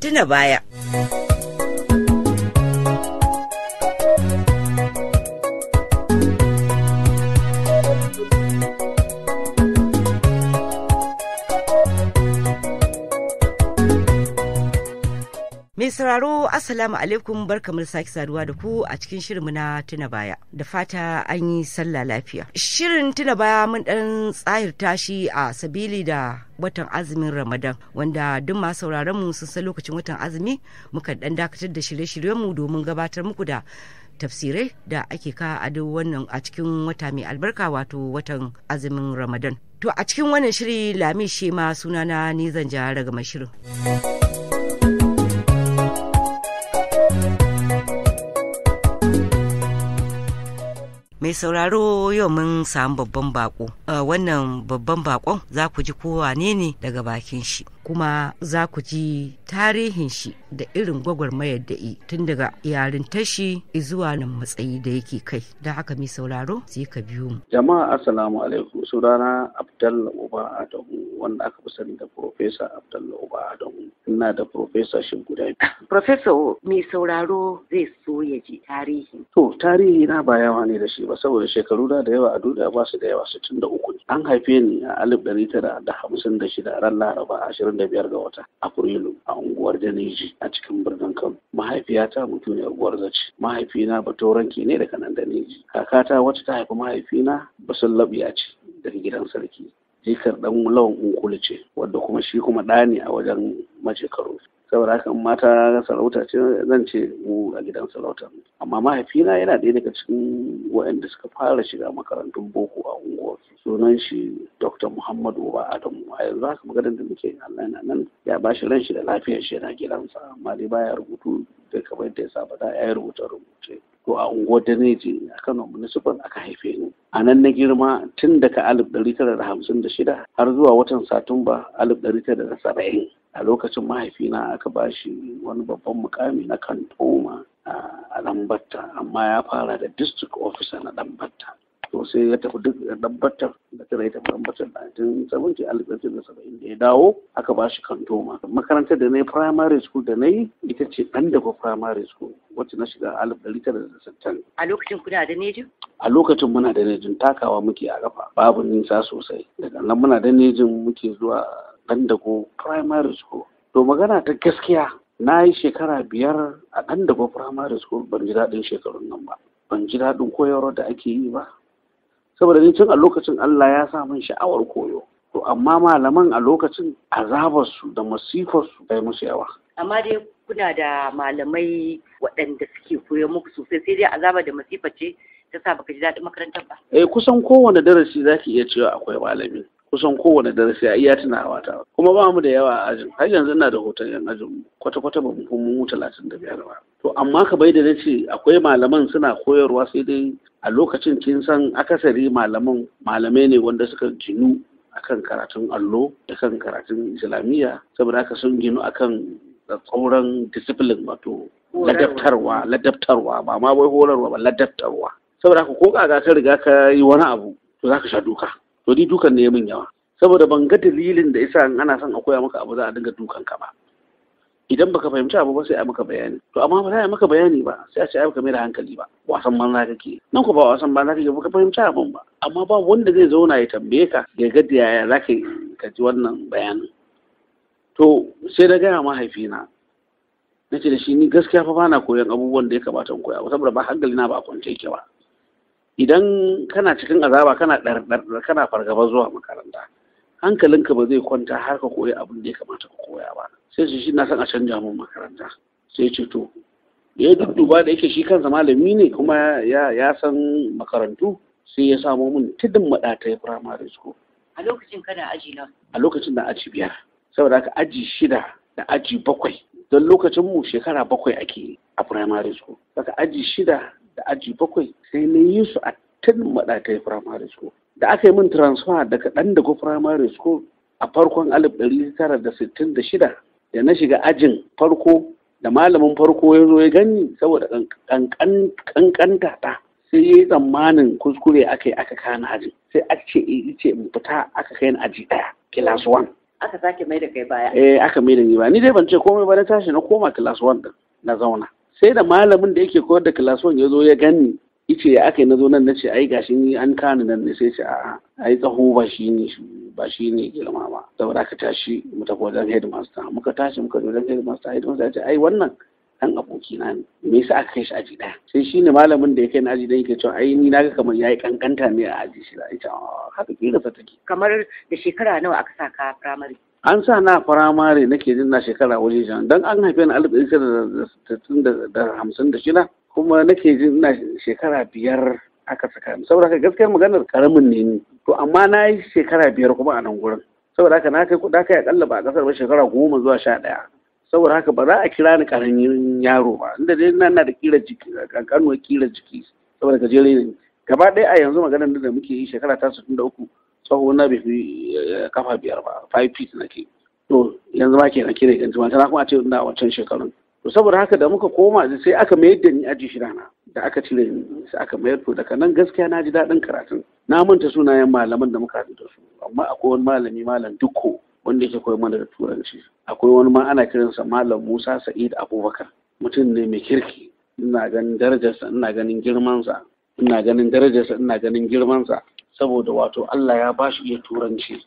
tuna baya. sauraro Assalamu alaikum barkamu kamar sake saduwa da ku a cikin shirinmu na tuna baya. Da fata an yi sallah lafiya. Shirin tuna baya mun dan tsahirta shi a sabili da watan azumin Ramadan wanda duk masu sauraron mu sun san lokacin watan azumi muka dan dakatar da shirye-shiryen mu domin gabatar muku da tafsirai da ake ka a duk wannan a cikin wata mai albarka wato watan azumin Ramadan. To a cikin wannan shiri Lami Shema sunana ni zan ja daga mai shirin. mai sauraro yau mun samu babban bako wannan babban bakon za ku ji kowa ne daga bakin shi kuma za ku ji tarihin shi da irin gwagwarmayar da yi tun daga yarin tashi zuwa nan matsayi da yake kai da haka mai sauraro sai ka biyo mu jama'a assalamu alaikum sunana abdalla uba adamu wanda aka fi sani da professor abdalla uba adamu ina da professor shin guda professor mai sauraro zai so ya ji tarihi to tarihi na ba yawa ne da shi ba saboda shekaru na da yawa a duniya ba su da yawa ne. an haife ni a alif tara da da hamsin shida ran laraba ashirin da biyar ga wata afrilu a unguwar Daniji a cikin birnin Kano. Mahaifiyata mutuniyar Gwarza ce. Mahaifina Batoranke ne daga nan Daniji. Kakata wacce ta haifi mahaifina basullabiya ce daga gidan sarki. Jikar ɗan lawan unkulu ce wadda kuma shi kuma ɗa ne a wajen mace karo. saboda haka mata sarauta ce zan ce mu a gidan sarauta amma mahaifina yana ɗaya daga cikin waɗanda suka fara shiga makarantun boko a unguwar sunan shi dr muhammadu ba adamu a yanzu haka maganar da muke allah na nan ya ba shi ran shi da lafiyar shi yana gidansa amma dai baya rubutu da kamar da ya saba da ya rubuta rubuce to a unguwar daneji a Kano municipal aka haife ni a nan na girma tun daga alif ɗari tara da hamsin da shida har zuwa watan satumba alif ɗari tara da saba'in a lokacin mahaifina aka bashi wani babban mukami na kantoma ah, a lambatta amma ya fara da district officer na lambatta to sai ya tafi duk ɗabbatar da kira ya tafi ɗabbatar da ajin sabunci alif ɗari da saba'in da ya dawo aka ba shi kantoma makarantar da na yi primary school da na yi ita ce ɗan ko primary school wacce na shiga alif ɗari tara da sittin. a lokacin kuna da nejin? a lokacin muna da nejin takawa muke a kafa babu nisa sosai daga nan muna da nejin muke zuwa ɗan dago primary school to magana ta gaskiya na yi shekara biyar a ɗan dago primary school ban ji daɗin shekarun nan ba ban ji daɗin koyarwa da ake yi ba saboda ni tun a lokacin Allah ya sa min sha'awar koyo to amma malaman a lokacin su da masifarsu bai musu yawa amma dai kuna da malamai waɗanda suke koyo muku sosai sai dai azaba da masifa ce ta sa baka ji daɗin makarantar ba eh kusan kowane darasi zaki iya cewa akwai malami kusan kowane darasi a iya tunawa ta kuma ba mu da yawa a ajin har yanzu ina da hoton yan ajin kwata kwata ba mu mu talatin da biyar ba to amma ka bai da ce akwai malaman suna koyarwa sai dai a lokacin kin san akasari malaman malamai ne wanda suka ginu akan karatun allo da kan karatun islamiyya saboda haka sun ginu akan tsauran discipline wato ladabtarwa ladabtarwa ba ma bai horarwa ba ladabtarwa saboda haka ko kaga ka riga ka yi wani abu to zaka sha doka. to ni dukan ne min yawa saboda ban ga dalilin da isa ana son a koya maka abu za a dinga dukan ka ba idan baka fahimci abu ba sai a maka bayani to amma ba za a maka bayani ba sai a ce ai baka mai da hankali ba wasan banza kake nan ko ba wasan banza kake baka fahimci abun ba amma ba wanda zai zauna ya tambaye ka ya ga da yaya zaka ka ji wannan bayanin to sai na gaya mahaifina na ce da shi ni gaskiya fa bana koyon abubuwan da ya kamata in koya saboda ba hankali na ba a kwance ke ba idan kana cikin azaba kana ɗarɗarɗar kana fargaba zuwa makaranta hankalinka ba zai kwanta har ka koyi abin da ya kamata ka koya ba sai su shi na san a canja mun makaranta sai ce to ya dudduba da yake shi kansa malami ne kuma ya san makarantu sai ya samo min tudun maɗatai primary school a lokacin kana aji na a lokacin da aji biyar saboda haka aji shida da aji bakwai don lokacin mu shekara bakwai ake a firamare school daga aji shida da aji bakwai sai na yi su a tun maɗatai firamare school da aka yi min transfer daga ɗan dago firamare school a farkon alif ɗari tara da sittin da shida da na shiga ajin farko da malamin farko ya zo ya gani saboda ƙanƙanta ta sai ya yi tsammanin kuskure aka yi aka kana ajin sai aka ce eh, ce in fita aka kai ni aji ɗaya class one aka sake mai da kai baya eh aka mai da ni ba ni dai ban ce komai ba na tashi na koma class one din na zauna sai da malamin da yake koyar da kilason ya zo ya gani ice ya aka yi zo nan na ce, ai gashi ni an kani nan ne sai ce a ai tsaho ba shi ne ba shi ne girma ba saboda aka tashi mu tafi wajen headmaster muka tashi muka zo wajen headmaster headmaster ya ce ai wannan dan aboki na ne me yasa aka kai shi aji ɗaya sai shi ne malamin da ya kai na aji ɗaya yake cewa ai ni naga kamar yayi kankanta ne a aji shi da ita haka kila sa take kamar da shekara nawa aka sa ka primary an sa na firamare nake jin na shekara waje jan dan an haife ni alif da hamsin da shida kuma nake jin na shekara biyar aka saka ni saboda gaskiyar maganar karamin ne ni to amma na yi shekara biyar kuma a nan gurin saboda haka na kai kuɗa kai akalla ba a kasar ba shekara goma zuwa sha ɗaya saboda haka ba za a kira ni karamin yaro ba inda dai na na da kira jiki kankanuwar kira jiki saboda gajere ne gaba ɗaya a yanzu maganar da muke yi shekara ta sittin da uku tsawo na bai fi eh, kafa biyar ba five feet na ke. to yanzu ma kenan kire in ji tana kuma a ce ina wancan shekarun to saboda haka da muka koma sai aka mayar da ni aji shida na da aka cire ni sai aka mayar to daga nan gaskiya na ji daɗin karatun na manta sunayen malaman da muka haɗu da su amma akwai wani malami malam dukko wanda yake koyar mana da turanci akwai wani ma ana kiransa malam musa sa'id abubakar mutum ne mai kirki ina ganin darajarsa ina ganin girmansa ina ganin darajarsa ina ganin girmansa saboda wato Allah ya ba shi iya turanci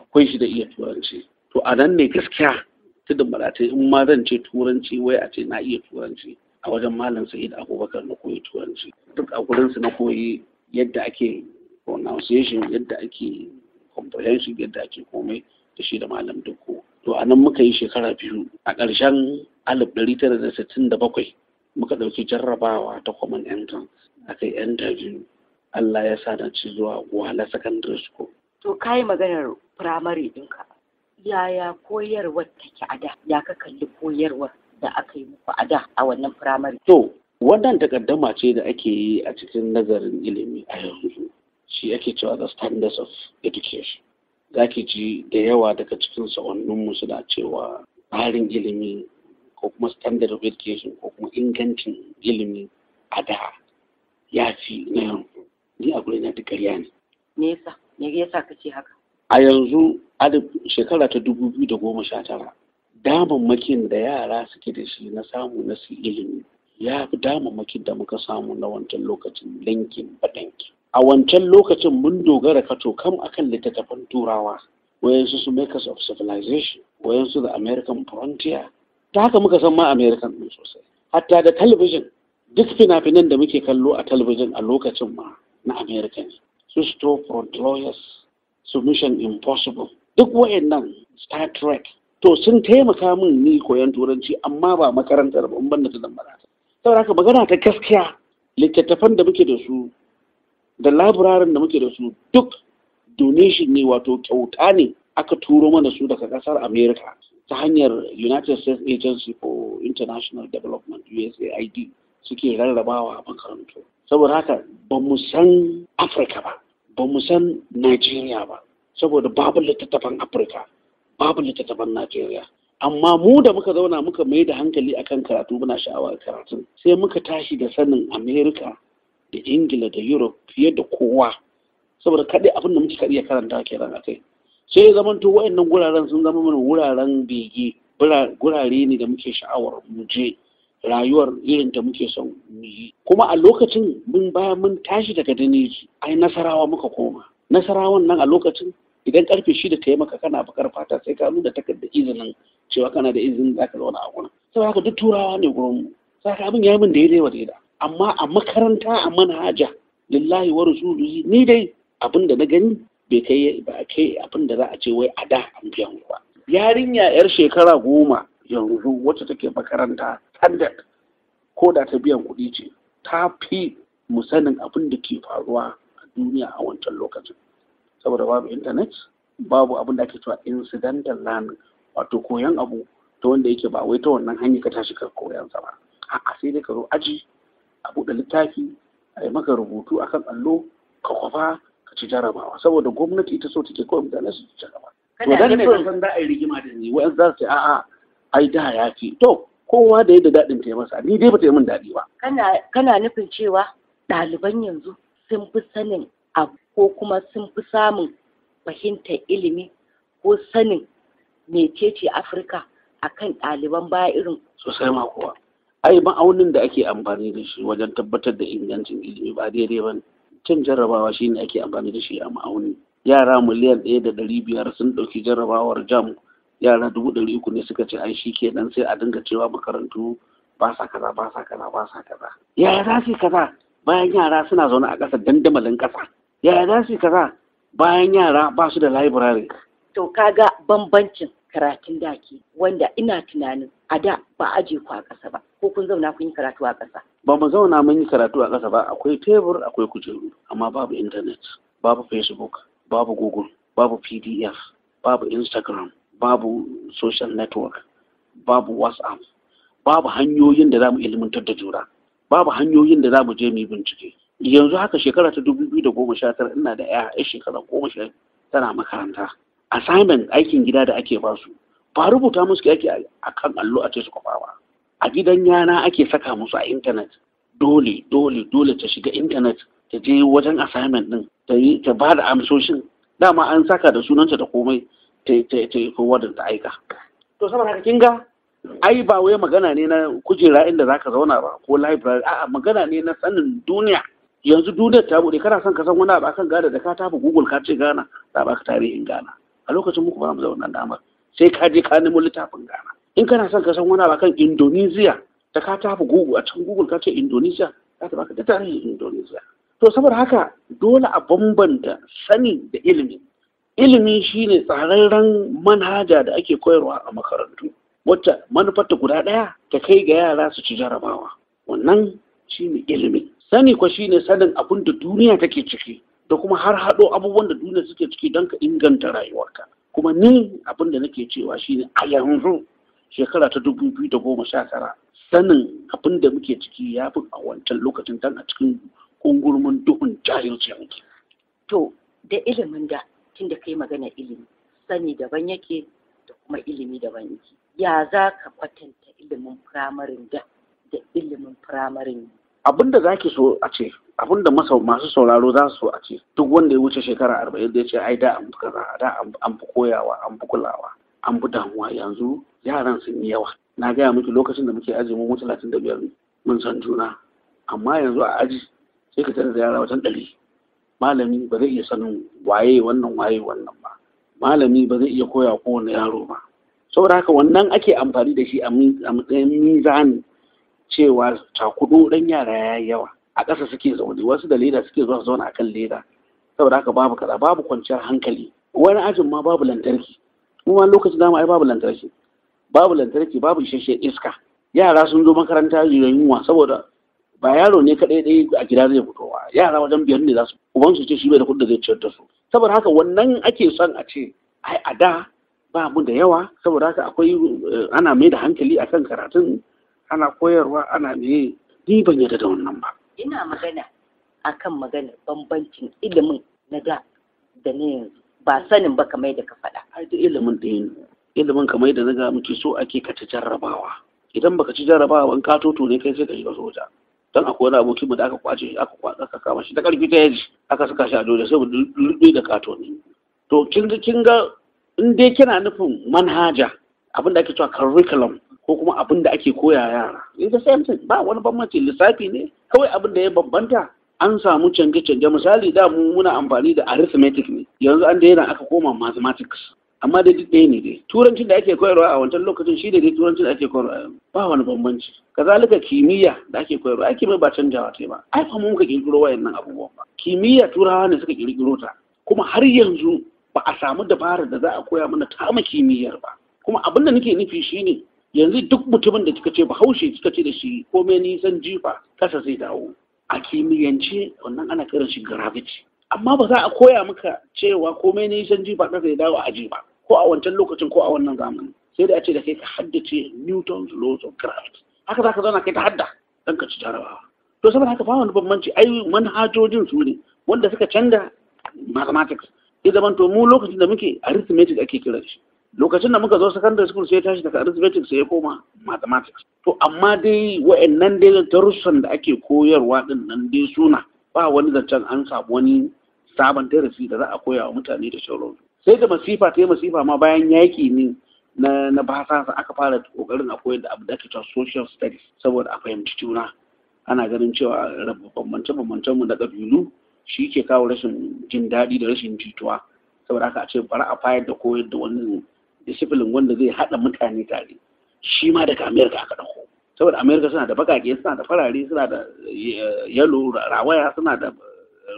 akwai shi da iya turanci to a nan ne gaskiya ta malatai in ma zan ce turanci wai a ce na iya turanci a wajen malam sa'id abubakar na koyi turanci duk a gurinsu na koyi yadda ake pronunciation yadda ake comprehension yadda ake komai da shi da malam dukku. to a nan muka yi shekara biyu a ƙarshen alif ɗari tara da sittin da bakwai muka ɗauki jarrabawa ta common entrance kai kai interview Allah ya sa na ci zuwa wahala secondary school to kai maganar firamare ɗinka yaya koyarwar take a da ya ka kalli koyarwar da aka yi muku a da a wannan firamare. To, wannan takaddama ce da ake yi a cikin nazarin ilimi a yanzu. Shi ake cewa the standards of education. Za ki ji da yawa daga cikin sa'onninmu suna cewa tsarin ilimi ko kuma standard of education ko kuma ingancin ilimi a da ya fi na yau. ni a gurina da ƙarya ne me yasa me yasa kace haka a yanzu shekara ta dubu biyu da goma sha tara damammakin da yara suke da shi na samu na su ilimi ya fi damammakin da muka samu na wancan lokacin linkin badanki a wancan lokacin mun dogara kato kam akan littattafan turawa wayansu su makers of civilization wayansu da american frontier ta haka muka san ma american ɗin sosai hatta da talabijin duk fina-finan da muke kallo a talabijin a lokacin ma na america ne su stop for lawyers su impossible duk wayannan star trek to sun taimaka min ni koyon turanci amma ba makarantar ba ban da ta zambara saboda haka magana ta gaskiya littattafan da muke da su da labirarin da muke da su duk donation ne wato kyauta ne aka turo mana su daga kasar america ta hanyar united states agency for international development usaid suke rarrabawa a makarantu saboda haka ba mu san afirka ba ba mu san najeriya ba saboda babu littattafan afirka babu littattafan najeriya amma mu da muka zauna muka mai da hankali akan karatu muna sha'awar karatu sai muka tashi da sanin america da ingila da europe fiye da kowa saboda kaɗai abin da muke iya karanta ke a kai sai zamanto wa'annan guraren sun zama mana wuraren bege gurare ne da muke sha'awar mu je rayuwar irin da muke son mu yi kuma a lokacin mun baya mun tashi daga daneji ai nasarawa muka koma nasarawan nan a lokacin idan karfe shida da yi maka kana bakar fata sai ka nuna takardar izinin cewa kana da izinin za ka zauna a gurin sai haka duk turawa ne gurin mu sai abin ya yi min daidai wa daidai. amma a makaranta a manhaja lillahi wa rasuluhu, ni dai abin da na gani bai kai ba kai abin da za a ce wai a da an biyan ba yarinya yar shekara goma yanzu wacce take makaranta standard ko da ta biyan kuɗi ce ta fi mu sanin abin da ke faruwa a duniya a wancan lokacin saboda babu intanet babu abin da ake cewa incidental learning wato koyon abu ta wanda yake ba wai ta wannan hanyar ka tashi ka koyan sa ba a'a sai dai ka zo aji a buɗe littafi a yi maka rubutu a kan allo ka kwafa ka ci jarabawa saboda gwamnati ita so take kawai mutane su ci jarabawa to dan ne san za a yi rigima da ni wa'an za su ce a'a ai da ya ce. to kowa da yadda daɗin ta yi masa ni dai ba ta yi min daɗi ba kana nufin cewa ɗaliban yanzu sun fi sanin abu ko kuma sun fi samun fahimtar ilimi ko sanin mecece afirka a kan ɗaliban baya irin sosai ma kowa. ai ma'aunin da ake amfani da shi wajen tabbatar da ingancin ilimi ba daidai ba cin jarrabawa shine ake amfani da shi a ma'auni yara miliyan ɗaya da ɗari biyar sun ɗauki jarrabawar jam yara dubu ɗari uku ne suka ce ai shi kenan sai a dinga cewa makarantu ba sa kaza ba sa kaza ba sa kaza yaya za su kaza bayan yara suna zaune a ƙasa dandamalin ƙasa yaya za su kaza bayan yara ba su da library to ka ga bambancin karatun daki wanda ina tunanin a da ba aje ku a ƙasa ba ko kun zauna kun yi karatu a ƙasa ba mu zauna mun yi karatu a ƙasa ba akwai tebur akwai kujeru amma babu intanet, babu facebook babu google babu pdf babu instagram babu social network babu whatsapp babu hanyoyin da za mu ilmantar da jura, babu hanyoyin da za mu je mu bincike yanzu haka shekara ta dubu biyu da ina da ya shekara goma sha tana makaranta assignment aikin gida da ake basu ba rubuta musu yake a kan allo a ce su kwafa ba a gidan yana ake saka musu a intanet dole dole dole ta shiga intanet ta je wajen assignment din ta ba da amsoshin dama an saka da sunanta da komai ta aika to saboda haka kin ga ai ba wai magana ne na kujera inda zaka zauna ba ko library a'a magana ne na sanin duniya yanzu duniya ta bude kana son ka san wani abu akan gada da ka tafi google ka ce gana za ba ka tarihin gana a lokacin muku ba mu zauna wannan damar sai ka je ka nemo littafin gana in kana son ka san wani abu akan indonesia da ka tafi google a cikin google ka ce indonesia za ta baka ta tarihin indonesia to saboda haka dole a bambanta sani da ilimi ilimi shine tsararren manhaja da ake koyarwa a makarantu wacce manufarta guda ɗaya ta kai ga yara su ci jarabawa wannan shine ilimi sani kwa shine sanin abin da duniya take ciki da kuma har haɗo abubuwan da duniya suke ciki don ka inganta rayuwarka kuma ni abin da nake cewa shine a yanzu shekara ta dubu biyu da goma sha tara sanin abin da muke ciki ya fi a wancan lokacin don a cikin kungurmin duhun jahilci yanki. To, da ilimin da tun da kai magana ilimi sani daban yake da kuma ilimi daban yake ya za ka kwatanta ilimin firamarin da da ilimin firamarin abin da zaki so a ce abin da masu sauraro za su so a ce duk wanda ya wuce shekara arba'in da ya ce ai da an fi kaza da an fi koyawa an fi kulawa an fi damuwa yanzu yaran sun yi yawa na gaya miki lokacin da muke aji mu talatin da biyar mun san juna amma yanzu a aji sai ka tare da yara wajen ɗari malami ba zai iya sanin waye wannan waye wannan ba malami ba zai iya koya kowane yaro ba saboda haka wannan ake amfani da shi a matsayin mizani cewa cakudo dan yara ya yawa a ƙasa suke zaune wasu da leda suke zuwa zauna akan leda saboda haka babu kaza babu kwanciyar hankali wani ajin ma babu lantarki kuma lokacin dama ai babu lantarki babu lantarki babu isasshen iska yara sun zo makaranta yunwa saboda ba yaro ne kaɗai ɗai a gida zai fito ba yara wajen biyar ne za su uban su ce shi bai da kuɗin da zai ciyar da su saboda haka wannan ake son a ce ai a da ba mu da yawa saboda haka akwai eh, ana mai da hankali a kan karatun ana koyarwa ana mai. ni ban yarda da wannan ba ina magana akan magana bambancin ilimin na da da na ba sanin ba kamar da ka faɗa ai da ilimin da ilimin kamar da na ga muke so ake ka ci jarrabawa idan baka ci jarrabawa ban ka toto ne kai sai ka shiga soja don akwai wani abokin da aka kwace shi aka kama shi ta karfi ta yaji aka saka shi a dole sai mu lulluɓe da katoni to kin ga kin ga in dai kina nufin manhaja abin da ake cewa curriculum ko kuma abin da ake koya yara in ga same thing ba wani bambanci lissafi ne kawai abin da ya bambanta an samu canje-canje misali da mu muna amfani da arithmetic ne yanzu an daina aka koma mathematics amma dai duk ɗaya ne dai turancin da ake koyarwa a wancan lokacin shi ne dai turancin da ake koyarwa ba wani bambanci kazalika kimiyya da ake koyarwa ake mai ba canjawa ta ba ai fa mun ka kirkiro wayannan abubuwan ba kimiyya turawa ne suka kirkiro ta kuma har yanzu ba a samu dabarar da za a koya mana ta tama kimiyyar ba kuma abin da nake nufi shine yanzu duk mutumin da kika ce bahaushe kika ce da shi komai nisan jifa kasa zai dawo a kimiyyance wannan ana kiran shi gravity amma ba za a koya maka cewa komai ne san ji ba ɗaga ya dawo a ji ba ko a wancan lokacin ko a wannan zamanin sai da a ce da kai ka haddace newton's laws of craft haka za ka zauna kai ta hadda dan ka ci jarabawa to saboda haka fama wani bambanci ai manhajojin su ne wanda suka canza mathematics ya zaman to mu lokacin da muke arithmetic ake kiran shi lokacin da muka zo secondary school sai ya tashi daga arithmetic sai ya koma mathematics to amma dai wa'annan dai darussan da ake koyarwa din nan dai suna ba wani zancen an samu wani sabon darasi da za a koya wa mutane da sauransu sai da masifa ta yi masifa ma bayan yaƙi ne na na basasa aka fara kokarin a koyar da abu da ake cewa social studies saboda a fahimci juna ana ganin cewa bambance bambance mu da ƙabilu shi ke kawo rashin jin daɗi da rashin jituwa saboda aka ce bari a fayar da koyar da wani discipline wanda zai haɗa mutane tare shi ma daga amerika aka ɗauko saboda Amerika suna da bakake suna da farare suna da eh, yalo rawaya suna da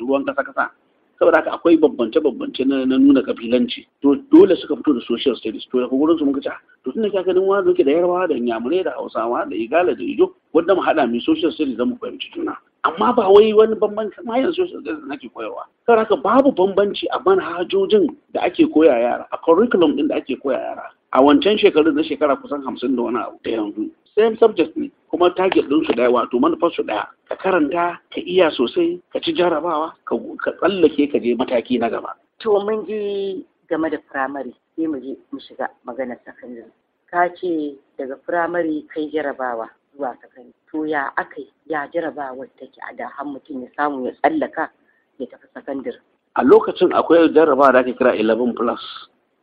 ruwan kasa kasa saboda haka akwai bambance bambance na nuna kabilanci to dole suka fito da social studies to daga gurin su muka ci ah, to tunda ka ganin wani ke da yarbawa da inyamurai da hausawa da igala da ijo wanda mu hada mu social studies zamu mu fahimci juna amma ba wai wani bambanci ma yanzu social studies nake koyawa saboda haka babu bambanci a manhajojin da ake koya yara a curriculum din da ake koya yara a wancan shekarun na shekara kusan hamsin da wani abu da yanzu same subject ne kuma target ɗin su ɗaya wato manufar su ɗaya ka karanta ka iya sosai ka ci jarabawa ka tsallake ka je mataki na gaba. To mun ji game da firamare sai mu je mu shiga maganar sakandare. Ka ce daga firamare kai jarabawa zuwa sakandare. To ya akai ya jarabawa take a da har mutum ya samu ya tsallaka ya tafi sakandare. A lokacin akwai jarabawa da ake kira 11 plus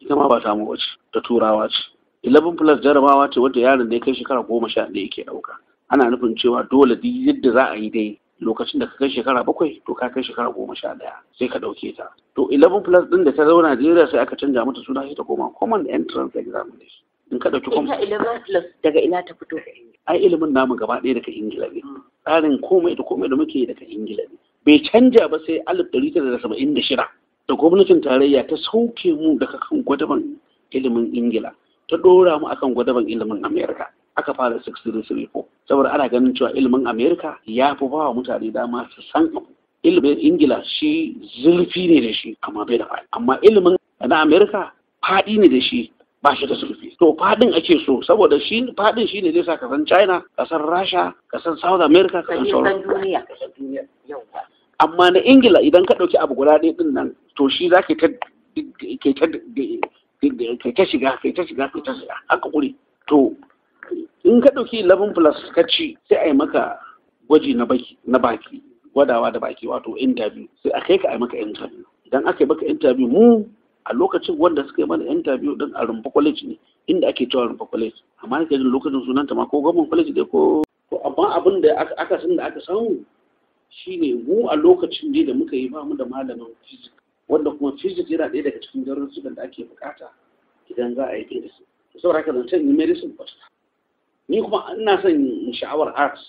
ita ma ba mu wace ta turawa ce. 11 plus jarabawa ce wadda yaron da ya kai shekara goma sha ɗaya yake ɗauka ana nufin cewa dole duk yadda za a yi dai lokacin da ka kai shekara bakwai to ka kai shekara goma sha ɗaya sai ka ɗauke ta to 11 plus ɗin da ta zauna Najeriya sai aka canja mata suna sai ta koma common entrance examination in ka ɗauki kuma daga ina ta fito ai ilimin namu gaba ɗaya daga ingila ne hmm. tsarin komai da komai da muke daga ingila ne bai canja ba sai alif ɗari da da gwamnatin tarayya ta sauke mu daga kan gwadaban ilimin ingila ta ɗora mu akan gwadaban ilimin Amerika. Aka fara 6334 saboda ana ganin cewa ilimin Amerika ya fi ba mutane dama su san abu. Ilimin Ingila shi zurfi ne da shi amma bai da faɗi. Amma ilimin na Amerika faɗi ne da shi ba shi da zurfi. To faɗin ake so saboda shi faɗin shi ne zai sa ka san China, ka san Rasha, ka san South America, ka san sauran duniya. Amma na Ingila idan ka ɗauki abu guda ɗaya ɗin nan to shi za ke ta duk kai ta shiga kai ta shiga kai ta shiga haka kuri to in ka ɗauki 11 plus ka ci sai a yi maka gwaji na baki na baki gwadawa da baki wato interview sai a kai ka a yi maka interview idan aka yi maka interview mu a lokacin wanda suka yi mana interview din a rumfa college ne inda ake cewa rumfa college amma ne kajin lokacin sunanta ma ko gwamnan college dai ko to amma abin da aka san da aka samu shine mu a lokacin ne da muka yi ba mu da malamin physics wanda kuma physics yana ɗaya daga cikin su da ake bukata idan za a yi medicine to saboda haka zancen yi medicine first ni kuma ina son in sha'awar arts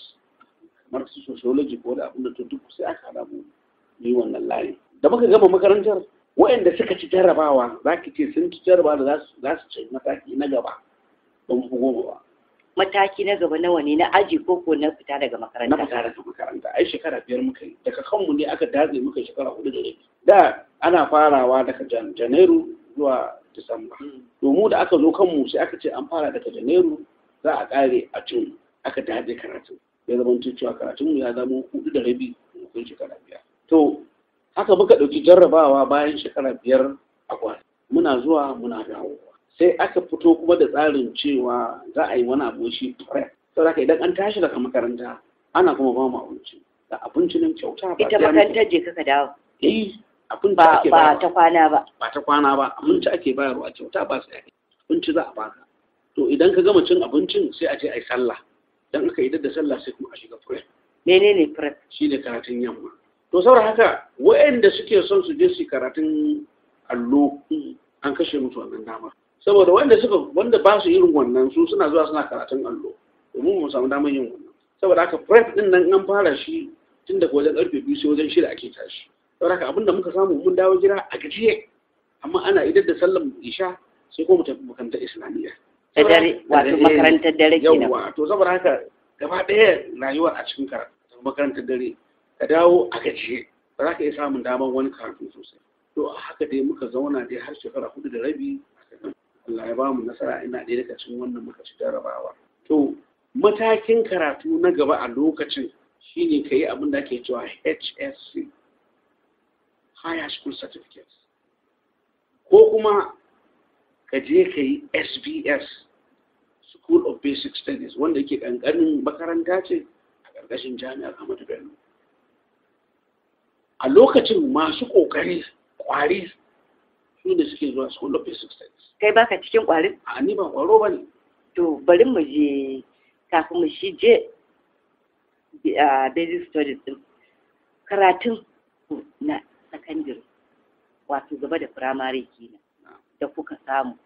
kamar sociology ko da abin da to duk sai aka hada mu ni wannan layi da muka gama makarantar waɗanda suka ci jarabawa za ka ce sun ci jarrabawa da za su ci mataki na gaba don fi goma ba mataki na gaba nawa ne na aji ko ko na fita daga makaranta na fita daga makaranta ai shekara biyar muka yi daga kanmu ne aka datse muka shekara hudu da rabi da ana farawa daga janairu zuwa disamba domin hmm. da aka zo kanmu sai aka ce an fara daga janairu za a kare a cin aka datse karatu ya zama cewa karatunmu ya zama hudu da rabi kun shekara biyar to haka muka ɗauki jarrabawa bayan shekara biyar a kwana muna zuwa muna dawo sai aka fito kuma da tsarin cewa za a yi wani abu shi prep saboda idan an tashi daga makaranta ana kuma ba mu abinci da abincin kyauta ba ita makarantar je kaka dawo eh ake ba ta kwana ba ba ta kwana ba abinci ake bayarwa kyauta ba su yake abinci za a baka to idan ka gama cin abincin sai a je a yi sallah dan aka yi da sallah sai kuma a shiga prep menene prep shine karatun yamma to saboda haka wa'anda suke son su je su karatun allo an kashe musu wannan damar saboda wanda suka wanda ba su irin wannan su suna zuwa suna karatun allo domin mu samu damar yin wannan saboda haka prep din nan an fara shi tun daga wajen karfe biyu sai wajen shida ake tashi saboda haka abinda muka samu mun dawo gida a gajiye amma ana idar da sallar isha sai ko mu tafi makarantar islamiyya ta dare wato makarantar dare kenan yawa to saboda haka gaba ɗaya rayuwar a cikin karatu makarantar dare ka dawo a gajiye ba za ka iya samun damar wani karatu sosai to a haka dai muka zauna dai har shekara hudu da rabi Allah ya ba mu nasara ina ɗaya daga cikin wannan muka ci jarabawa to matakin karatu na gaba a lokacin shine ka yi abin da ake cewa HSC Higher School Certificate ko kuma ka je ka yi SBS School of Basic Studies wanda yake ƙanƙanin makaranta ce a ƙarƙashin jami'ar Ahmadu Bello a lokacin masu ƙoƙari ƙwari inda suke zuwa school of studies kai baka cikin kwarin a ni ba kwaro ba ne to bari mu je kafin mu shi je basic studies din karatun na secondary wato gaba da firamare kenan da kuka samu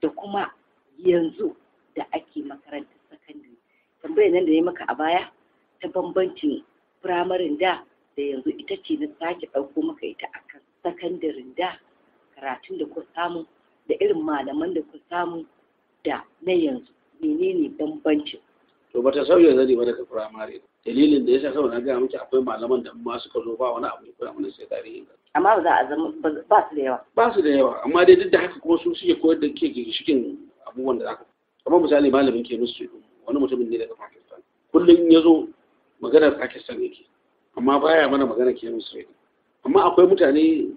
da kuma yanzu da ake makarantar secondary tambayar nan da ya maka a baya ta bambancin firamarin da da yanzu ita ce na sake ɗauko maka ita akan sakandarin da karatun da kuka samu da irin malaman da kuka samu da na yanzu menene bambanci to bata sauya zane ba daga firamare dalilin da yasa saboda na gaya muke akwai malaman da ma suka zo ba wani abu ya kuma mun sai tarihi amma ba za a zama ba su da yawa ba su da yawa amma dai duk da haka kuma su suke koyar da ke ginshikin abubuwan da zaka kamar misali malamin ke musu wani mutumin ne daga Pakistan kullum ya zo maganar Pakistan yake amma baya mana maganar ke musu amma akwai mutane eh,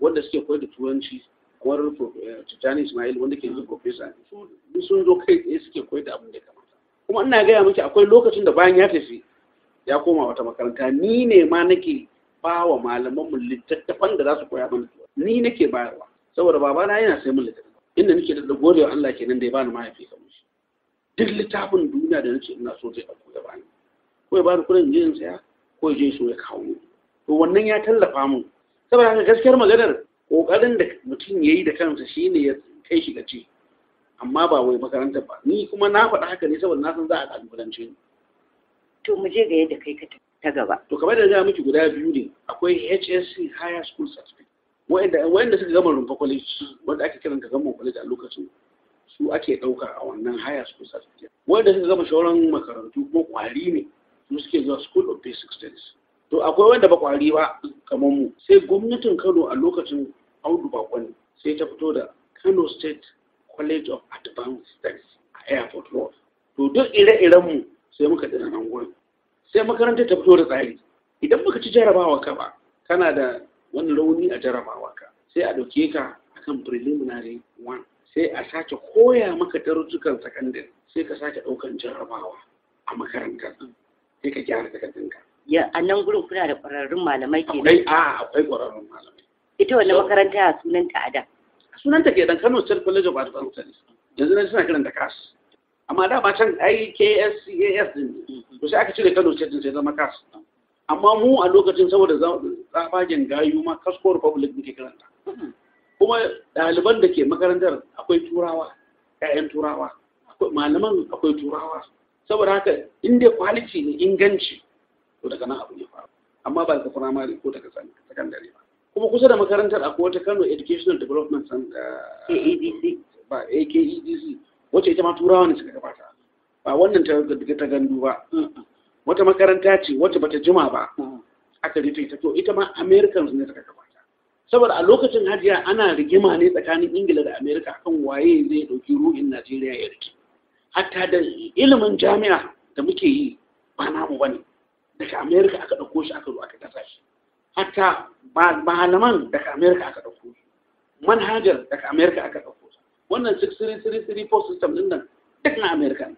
wanda suke koyar da turanci kamar eh, Tijjani Ismail wanda ke yanzu profesa duk sun zo kai tsaye suke koyar da abin da kamata kuma ina gaya miki akwai lokacin da bayan ya tafi ya koma wata makaranta ni ne ma nake ba wa malamanmu littattafan da za su koya mana ni nake bayarwa saboda babana yana sai mun littattafan inda nake da godewa Allah kenan da ya bani mahaifi kamar shi duk littafin duniya da nake ina so zai ɗauko ya bani ko ya bani kuɗin je in saya ko ya je so ya kawo ni to wannan ya tallafa mu saboda haka gaskiyar maganar kokarin da mutum ya yi da kansa shine ya kai shi gace amma ba wai makarantar ba ni kuma na faɗa haka ne saboda na san za a kalubalance ni to mu je ga yadda kai ka ta gaba to kamar da ga miki guda biyu ne akwai HSC Higher School Certificate wanda wanda suka gama rumfa college wanda ake kiran ka gama college a lokacin su ake ɗauka a wannan higher school certificate wanda suka gama shauran makarantu ko kwari ne su suke zuwa school of basic studies to akwai wanda ba kwari ba kamar mu sai gwamnatin kano a lokacin audu bakon sai ta fito da kano state college of advanced studies a airport road to duk ire-iren mu sai muka dana nan gurin sai makarantar ta fito da tsari idan muka ci jarabawa ka ba kana da wani rauni a jarabawa ka sai a dauke ka akan preliminary one sai a sake koya maka darussukan sakandare sai ka sake ɗaukan jarabawa a makarantar sai ka gyara takardunka a nan gurin kuna da ƙwararrun malamai ke akwai a akwai ƙwararrun malamai ita wannan makaranta a sunanta a da sunanta ke dan Kano State College of Agriculture. yanzu ne suna karanta KAS. amma da ba can ai KSCAS din mm-hmm. to sai aka cire Kano State din sai zama KAS? amma mu a lokacin saboda zabagen gayu ma Kasko Republic muke karanta. Mm-hmm. kuma ɗaliban da ke makarantar akwai turawa ƴaƴan turawa malaman akwai turawa saboda haka inda kwaliti kwalici ne inganci to daga nan abu ya faru amma ba daga firamare ko daga sakandare ba kuma kusa da makarantar akwai wata Kano Educational Development AEDC ba AKEDC wacce ita ma turawa ne suka gabata ba wannan ta ta gandu ba wata makaranta ce wacce bata jima ba aka rufe ta to ita ma Americans ne suka gabata saboda a lokacin hajiya ana rigima ne tsakanin ingila da america kan waye zai dauki ruhin najeriya ya rike hatta da ilimin jami'a da muke yi ba namu bane daga amerika aka ɗauko shi aka zo aka tasa shi hatta malaman daga amerika aka ɗauko shi, manhajar daga amerika aka ɗauko shi. wannan 6334 system din nan duk na amerika ne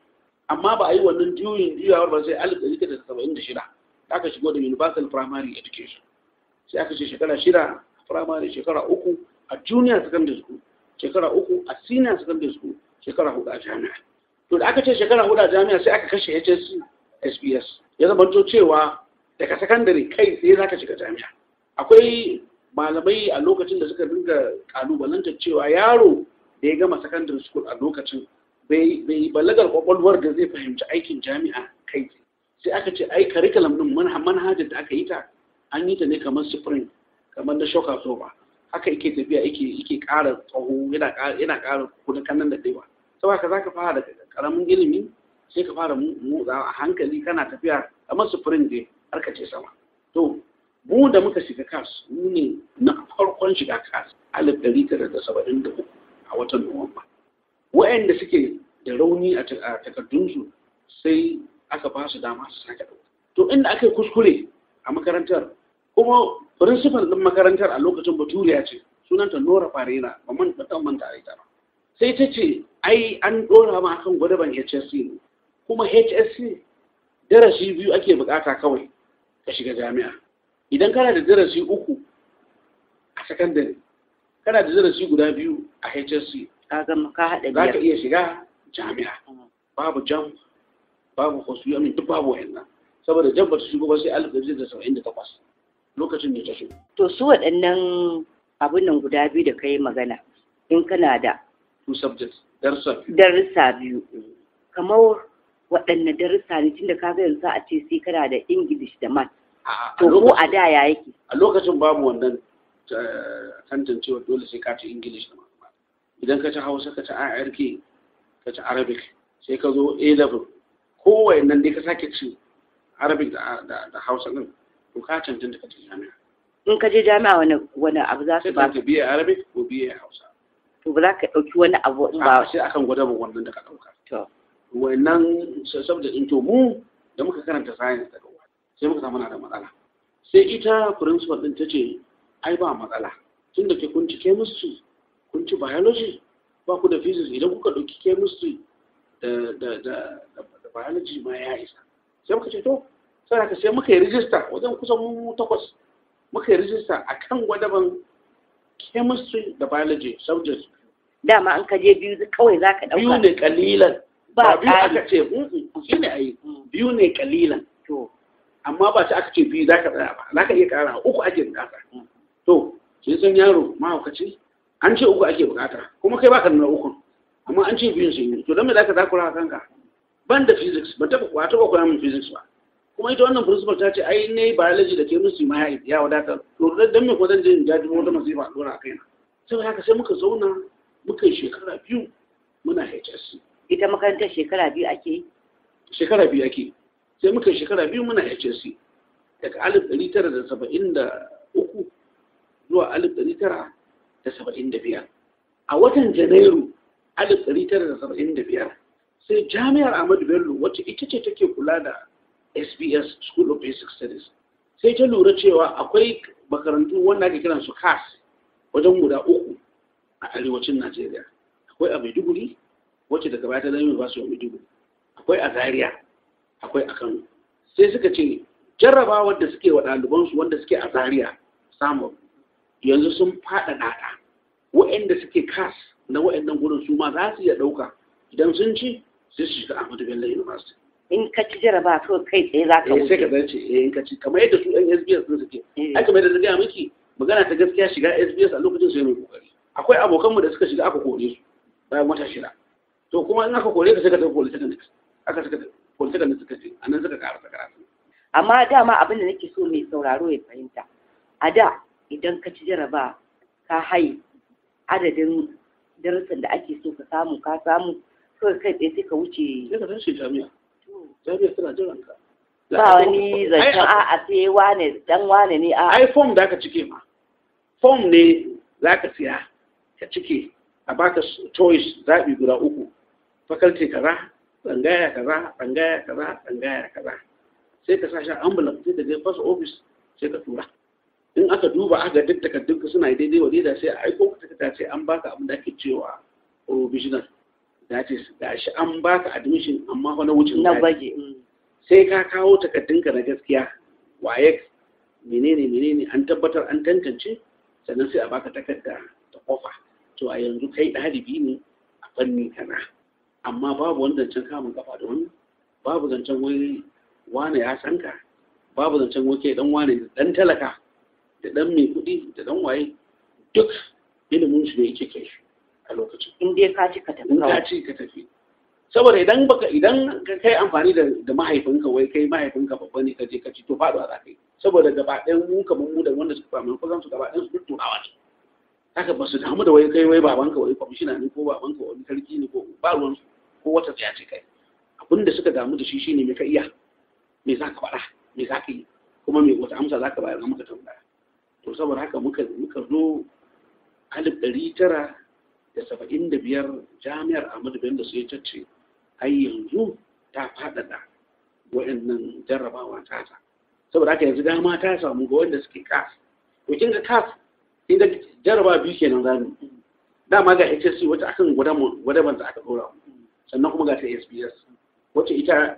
amma ba a yi wannan juyin juyawar ba sai alif ɗari da saba'in da shida da aka shigo da universal primary education sai aka ce shekara shida a primary shekara uku a junior secondary school shekara uku a senior secondary school shekara hudu a jami'a to da aka ce shekara hudu a jami'a sai aka kashe hsc sbs ya to cewa daga sakandare kai sai za ka shiga jami'a akwai malamai a lokacin da suka dinga kalubalantar cewa yaro da ya gama sakandare school a lokacin bai balagar kwakwalwar da zai fahimci aikin jami'a kai sai aka ce ai curriculum din manhajar da aka yi ta an yi ta ne kamar spring kamar na shoka soba haka yake tafiya yake yake ƙara tsaho yana ƙara yana ƙara kanan da daiwa saboda ka zaka fara daga karamin ilimi sai ka fara motsa a hankali kana tafiya kamar sufurin dai har ka ce sama to mu da muka shiga kas mu ne na farkon shiga kas alif ɗari tara da saba'in da uku a watan nuwamba wa'anda suke da rauni a takardunsu sai aka ba su dama su sake ɗauka to inda aka kuskure a makarantar kuma principal ɗin makarantar a lokacin baturiya ce sunanta nora farera ba man manta ita ba sai ta ce ai an ɗora ma akan gwadaban hsc ne kuma hsc darasi biyu ake bukata kawai ka shiga jami'a idan kana da darasi uku a sakandare kana da darasi guda biyu a hsc za ka iya shiga jami'a mm. babu jam babu hosu yamin duk babu wayannan saboda jam ba su shigo ba sai alif ɗari da saba'in da takwas lokacin da ta shigo. to su waɗannan abin nan guda biyu da ka yi magana in kana da two subjects darussa biyu kamar waɗanne darussa ne da ka ga yanzu a ce sai kana da English da Math to ko a da ya yake a lokacin babu wannan tantancewa dole sai ka ci English da Math idan ka ci Hausa ka ci A.R.K, ka ci Arabic sai ka zo A level Ko nan dai ka sake ci Arabic da Hausa din to ka cancanta ka ci jami'a in ka je jami'a wani wani abu za su ba ka biya Arabic ko biya Hausa to ba za ka ɗauki wani abu in ba sai akan gwada wannan da ka ɗauka to wannan subject in to mu da muka karanta science daga sai muka samu na da matsala sai ita principal din ta ce ai ba matsala tun da ke kun ci chemistry kun ci biology ba ku da physics idan kuka ɗauki chemistry da da biology ma ya isa sai muka ce to sai haka sai muka yi rijista wajen kusan mu takwas muka yi rijista a kan gwadaban chemistry da biology subjects dama an kaje biyu kawai za ka ɗauka biyu ne kalilan ba biyu aka ce mm, mm, shi ne a yi. biyu ne kalilan amma ba ta aka ce biyu za ka tsaya ba za ka iya kara uku ake bukata mm. to kin san yaro mahaukaci an ce uku ake bukata kuma kai baka nuna ukun amma an ce biyun sun yi to don me za ka zakura kanka ban da physics ba ta ba ta koya min physics ba kuma ita wannan principal ta ce ai ne biology da chemistry ma ya ya wadatar to dan me kuma zan je in jaji wata masifa dora a kaina saboda haka sai muka zauna muka yi shekara biyu muna HSC ita makarantar shekara biyu ake yi shekara biyu ake sai muka shekara biyu muna HSC daga alif ɗari tara da saba'in da uku zuwa alif ɗari tara da saba'in da biyar a watan janairu alif ɗari tara da saba'in da biyar sai jami'ar ahmadu bello wacce ita ce take kula da sbs school of basic studies sai ta lura cewa akwai makarantu wanda ake kiransu cas wajen guda uku a arewacin najeriya akwai a maiduguri wacce daga baya ta zama university of maiduguri akwai a zaria akwai a kano sai suka ce jarraba wanda suke wa ɗalibansu wanda suke a zaria samun yanzu sun faɗa ɗaɗa wa'anda suke kas na wa'annan gurin su ma za su iya ɗauka idan sun ci sai su shiga ahmadu bello university in ka ci jaraba to kai tsaye za ka wuce eh, sai ka zance eh, in ka ci kamar yadda su ɗan SBS sun suke eh. ai kamar yadda na miki magana ta gaskiya shiga SBS a lokacin sai mai kokari akwai abokanmu da suka shiga aka kore su bayan wata shida to kuma in aka kore ka sai ka tafi polytechnic aka suka polytechnic suka ce a nan suka karasa karatu amma dama abin da nake so mai sauraro ya fahimta a da idan ka ci jaraba ka haye adadin darasin da ake so ka samu ka samu kawai kai tsaye sai ka wuce sai ka shi jami'a jami'a suna jiran ka ba wani zancen a'a sai wane dan wane ne a ai form da ka cike ma form ne za ka siya ka cike a baka choice zaɓi guda uku faculty kaza tsangaya kaza tsangaya kaza tsangaya kaza sai ka sa shi ambulan sai ka je fasa ofis sai ka tura in aka duba aka duk takardun ka suna daidai wa sai a aiko ka takarda sai an baka abin da ake cewa provisional that is gashi an baka admission amma fa na wucin na mm. sai ka kawo takardun ka na gaskiya waye menene menene an tabbatar an tantance sannan sai a baka takarda ta kofa to a yanzu kai ɗalibi ne a fanni kana amma babu wani can kamun kafa da wani babu zancen wani wane ya san ka babu zancen wake dan wane da dan talaka da dan mai kudi, da dan waye duk ilimin su ne yake kai shi a lokacin in dai ka ci ka tafi in ka ci ka tafi saboda idan baka idan ka kai amfani da da mahaifinka wai kai mahaifinka babba ne ka je ka ci to faɗuwa za ka yi saboda gaba ɗayan mu kamar mu da wanda suka famu kusan su gaba ɗayan su duk turawa ne haka ba su damu da wai kai wai babanka wai kwamishina ne ko babanka wani sarki ne ko ba ruwan su ko wata tsaya ce kai abinda suka damu da shi shine me ka iya mai za ka faɗa mai za ka yi kuma me wata amsa za ka bayar ga muka tambaya to saboda haka muka muka zo alif ɗari tara da saba'in da biyar jami'ar Ahmadu Bello sai ta ce har yanzu ta faɗaɗa wa'annan jarrabawa ta ta saboda haka yanzu dama ta samu ga wanda suke kas to kin ga kas inda jarraba biyu kenan zamu dama ga HSC wata akan gwada da aka dora mu sannan kuma ga ta sbs wacce ita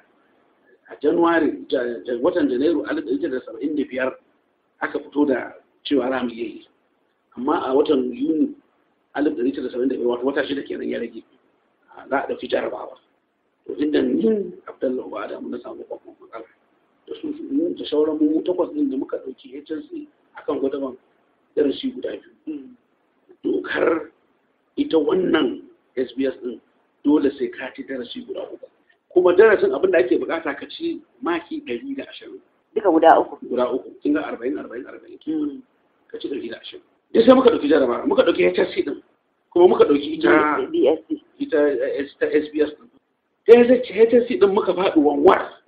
a januwari watan janairu 1975 aka fito da cewa ramu ya yi amma a watan yuni 1975 wata wata shida kenan ya rage za a dafi jarabawa to inda yin abdullahi ba da na samu kwakwan matsala da su da sauran mu takwas ɗin da muka ɗauki hsc akan gwadaban shi guda biyu dokar mm. ita wannan sbs din. dole sai ka ci darasi guda uku kuma darasin abin da ake bukata ka ci maki ɗari da ashirin duka guda uku guda uku kin ga arba'in arba'in arba'in hmm. ka ci ɗari da ashirin da sai muka ɗauki jaraba muka ɗauki HSC ɗin kuma muka ɗauki ita ah, ita ita SBS ɗin da HSC ɗin muka faɗi wanwar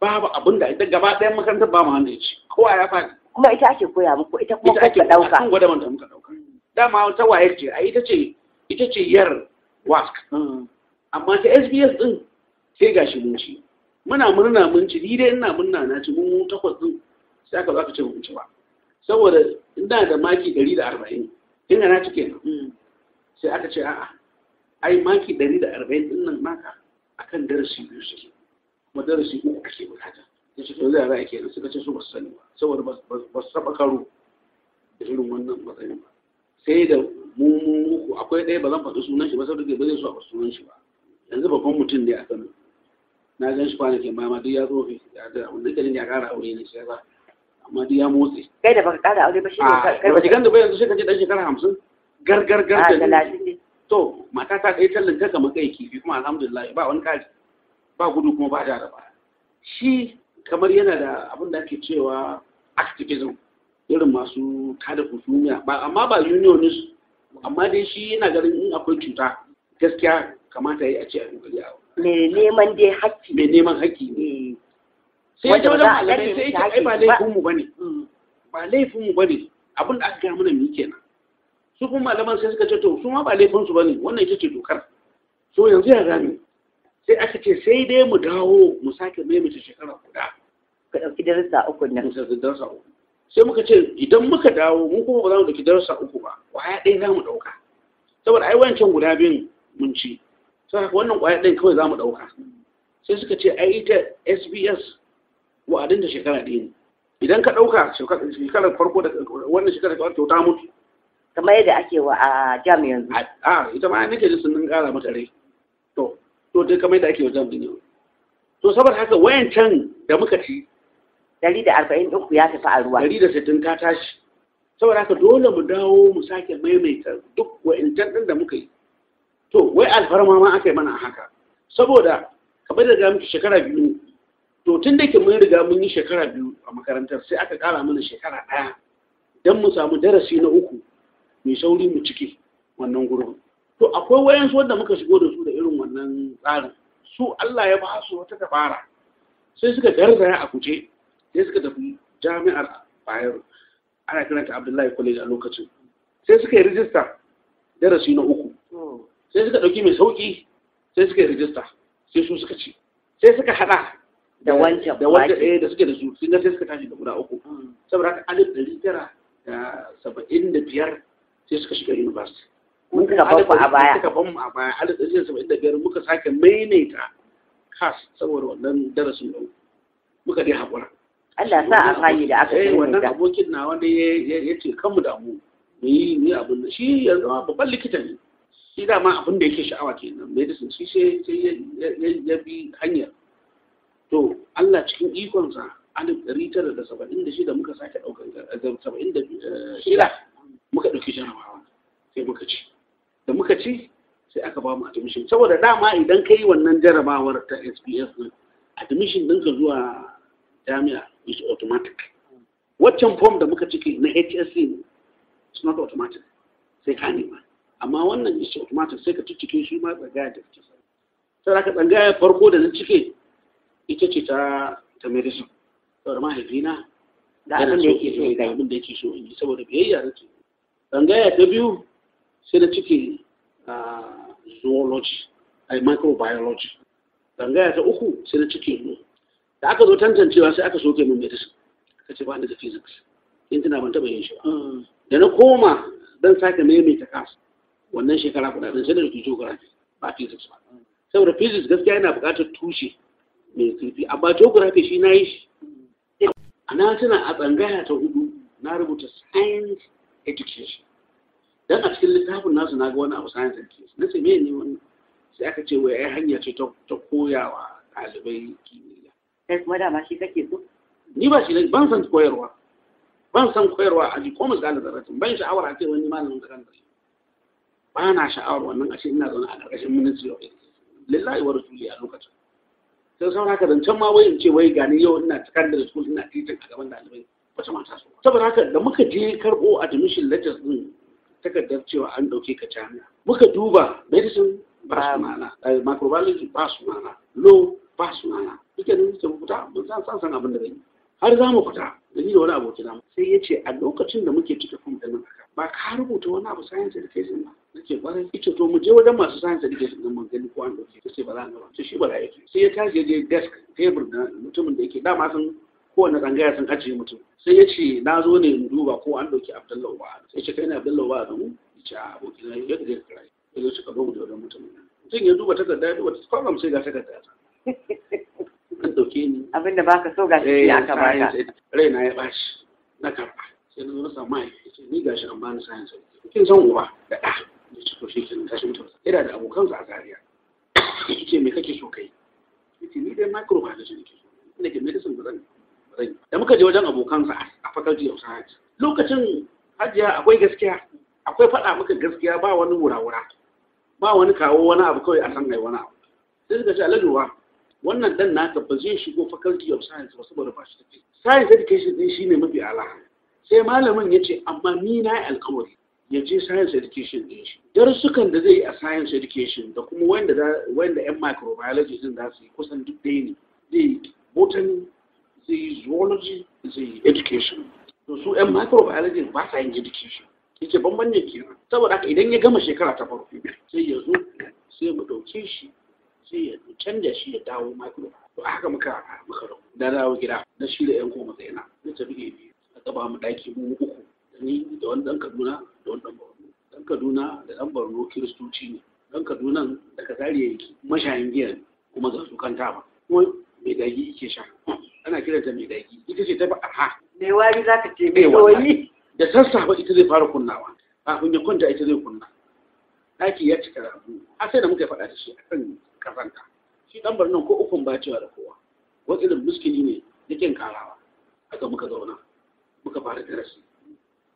babu abin da ita gaba ɗayan makarantar ba mu ya ci kowa ya faɗi kuma ita ake koya muku ita kuma kuka ɗauka ita ake gwada manta muka ɗauka hmm. dama ta waye ce a ita ce ita ce yar wask amma ta sbs din sai gashi mun ci muna murna mun ci ni dai ina murna na ci mun takwas din sai aka zaka ce mun ci ba saboda ina da maki 140 ina na ci kenan mm. sai aka ce a'a ai maki 140 din nan maka akan darasi biyu ke kuma darasi uku kake bukata ya ce to zai ra'ayi kenan suka ce su ba su sani ba saboda ba su saba karo da irin wannan matsayin ba sai da mu mu uku akwai ɗaya ba zan faɗi sunan shi ba saboda ba zai so a sunan shi ba yanzu babban mutum ne a Kano na gan shi kwanakin ba, ma duk ya tsofe ya da wani kalin ya ƙara aure ne sai ba amma duk ya motsi kai da baka ƙara aure ba shi ne ah, ba ki ganda ba yanzu sai ka ji dan shekara hamsin gargar gargar ah, to mata ta kai tallin ta kama kai kifi kuma alhamdulillah ba wani kaji ba gudu kuma ba da ba shi kamar yana da abin da ake cewa activism irin masu kada husumiya ba amma ba unionist amma dai shi yana ganin in akwai cuta gaskiya kamata ya yi a ce a dogari a mai neman dai haƙƙi mai neman haƙƙi ne eh. sai ta a malamai sai ce ai ba laifin mu bane mm. ba laifin mu bane abin da aka gaya mana mu kenan su kuma malaman sai suka ce to su ma ba laifin su bane wannan ita ce dokar so yanzu ya gane sai aka ce sai dai mu dawo mu sake maimaita shekara guda ka ɗauki darasa uku nan. Darasa uku. sai muka ce idan muka dawo mun kuma ba za mu dauki darussa uku ba kwaya ɗaya za mu ɗauka saboda ai wancan guda biyun mun ci sai wannan kwaya ɗin kawai za mu ɗauka sai suka ce ai ita sbs wa'adin da shekara ɗaya ne idan ka ɗauka shekarar farko da wannan shekarar ta kyauta mutu kamar yadda ake wa a jam yanzu a ita ma nake da sun ƙara mata rai to to dai kamar yadda ake wa jam yanzu to saboda haka wayancan da muka ci Dari da arba'in ɗin ya tafi a ruwa Dari da sittin ta tashi saboda haka dole mu dawo mu sake maimaita duk wa'incan ɗin da muka yi to wai alfarma ma aka yi mana haka saboda kamar da muke shekara biyu to tun da ke mun riga mun yi shekara biyu a makarantar sai aka ƙara mana shekara ɗaya don mu samu darasi na uku mai sauri mu ciki wannan gurbin to akwai wayansu wanda muka shigo da su da irin wannan tsarin su Allah ya ba su wata dabara sai suka garzaya a kuce sai suka tafi jami'ar bayero ana kiranta abdullahi college a lokacin sai suka yi rijista darasi na uku sai suka ɗauki mai sauƙi sai suka yi rijista sai su suka ci sai suka haɗa da wancan da wancan ɗaya eh, da suke da su sun sai suka tashi da guda uku mm. saboda haka alif ɗari tara da saba'in da biyar sai suka shiga university mun ka ban mu a baya muka ban mu a baya alif ɗari tara saba'in da biyar muka sake maimaita kas saboda wannan darasin da muka dai haƙura Allah sa a kayi da aka yi eh, wannan abokin na wanda ya ce kanmu da mu mu yi ni abin da shi yanzu babban likita ne shi dama abin da yake sha'awa kenan medicine shi sai ya bi hanyar to Allah cikin ikonsa alif ɗari tara da saba'in da shida muka sake ɗaukar eh, saba'in da eh, shida muka ɗauki jarabawa sai muka ci da muka ci sai aka ba mu admission saboda dama idan ka yi wannan jarabawar ta SPS din admission ɗinka zuwa jami'a is automatic waccan form da muka ciki na hsc ne it's not automatic sai ka nema amma wannan is automatic sai ka ciccike shi ma tsangaya da kake sai sai aka tsangaya farko da na cike ita ce ta ta medicine saboda mahaifina da abin da yake so da abin da yake so in yi saboda biyayya na nake tsangaya ta biyu sai na cike zoology ai microbiology tsangaya ta uku sai na cike da aka zo tantancewa sai aka soke mun medicine aka ce ba ni da physics in tana ban taɓa yin shi mm. da na koma dan sake maimaita kasu wannan shekara guda din sai da rubutu geography ba physics ba mm. saboda physics gaskiya yana buƙatar tushe mai kirfi amma geography shi na yi shi mm. a na tuna a tsangaya ta hudu na rubuta science education dan a cikin littafin nasu na ga wani abu science education na ce me ne wannan sai aka ce wai ai hanya ce ta koyawa ɗalibai kimiyya kai kuma dama shi kake so ni ba shi ban san koyarwa ban san koyarwa a ko misali da ratin ban sha'awar a ce wani malamin da kan shi ba na sha'awar wannan a ce ina zaune a ƙarƙashin ministry of education lillahi wa rasuli a lokacin sai sauran haka can ma wai in ce wai gani yau ina da school ina titin a gaban ɗalibai wata mata so saboda haka da muka je karɓo admission letters din takardar cewa an ɗauke ka jami'a muka duba medicine ba su mana eh, microbiology ba su mana law ba su mana suke nan ce fita mun san san san abin da zai har za mu fita da ni da wani abokin na sai ya ce a lokacin da muke cike kuma da nan ba ka rubuta wani abu science education ba nake kwarai ita to mu je wajen masu science education din mun gani ko an dauke sai ba za ba sai shi ba za yake sai ya tashi ya je desk table da mutumin da yake dama sun kowane tsangaya sun ajiye mutum sai ya ce na zo ne mu duba ko an dauki abdullahi ba sai ce kai ne abdullahi ba da mu ya ce a aboki na yau da kai ya zo shi ka zo mu da wajen mutumin mutum ya duba takarda ya duba column sai ga takarda ta ka dauke ni abinda baka so gashi shi eh, aka baka na ya bashi na karba sai na zo samu ce ni gashi an bani sayan sauki kin san uba da ɗa da ci to shikenan gashi mutum ina da abokansa a Zariya. ce me kake so kai ce ni dai makro microbiology nake so ina ke medicine ba zan ba da muka je wajen abokansa a faculty of science lokacin hajiya akwai gaskiya akwai faɗa maka gaskiya ba wani wura-wura ba wani kawo wani abu kawai a san wani abu sai suka ce alajuwa wannan dan naka ba zai shigo faculty of science ba saboda ba shi da science education din shine mafi ala sai malamin ya ce amma ni na alkawari ya je science education din shi darussukan da zai yi a science education da kuma wanda wanda yan microbiology din za su yi kusan duk dai ne zai yi botany zai yi zoology zai yi education to su yan microbiology ba sa yin education yake bamban kenan saboda haka idan ya gama shekara ta farko sai ya zo sai mu ɗauke shi sai ya canja shi ya dawo micro to haka muka muka rabu na dawo gida na shirya yan goma tsaye na na tafi gefe a ba mu daki mu uku ni da wani dan Kaduna da wani dan Borno dan Kaduna da dan Borno kiristoci ne dan Kaduna da Kazariya yake mashayin giya kuma ga su kanta ba kuma mai dagi yake sha ana kiranta mai dagi ita ce ta ba aha mai wari za ka ce mai wari da sassafe ita zai fara kunnawa kafin ya kwanta ita zai kunna Daki ya cika rabu har sai da muka faɗa da shi a akan kazanta shi dan nan ko ukun ba cewa da kowa wani irin muskili ne da kin karawa aka muka zauna muka fara darasi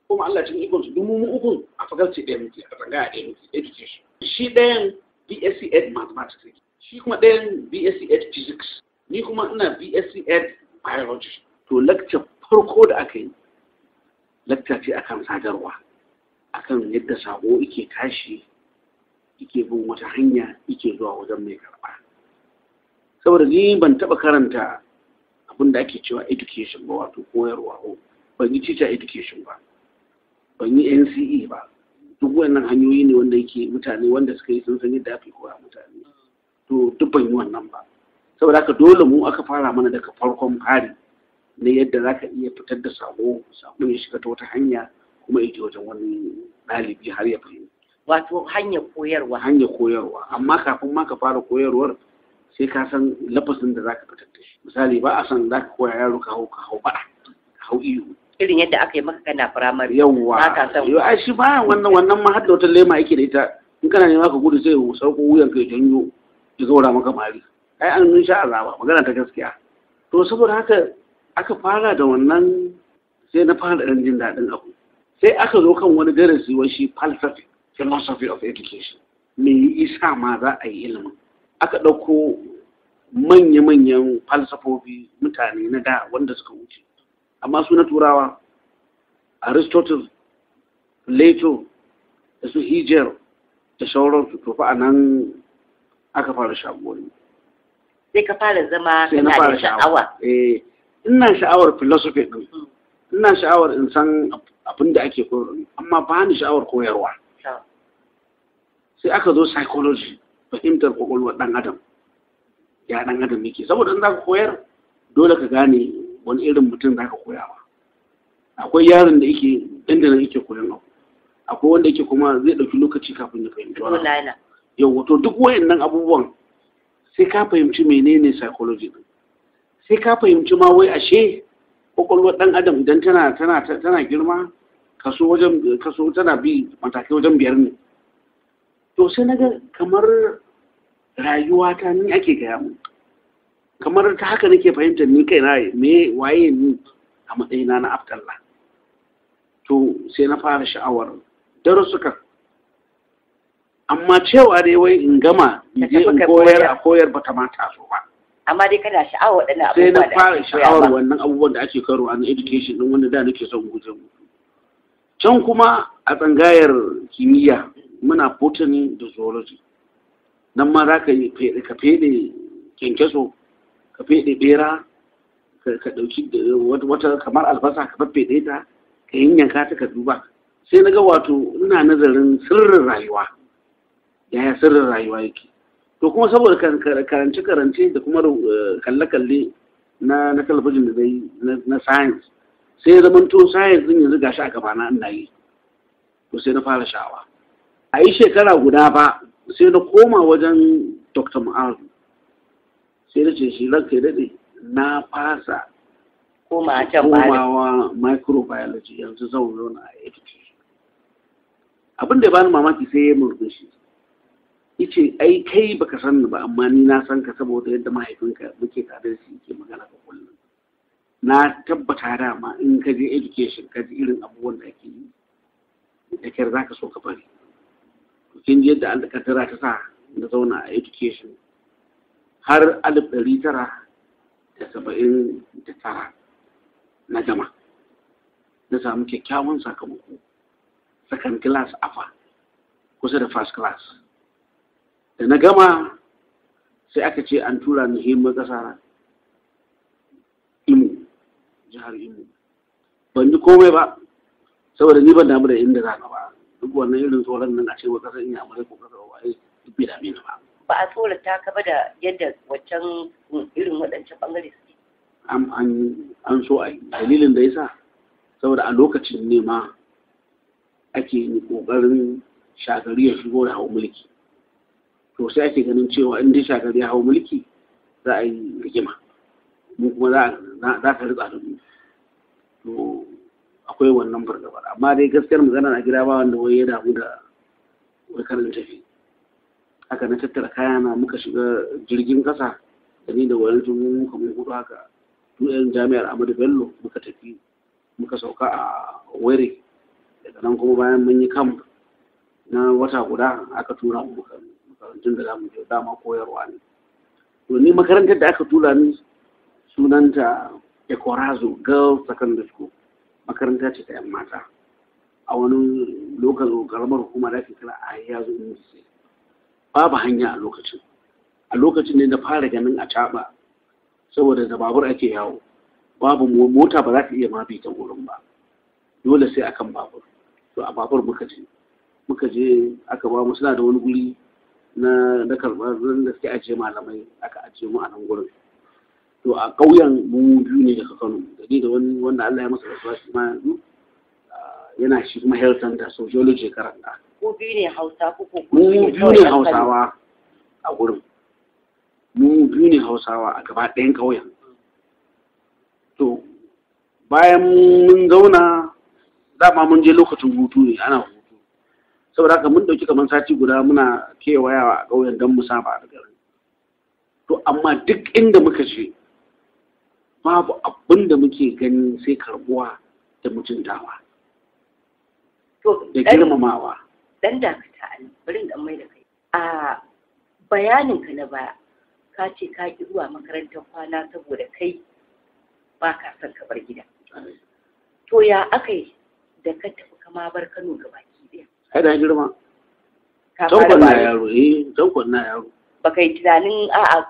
kuma Allah cikin ikon su dumu mu ukun a fakalci ɗaya muke a tsangaya ɗaya muke education shi ɗayan BSc Ed Mathematics shi kuma ɗayan BSc Ed Physics ni kuma ina BSc Ed Biology to lecture farko da aka yi lecture ce akan sadarwa akan yadda sako yake tashi ike bin wata hanya ike zuwa wajen mai karɓa saboda ni ban taɓa karanta abin da ake cewa education ba wato koyarwa ko ban yi teacher education ba ban yi nce ba duk wannan hanyoyi ne wanda yake mutane wanda suka yi sun san yadda ake koya mutane to duk ban yi wannan ba saboda haka dole mu aka fara mana daga farkon fari na yadda za ka iya fitar da sako sako ya shiga ta wata hanya kuma ya wajen wani ɗalibi har ya fahimta wato hanyar koyarwa hanyar koyarwa amma kafin ma ka fara koyarwar sai ka san lafasin da zaka fitar da shi misali ba a san ka koya yaro ka hau ka hau bada ka hau iyo irin yadda aka yi maka kana firamare yawwa ka san yo ai shi ba wannan wannan ma hadda wata lema yake da ita in kana nema ka gudu sai sauko wuyan ka ya janyo ya gaura maka mari ai an nun sha azaba magana ta gaskiya to saboda haka aka fara da wannan sai na fara ɗan jin daɗin abu sai aka zo kan wani darasi wani shi falsafi philosophy of education me isa ma za a yi ilimin aka ɗauko manya-manyan falsafofi mutane na da wanda suka wuce amma su na turawa aristotle plato da su hijir da sauransu to fa a nan aka fara shagori sai ka fara zama kana da sha'awa eh ina sha'awar philosophy din mm. ina sha'awar in san abin da ake koyarwa amma ba ni sha'awar koyarwa sai aka zo psychology fahimtar kwakwalwar ɗan adam ya ɗan adam yake saboda in za ka koyar dole ka gane wani irin mutum za ka koya ba akwai yaron da yake dandanan yake koyan abu akwai wanda yake kuma zai ɗauki lokaci kafin ya fahimci wani yau wato duk wayannan abubuwan sai ka fahimci menene psychology din sai ka fahimci ma wai ashe kwakwalwar ɗan adam idan tana tana girma kaso wajen kaso tana bi matakai wajen biyar ne to sai na ga kamar rayuwa ta ni ake gaya mu kamar ta haka nake fahimtar ni kaina me waye ni a matsayina na aftalla to sai na fara sha'awar darussuka. amma cewa dai wai in gama in je in koyar a koyar ba ta ma taso ba amma dai kana sha'awar waɗannan abubuwa sai na fara sha'awar wannan abubuwan da ake karo an education din wanda da nake son guje can kuma a tsangayar kimiyya muna botany da zoology nan ma za ka yi ka fede kyankyaso ka fede bera ka ɗauki wata kamar albasa ka faffede ta ka yanyanka ta ka duba sai na ga wato ina nazarin sirrin rayuwa yaya sirrin rayuwa yake to kuma saboda karance karance da kuma eh, kalle kalle na na talabijin da zai na science sai zamanto science din yanzu gashi a gabana ina yi to sai na fara sha'awa a yi shekara guda ba sai na koma wajen dr ma'aru sai na ce shi ranka daɗe na fasa komawa microbiology yanzu zan a ft abin da bani mamaki sai ya murmushi ice ai kai baka san ni ba amma ni na san ka saboda yadda mahaifinka muke tare da ke magana ka kullum na tabbata dama in ka je education ka ji irin abubuwan da ake yi da kyar ka so ka bari kin ji yadda Allah ta sa na zauna a education har alif ɗari tara da saba'in da tara na gama na samu kyakkyawan sakamako second class afa kusa da first class da na gama sai aka ce an tura ni himmar ƙasa imo jihar imo ban yi komai ba saboda ni ban damu da inda za ba wannan irin tsoron nan a ce wa kasar inya mai ko kasar waye duk da mina ba ba a tsorata ta kaba da yadda waccan irin waɗancan bangare suke an so a dalilin da yasa saboda a lokacin ne ma ake kokarin shagari ya shigo da hau mulki to sai ake ganin cewa in dai shagari ya hau mulki za a yi rigima mu kuma za ka ritsa da mu akwai wannan fargabar amma dai gaskiyar magana na gida ba wanda wai ya damu da wai karin tafi haka na tattara kaya na muka shiga jirgin kasa da ni da wani tun muka mun hudu haka yan jami'ar Amadu Bello muka tafi muka sauka a Were daga nan kuma bayan mun yi kam na wata guda aka tura mu makarantun da zamu je dama koyarwa ne to ni makarantar da aka tura ni sunanta Ekorazo Girls Secondary School makaranta ce ta 'yan mata a wani lokacin karamar hukuma da ake kira a yazo university babu hanya a lokacin a lokacin ne na fara ganin a caba saboda da babur ake yawo babu mota ba za ta iya ma bi ta wurin ba dole sai akan babur to a babur muka je muka je aka ba suna da wani guri na na da suke ajiye malamai aka ajiye mu a nan gurin to a ƙauyen mu biyu ne daga Kano da ni da wani wanda Allah ya masa rasuwa shi ma yanzu yana shi kuma health center sociology karanta ko biyu ne Hausa ko ko mu biyu ne Hausawa a gurin mu biyu ne Hausawa a gaba ɗayan ƙauyen to bayan mun zauna dama mun je lokacin hutu ne ana hutu saboda haka mun dauki kamar sati guda muna kewayawa a ƙauyen don mu saba a garin to amma duk inda muka je babu abin da muke gani sai karbuwa da mutuntawa da girmamawa dan dakata ali bari dan mai da kai a bayanin ka na baya ka ce ka ki zuwa makarantar kwana saboda kai ba ka son ka bar gida to ya aka yi da ka tafi kama bar Kano gaba ki daya ai da girma tankon eh, na yaro eh tankon na yaro baka yi tunanin a'a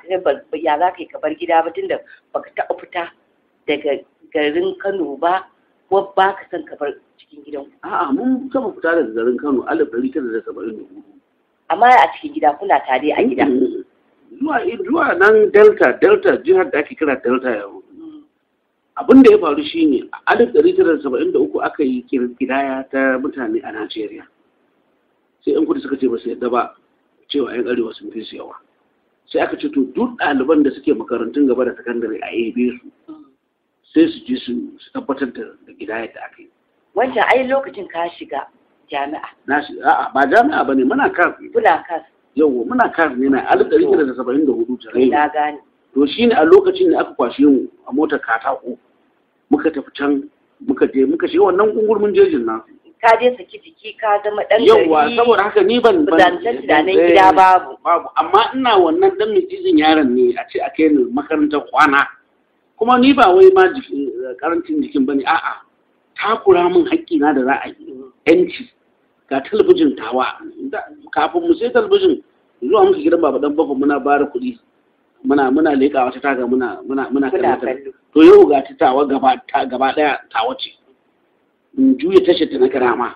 ya za ka yi kabar gida ba tunda baka taɓa fita daga garin Kano ba ko ba ka san kabar cikin gidan ku. A'a mun taɓa fita daga garin Kano alif ɗari tara da saba'in da hudu. Amma a cikin gida kuna tare a gida. Zuwa zuwa nan Delta Delta jihar da ake kira Delta yau. Abin da ya faru shine a alif ɗari tara da saba'in da uku aka yi kiraya ta mutane a Najeriya. Sai 'yan kudu suka ce ba su yadda ba cewa 'yan arewa sun fi su yawa. sai aka ce to duk ɗaliban da suke makarantun gaba da sakandare a yabe su sai su ji su tabbatar da gida yadda aka yi wancan ai lokacin ka shiga jami'a na shi a'a ba jami'a bane muna kas Kula kas Yawwa muna kas ne na alif ɗari da saba'in da hudu tare na gane to shi ne a lokacin da aka kwashe mu a motar katako muka tafi can muka je muka shiga wannan gungurmin jejin nasu ka je saki jiki ka zama dan gari yauwa saboda haka ni ban ban tunanin eh, gida babu babu amma ina wannan dan mijin yaron ne a ce a kai ni makarantar kwana kuma ni ba wai ma jikin karancin eh, jikin bane a'a takura min haƙƙina da za a yi yanci ga talabijin tawa kafin mu sai talabijin zuwa muka gidan baba dan bafa muna bada kuɗi muna muna leƙa wata taga muna muna muna kallon to yau ga ta tawa gaba gaba ɗaya tawa ce in juya tashar ta na karama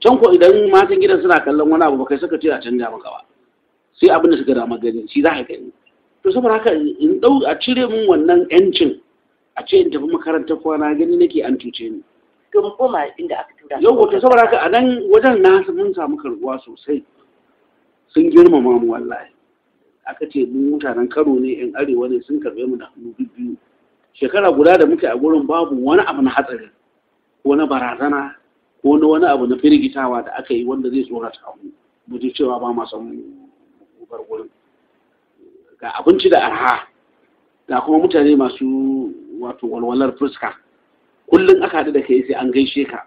can ko idan matan gidan suna kallon wani abu bakai suka ce a canja maka ba sai abin da suka dama gani shi za ka gani to saboda haka in dau a cire min wannan yancin a ce in tafi makarantar kwana gani nake an cuce ni to mu koma inda aka tura yau to saboda haka a nan wajen na mun samu karbuwa sosai sun girmama mu wallahi aka ce mu mutanen karo ne yan arewa ne sun karbe mu da hannu biyu shekara guda da muke a gurin babu wani abu na hatsari ko na barazana ko na wani abu na firgitawa da aka yi wanda zai tsorata a mu ji cewa ba ma san bar gurin ga abinci da arha ga kuma mutane masu wato walwalar fuska kullum aka haɗu da kai sai an gaishe ka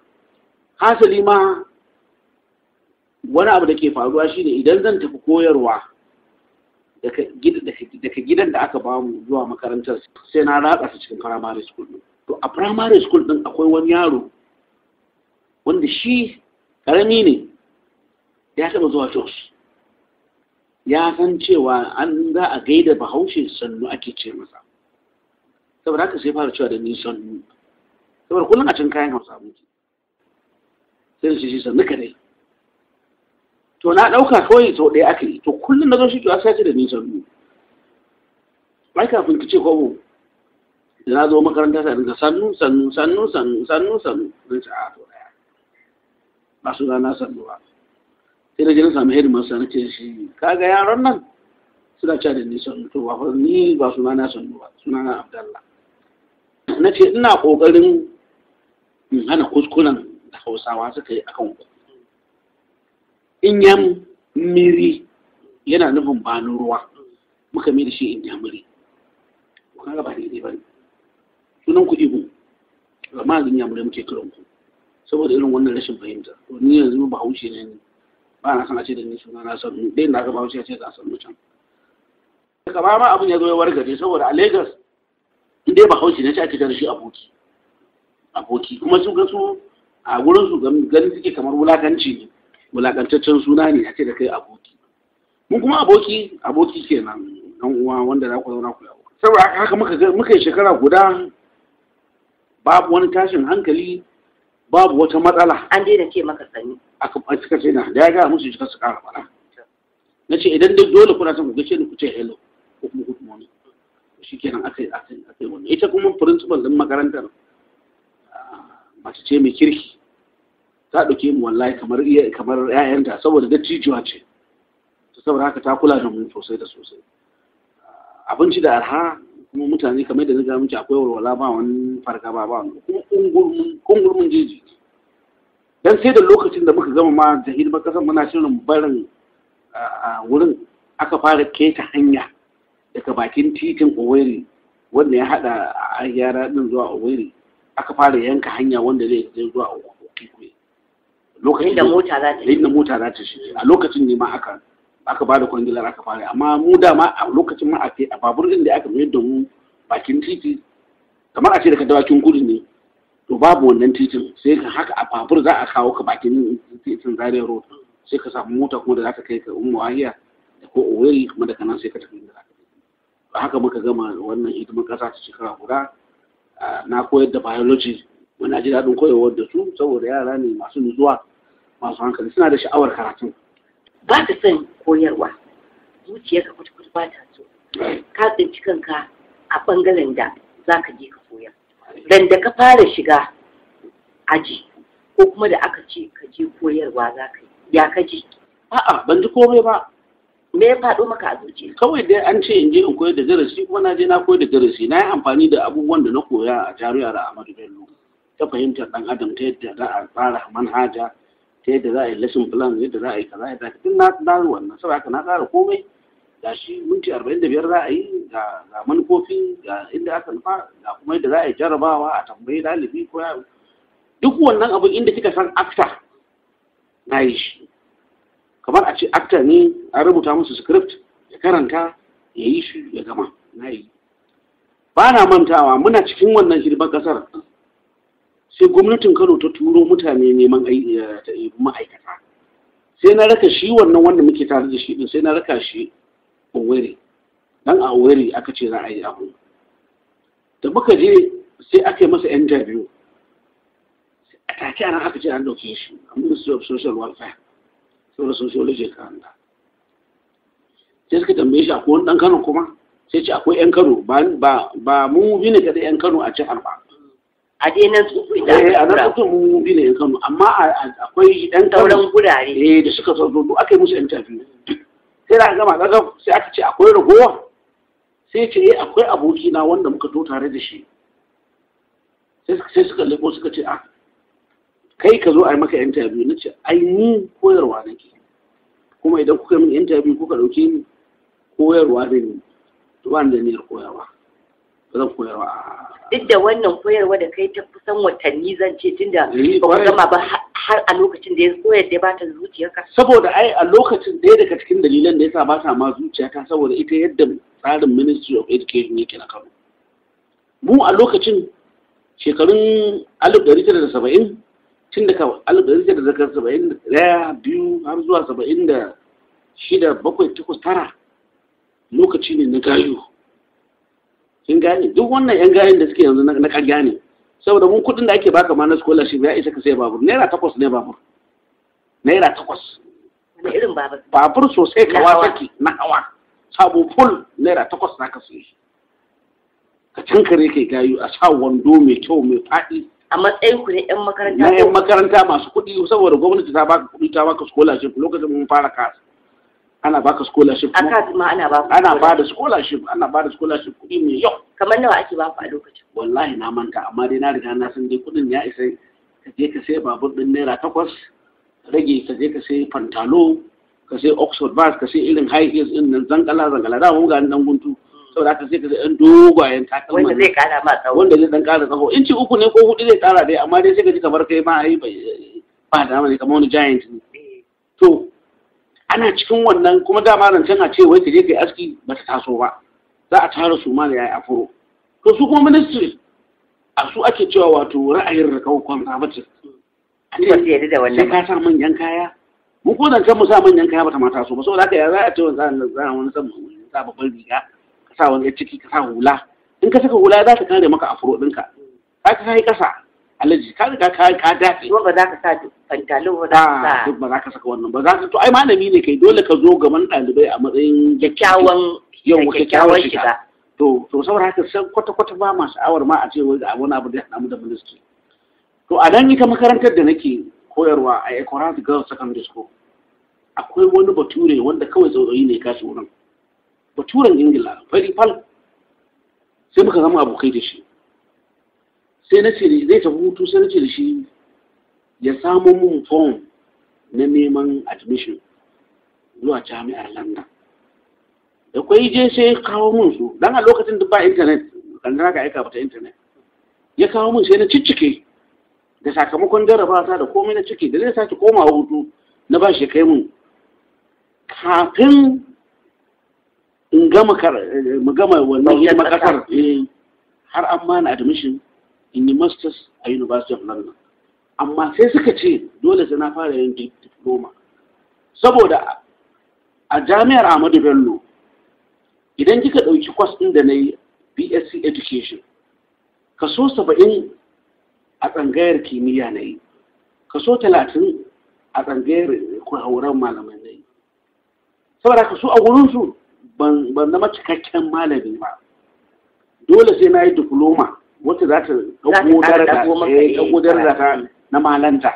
hasali ma wani abu da ke faruwa shine idan zan tafi koyarwa daga gidan da aka bamu zuwa makarantar sai na ratsa ta cikin primary school to a primary school din akwai wani yaro wanda shi karami ne ya taba zuwa jos ya san cewa an za a gaida bahaushe sannu ake ce masa saboda haka sai fara cewa da ni sannu saboda kullum a cin kayan hausa muke sai da shi sannu kadai to na ɗauka kawai sau ɗaya aka yi to kullum na zo shi kiwa sai da ni sannu ai kafin ki ce mu. ya zo makaranta sai sannu sannu sannu sannu sannu sannu zan ci a to daya ba su rana sannu ba sai da jin samu hidin masu na ce shi kaga yaron nan suna cewa da ni sannu to ba ni ba suna na sannu ba suna na abdallah na ce ina kokarin in hana kuskuren da hausawa suka yi akan ku in yam miri yana nufin bani ruwa muka mi da shi in yamuri kuma ba daidai ba ne sunan ku ihu amma yanzu ya muke kiran ku saboda irin wannan rashin fahimta to ni yanzu ba haushi ne ni. ba na san a ce da ni suna na san dai na ga ba a ce da san daga ba ma abin ya zo ya wargaje saboda a Lagos dai ba haushi ne ce ake da shi aboki aboki kuma su ga su a gurin su ganin suke kamar wulakanci ne wulakantaccen suna ne a ce da kai aboki mun kuma aboki aboki kenan dan uwa wanda za ku zauna ku yawo saboda haka muka muka yi shekara guda babu wani tashin hankali babu wata matsala an daina ce maka sani A suka ce na da ya gaya musu suka su kara faɗa. na ce idan duk dole kuna son ku ni ku ce hello ko kuma good morning shi kenan aka yi aka yi wannan ita kuma principal din makarantar ah, mace ce mai kirki ta ɗauke mu wallahi kamar kamar ƴaƴanta saboda dattijuwa ce saboda haka ta kula da mu sosai da sosai ah, abinci da arha kuma mutane kamar da na gaya miki akwai walwala ba wani fargaba ba kuma kungurmin jeji dan sai da lokacin da muka gama ma da hidimar kasar muna shirin barin wurin aka fara keta hanya daga bakin titin owerri wanda ya hada a yara din zuwa owerri aka fara yanka hanya wanda zai je zuwa okikwe lokacin da mota za ta shi. a lokacin ne ma aka aka bada kwangilar aka fara amma mu dama a lokacin ma a a babur din da aka mayar da mu bakin titi kamar a ce daga dawakin gudu ne to babu wannan titin sai ka haka a babur za a kawo ka bakin titin zariya road sai ka samu mota kuma da za ka kai ka umu ahiya da ko oweri kuma daga nan sai ka tafi da za haka muka gama wannan hidimar kasa ta shekara guda na koyar da biology Wani ji daɗin koyarwar da su saboda yara ne masu nutsuwa masu hankali suna da sha'awar karatun ba ta son koyarwa zuciyarka kwata-kwata ba ta so ka tsinci kanka a bangaren da za ka je ka koya dan da ka fara shiga aji ko kuma da aka ce ka je koyarwa za ka yi ya ka ji a'a ban ji komai ba me ya faɗo maka a zuciya kawai dai an ce in je in koyar da darasi kuma na je na koyar da darasi na yi amfani da abubuwan da na koya a da amadu Bello ta fahimtar ɗan adam ta yadda za a tsara manhaja ta yadda za a yi lesson plan yadda za a yi kaza yadda duk na tsara wannan saboda haka na tsara komai ga shi minti arba'in da biyar za a yi ga manufofi ga inda aka nufa ga kuma yadda za a yi jarabawa a tambayi dalibi, ko yaro duk wannan abin inda kika san akta na yi shi kamar a ce akta ne an rubuta musu script ya karanta ya yi shi ya gama na yi ba na mantawa muna cikin wannan shirin kasar sai gwamnatin kano ta turo mutane neman eh, eh, ma'aikata sai na raka shi wannan wanda muke tare da shi din sai na raka shi aure. dan a aka ce za a yi abu da muka je sai aka yi masa interview a take ana aka ce an dauke shi a ministry of social welfare saboda sociology ka hanga sai suka tambaye shi akwai wani dan kano kuma sai ce akwai yan kano ba mu bi ne ga yan kano a can arba a dai nan tsufi da aka eh, a nan tsufi mu bi ne Kano amma akwai dan tauran gurare eh da suka zo aka yi musu interview sai da gama daga sai aka ce akwai ragowa sai ce eh akwai aboki na wanda muka to tare da shi sai suka leko suka ce ah kai ka zo a yi maka interview na ce ai ni koyarwa nake kuma idan kuka yi min interview kuka dauke ni koyarwa ne to ba da niyyar koyarwa zan koyar ba duk da wannan koyarwa da kai ta kusan watanni zan ce tunda eh, ba gama ba har a lokacin da ya koyar da bata zuciyarka saboda ai a lokacin ɗaya daga cikin dalilan da yasa ba ta ma zuciyata saboda ita yadda tsarin ministry of education yake na kano mu a lokacin shekarun alif ɗari tara da saba'in tun daga alif ɗari tara da saba'in da ɗaya biyu har zuwa saba'in da shida bakwai takwas tara lokaci ne na gayu sun gane duk wannan yan gayen da suke yanzu na karya ne saboda mun kudin da ake baka ma na scholarship ya isa ka sai babur naira takwas ne babur naira takwas babur sosai kawa saki na hawa sabo full naira takwas na ka siye ka cankare kai gayu a sa wando mai kyau mai faɗi a matsayin ku ne yan makaranta na yan makaranta masu kuɗi saboda gwamnati ta baka kuɗi ta baka scholarship lokacin mun fara kasa ana baka scholarship a kaji ma ana baka ana ba da scholarship ana ba da scholarship kudi ne yau kamar nawa ake ba ku a lokacin wallahi na manta amma dai na riga na san dai kuɗin ya isa ka je ka sai babur ɗin naira takwas rage ka je ka sai pantalo ka sai oxford bars ka sai irin high heels ɗin nan zankala zankala da mu ga nan guntu saboda ka sai ka sai ɗan dogayen takalma wanda zai ƙara ma tsawo wanda zai ɗan ƙara tsawo inci uku ne ko huɗu zai ƙara dai amma dai sai ka ji kamar kai ma ai ba da ne kamar wani giant ne eh. to ana cikin wannan kuma dama can a ce wai kaje kai aski ba ta taso ba za a tara su ma da yayi afuro to su kuma ministry a su ake cewa wato ra'ayin da conservative an yi da wannan ka sa manyan kaya mu ko zancen mu sa manyan kaya ba ta mata so ba saboda haka ya za a ce wannan za a wani san sa babban riga ka sa wani ciki ka sa hula in ka saka hula za ta kare maka afuro ɗinka za ta sai kasa alaji ka riga ka ka dace ba za ka sa pantalon ba za ka ah, sa duk ba za ka saka wannan ba za ka to ai malami ne kai dole ka zo gaban ɗalibai a matsayin kyakkyawan yau kyakkyawan shiga to to saboda haka san kwata kwata ba masu awar ma a ce wai ga wani abu da namu da ministry to a nan ita makarantar da nake koyarwa a Ecorant Girls Secondary School akwai wani bature wanda kawai tsautsayi ne kashi wurin baturen Ingila fari fal sai muka zama abokai da shi sai na ce zai tafi hutu sai na ce da shi ya samo mun fom na neman admission zuwa jami'ar london da kwai je sai kawo mun su dan a lokacin da ba intanet kankara ka aika ta intanet ya kawo mun sai na ciccike da sakamakon jarraba ta da komai na ciki da zai sake komawa hutu na ba shi kai mun kafin in gama mu wannan makasar eh, har an mana admission in yi masters a university of london amma sai suka ce dole sai na fara yin diploma saboda a jami'ar ahmadu bello idan kika ɗauki kwas ɗin da na yi bsc education kaso saba'in a tsangayar kimiyya na yi kaso talatin a tsangayar hauren malamai na yi saboda kaso a wurinsu ban zama cikakken malami ba dole sai na yi diploma wacce za ta ɗago eh, eh, da ta na malanta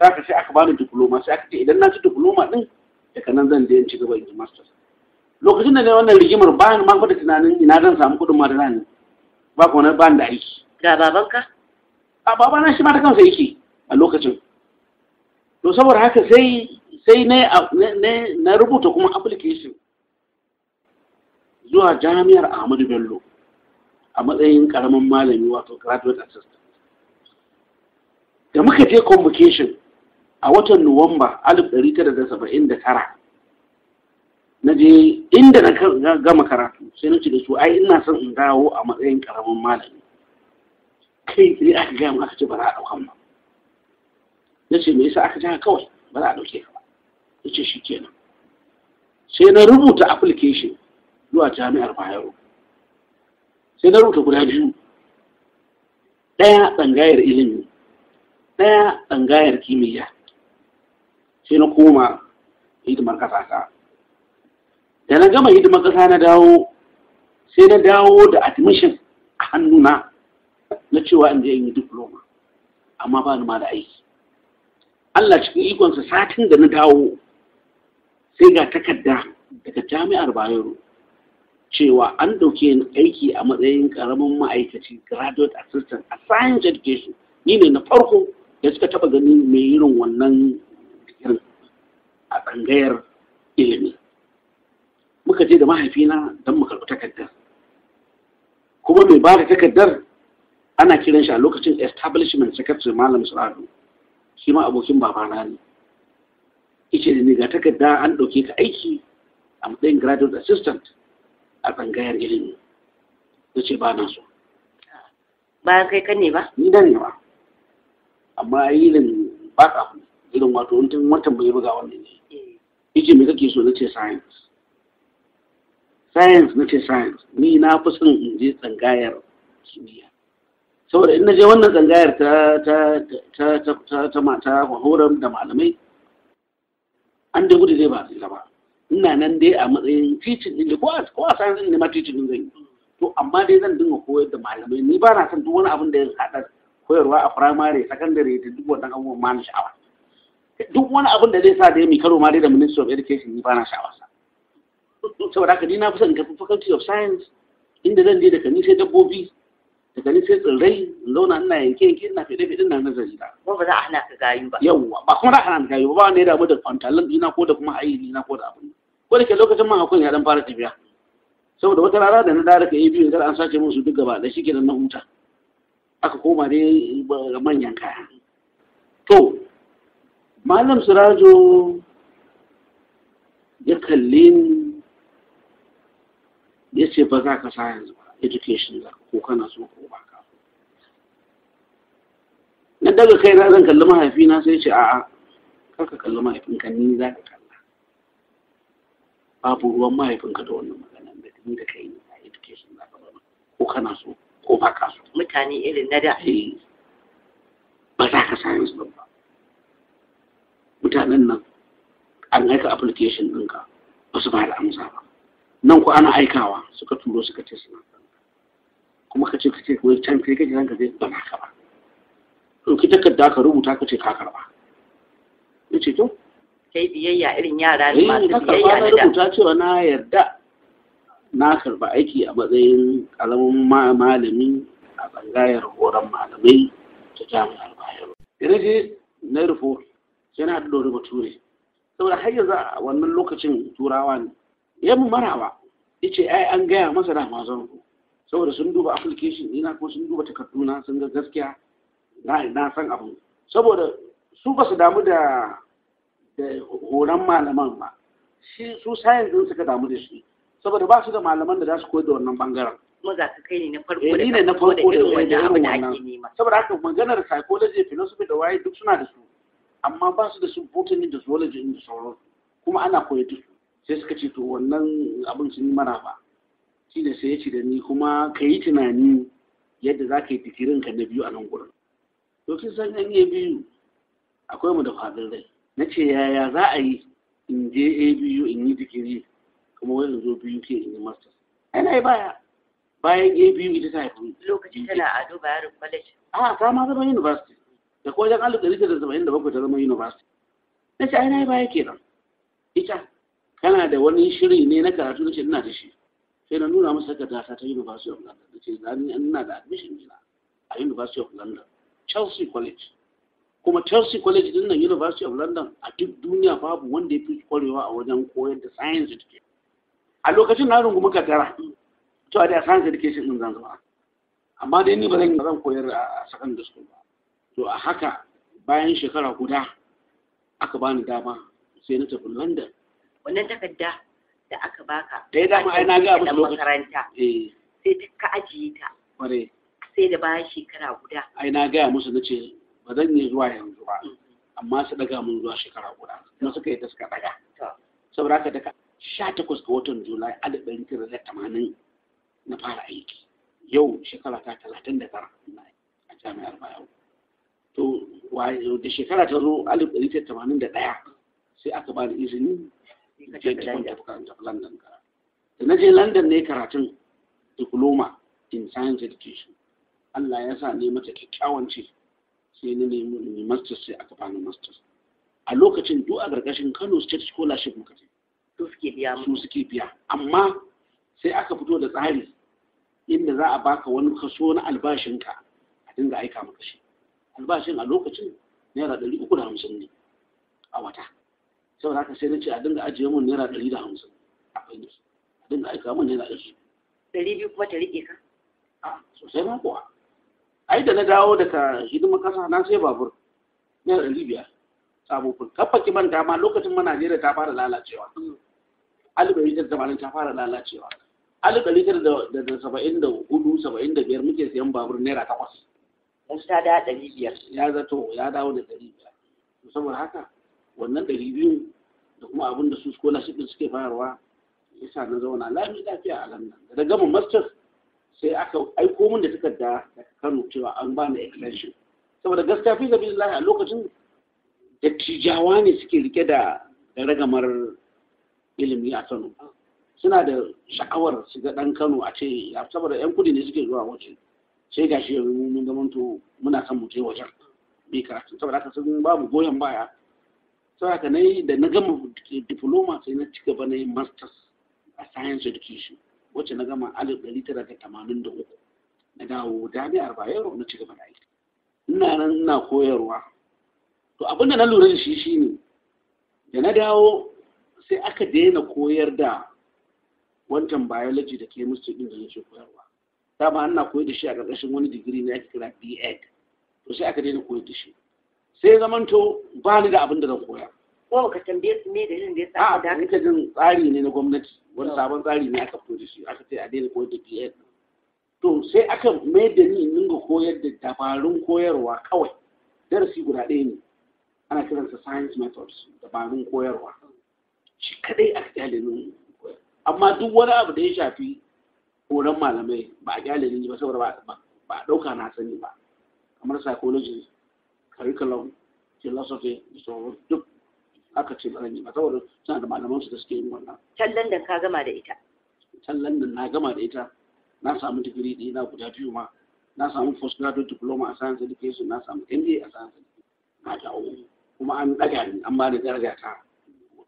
za ka sai aka bani diploma sai aka ce idan na ci diploma din daga nan zan da in ci gaba in masters lokacin da ne wannan rigimar bayan ma da tunanin ina zan samu kuɗin ma da zan ba ko ba da aiki ga babanka a babana shi ma ta kansa yake a lokacin to saboda haka sai sai na rubuta kuma application zuwa jami'ar Ahmadu Bello a matsayin karamin malami wato graduate assistant da muka je convocation a watan nuwamba 1979 na je inda na gama karatu sai na ce da su ai ina son in dawo a matsayin karamin malami kai ne aka gaya aka ce ba za a ɗaukan ba na ce me yasa aka ji kawai ba za a ɗauke ka ba ya ce shi kenan sai na rubuta application zuwa jami'ar bayero sai na rubuta guda biyu ɗaya tsangayar ilimi ɗaya tsangayar kimiyya sai na koma hidimar ƙasa da na gama hidimar ƙasa na dawo sai na dawo da admission a hannuna na cewa in je in yi diploma amma ba ni ma da aiki Allah cikin ikonsa satin da na dawo sai ga takarda daga jami'ar Bayero cewa an ɗauke aiki a matsayin ƙaramin ma'aikaci graduate assistant a science education ni ne na farko da suka taɓa ganin mai irin wannan irin a tsangayar ilimi muka je da mahaifina don mu karɓi takardar kuma mai ba da takardar ana kiran shi a lokacin establishment secretary malam sa'adu shi ma abokin babana ne ice da ga takarda an ɗauke ka aiki a matsayin graduate assistant a tsangayar ilimi na ce ba na so kai kan ne ba ni da ne ba amma ilin ba ka irin wato wani watan bai buga wannan ne Iji eh. me kake so na ce science science na ce science ni na fi son in je tsangayar kimiyya saboda in na je wannan tsangayar ta ta ta ta da malamai an dai gudu zai ba zai ba ina nan dai a matsayin teaching din ko a ko a san din ne ma teaching din zan yi to amma dai zan dinga koyar da malamai ni ba na son duk wani abin da ya haɗa koyarwa a primary secondary da duk wannan abubuwan ma na sha'awa duk wani abin da zai sa da ya mi karo ma dai da ministry of education ni ba na sha'awa sa saboda haka ni na fi son tafi faculty of science inda zan je daga ni sai dabbobi daga ni sai tsirrai in zauna ina yanke yanke ina fide fide ina nazari da kuma ba za a hana ka gayu ba yawwa ba kuma za a hana ka gayu ba ba wanda ya damu da pantalon dina ko da kuma ayi na ko da abin ko da ke lokacin man akwai ya dan fara tafiya saboda wata rana da na dare ka yi biyu da an sace musu duk gaba da shi kenan na huta aka koma dai ga manyan kaya to malam sirajo ya kalli ya ce ba za ka sa yanzu ba education za ko kana so ko ba ka na daga kai na zan kalli mahaifina sai ce a'a kaka kalli mahaifin ni za ka babu ruwan mahaifinka da wannan maganan da ni da kai a education na gaba ko kana so ko ba ka so mutane irin na da eh. ba za ka same su ba mutanen nan an aika application ɗinka ba su ba da amsa ba nan ko ana aikawa suka turo suka ce suna kuma ka ce ka ce wai can kai kake zanka zai ba ka ba ɗauki takarda ka rubuta ka ce ka karba ya ce to kai biyayya irin yara ne eh, masu biyayya na da. Ina cewa na yarda na karba aiki a matsayin kalamin malami a bangayar horon malamai ta jami'ar Bayero. Ina je na rufo sai na dore bature. Saboda har yanzu a wannan lokacin turawa ne. Ya mu marawa ce ai an gaya masa da mazan ku. Saboda sun duba application ina ko sun duba takardu na sun ga gaskiya na san abin. Saboda su ba su damu da da horon malaman ba shi su sayan din suka damu da shi saboda ba su da malaman da za su koyar da wannan bangaren kuma za su kai ne na farko eh, da ne na farko da irin wannan saboda haka maganar psychology philosophy da waye duk suna da su amma ba su da su botany da zoology da sauran kuma ana koyar da su sai suka ce to wannan abin sun yi mara ba shi ne sai ya ci da ni kuma ka yi tunani yadda za ka yi tikirin ka na biyu a nan gurin to kin san yan biyu akwai mu da fadin rai na ce yaya za a yi in je abu in yi digiri kuma wani zo biyu ke in yi masters ana yi baya bayan abu ita ta haifu lokacin tana a duba yarin college a ta ma zama university da kuma wajen alif ɗari da saba'in da bakwai ta zama university na ce ana yi baya kenan ita kana da wani shiri ne na karatu na ce ina da shi sai na nuna masa takarda ta ta university of london da ce ina da admission ina a university of london chelsea college kuma chelsea college din nan university of london a duk duniya babu wanda ya fi kwarewa a wajen koyar da science education a lokacin na rungumi kaddara to a da science education din zan zama amma dai ni ba zan zan koyar a secondary school ba to a haka bayan shekara guda aka bani dama sai na tafi london wannan takarda da aka baka da ya dama ai na ga abin makaranta eh. sai ka ajiye ta sai da bayan shekara guda ai na ga musu na ce ba zan yi zuwa yanzu ba amma su daga mun zuwa shekara guda kuma suka yi ta suka daga saboda haka daga sha takwas ga watan julai alif ɗari da tamanin na fara aiki yau shekara ta talatin da tara a jami'ar bayero to da shekara ta zo alif tamanin da ɗaya sai aka ba da izini da na je london ne karatun diploma in science education Allah ya sa ne mata kyakkyawan ce sai na nemi masters sai aka bani masters a lokacin duk a gargashin kano state scholarship muka ce su suke biya su suke biya amma sai aka fito da tsari inda za a baka wani kaso na albashinka a dinga aika maka shi albashin a lokacin naira ɗari uku da hamsin ne a wata saboda haka sai na ce a dinga ajiye mun naira ɗari da hamsin a fayyace a dinga aika mun naira ɗari ɗari biyu kuma ta riƙe ka a sosai ma kuwa ai da na dawo daga hidimar kasa na sai babur na ɗari biyar sabofin kafa kiman dama lokacin mana Najeriya ta fara lalacewa alif ɗari tara tamanin ta fara lalacewa alif ɗari da saba'in da hudu saba'in da biyar muke siyan babur naira takwas yanzu ta da ɗari biyar ya zato ya dawo da ɗari biyar saboda haka wannan ɗari biyu da kuma abin da su scholarship suke bayarwa sa na zauna lami lafiya a nan da gama masters sai aka aiko min da takarda daga Kano cewa an ba ni extension saboda gaskiya fi da a lokacin dattijawa ne suke rike da ragamar ilimi a Kano suna da sha'awar su ga dan Kano a ce saboda yan kudi ne suke zuwa waje sai gashi yanzu mun to muna son mu je wajen bai karatu saboda haka sun babu goyon baya saboda haka nayi da na gama diploma sai na ci gaba na yi masters a science education wacce na gama alif ɗari tara da tamanin da uku na dawo jami'ar bayero na ci gaba da aiki ina nan ina koyarwa to abin da na lura da shi shine da na dawo sai aka daina koyar da wancan biology da chemistry din da nake koyarwa dama ina koyar da shi a ƙarƙashin wani digiri na ake kira B.Ed to sai aka daina koyar da shi sai zamanto ba ni da abin da zan koya ko baka tambaye su me dalilin da ya sa da ah, haka jin tsari ne na gwamnati wani sabon tsari ne aka fito da shi aka ce a daina koyar da PN to sai aka mai da ni ninga koyar da dabarun koyarwa kawai darasi guda ɗaya ne ana kiransa science methods dabarun koyarwa shi kadai aka kyale ni amma duk wani abu da ya shafi horon malamai ba a kyale ni ba saboda ba a ɗauka na sani ba kamar psychology curriculum philosophy da sauran duk aka ce bari ba saboda suna da malaman su da suke yin wannan tallan da ka gama da ita tallan da na gama da ita na samu digiri ɗaya na guda biyu ma na samu postgraduate diploma a science education na samu MBA a science education na dawo kuma an ɗaga ni an ba ni daraja ta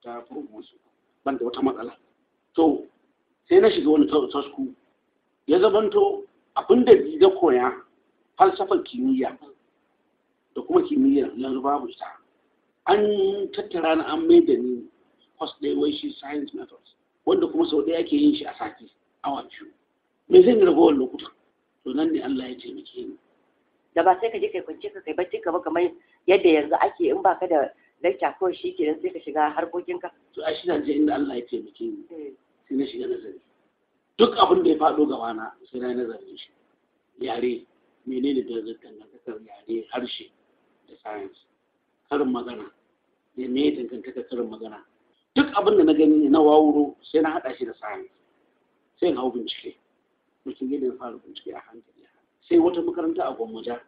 ta promotion ban da wata matsala to sai na shiga wani tasku ya zamanto abin da na koya falsafar kimiyya da kuma kimiyyar yanzu babu ita an tattara na an mai da ni kwas day wai shi science methods wanda kuma sau ɗaya ke yin shi a sati awa biyu me zan ragowar lokuta to nan ne Allah ya taimake ni da ba sai ka je kai kwance ka kai bacci ka ba kamar yadda yanzu ake in ba ka da lakta ko shi ke sai ka shiga harkokin ka to a shi je inda Allah ya taimake ni eh. sai na shiga nazari duk abin da ya faɗo gaba na sai na nazarin shi yare menene da dangantakar yare harshe da science karin magana ne me ya dangantaka karin magana duk abin da na gani ne na wawuro sai na haɗa shi da science sai na hau bincike mutum yadda na fara bincike a hankali sai wata makaranta a gwammaja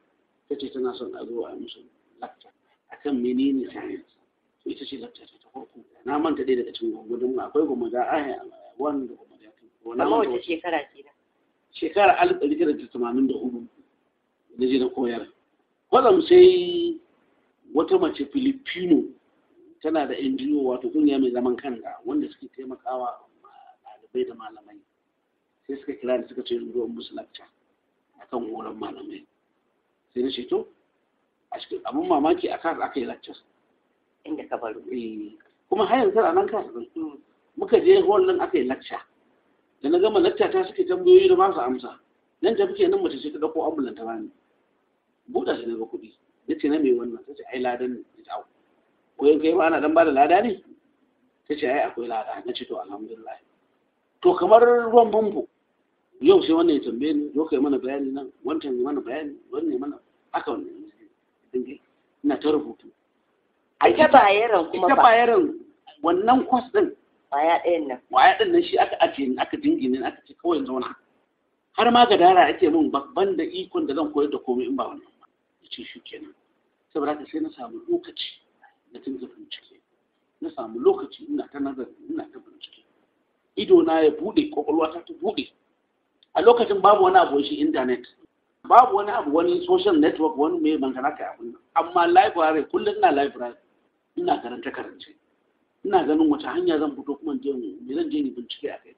ta ce tana son a zo a musu lakta a kan menene science to ita ce lakta ta ta farko na manta ɗaya daga cikin gwammaja akwai gwammaja a a wani da gwammaja ta amma wata shekara ke da shekara alif ɗari tara tamanin da hudu na je na koyar kwazam sai wata mace filipino tana da NGO wato kungiya mai zaman kanta wanda suke taimakawa ɗalibai da malamai sai suka kira da suka ce zuwa musu a akan horon malamai sai na ce to abin mamaki a kasa aka yi lakta inda ka faru eh, kuma har yanzu a nan kasa muka je hall nan aka yi lakca. da na gama lakca ta suke tambayoyi da ba su amsa nan tafi nan mace ce ta dauko ambulan ta bani buɗa shi na ga kuɗi na ce na mai wannan ta ce ai ladan ne wai kai ma ana dan ba da lada ne ta ce ai akwai lada na ce to alhamdulillah to kamar ruwan bambo yau sai wannan ya tambaye ni yau kai mana bayani nan wancan ya mana bayani wannan mana haka wannan dinga ina ta rubutu ita ba yaran kuma ba bayaran wannan kwas din kwaya ɗayan nan kwaya ɗayan nan shi aka ake aka dingine aka ce kawai zauna har ma gadara ake min babban da ikon da zan koyar da komai in ba wannan ba ce shi kenan saboda haka sai na samu lokaci na dinga bincike na samu lokaci ina ta nazari ina ta bincike ido na ya bude kwakwalwata ta bude. a lokacin babu wani abu shi intanet babu wani abu wani social network wani mai mangana kai abun amma library kullum ina library ina karanta karance ina ganin wata hanya zan fito kuma je me zan je ni bincike a kai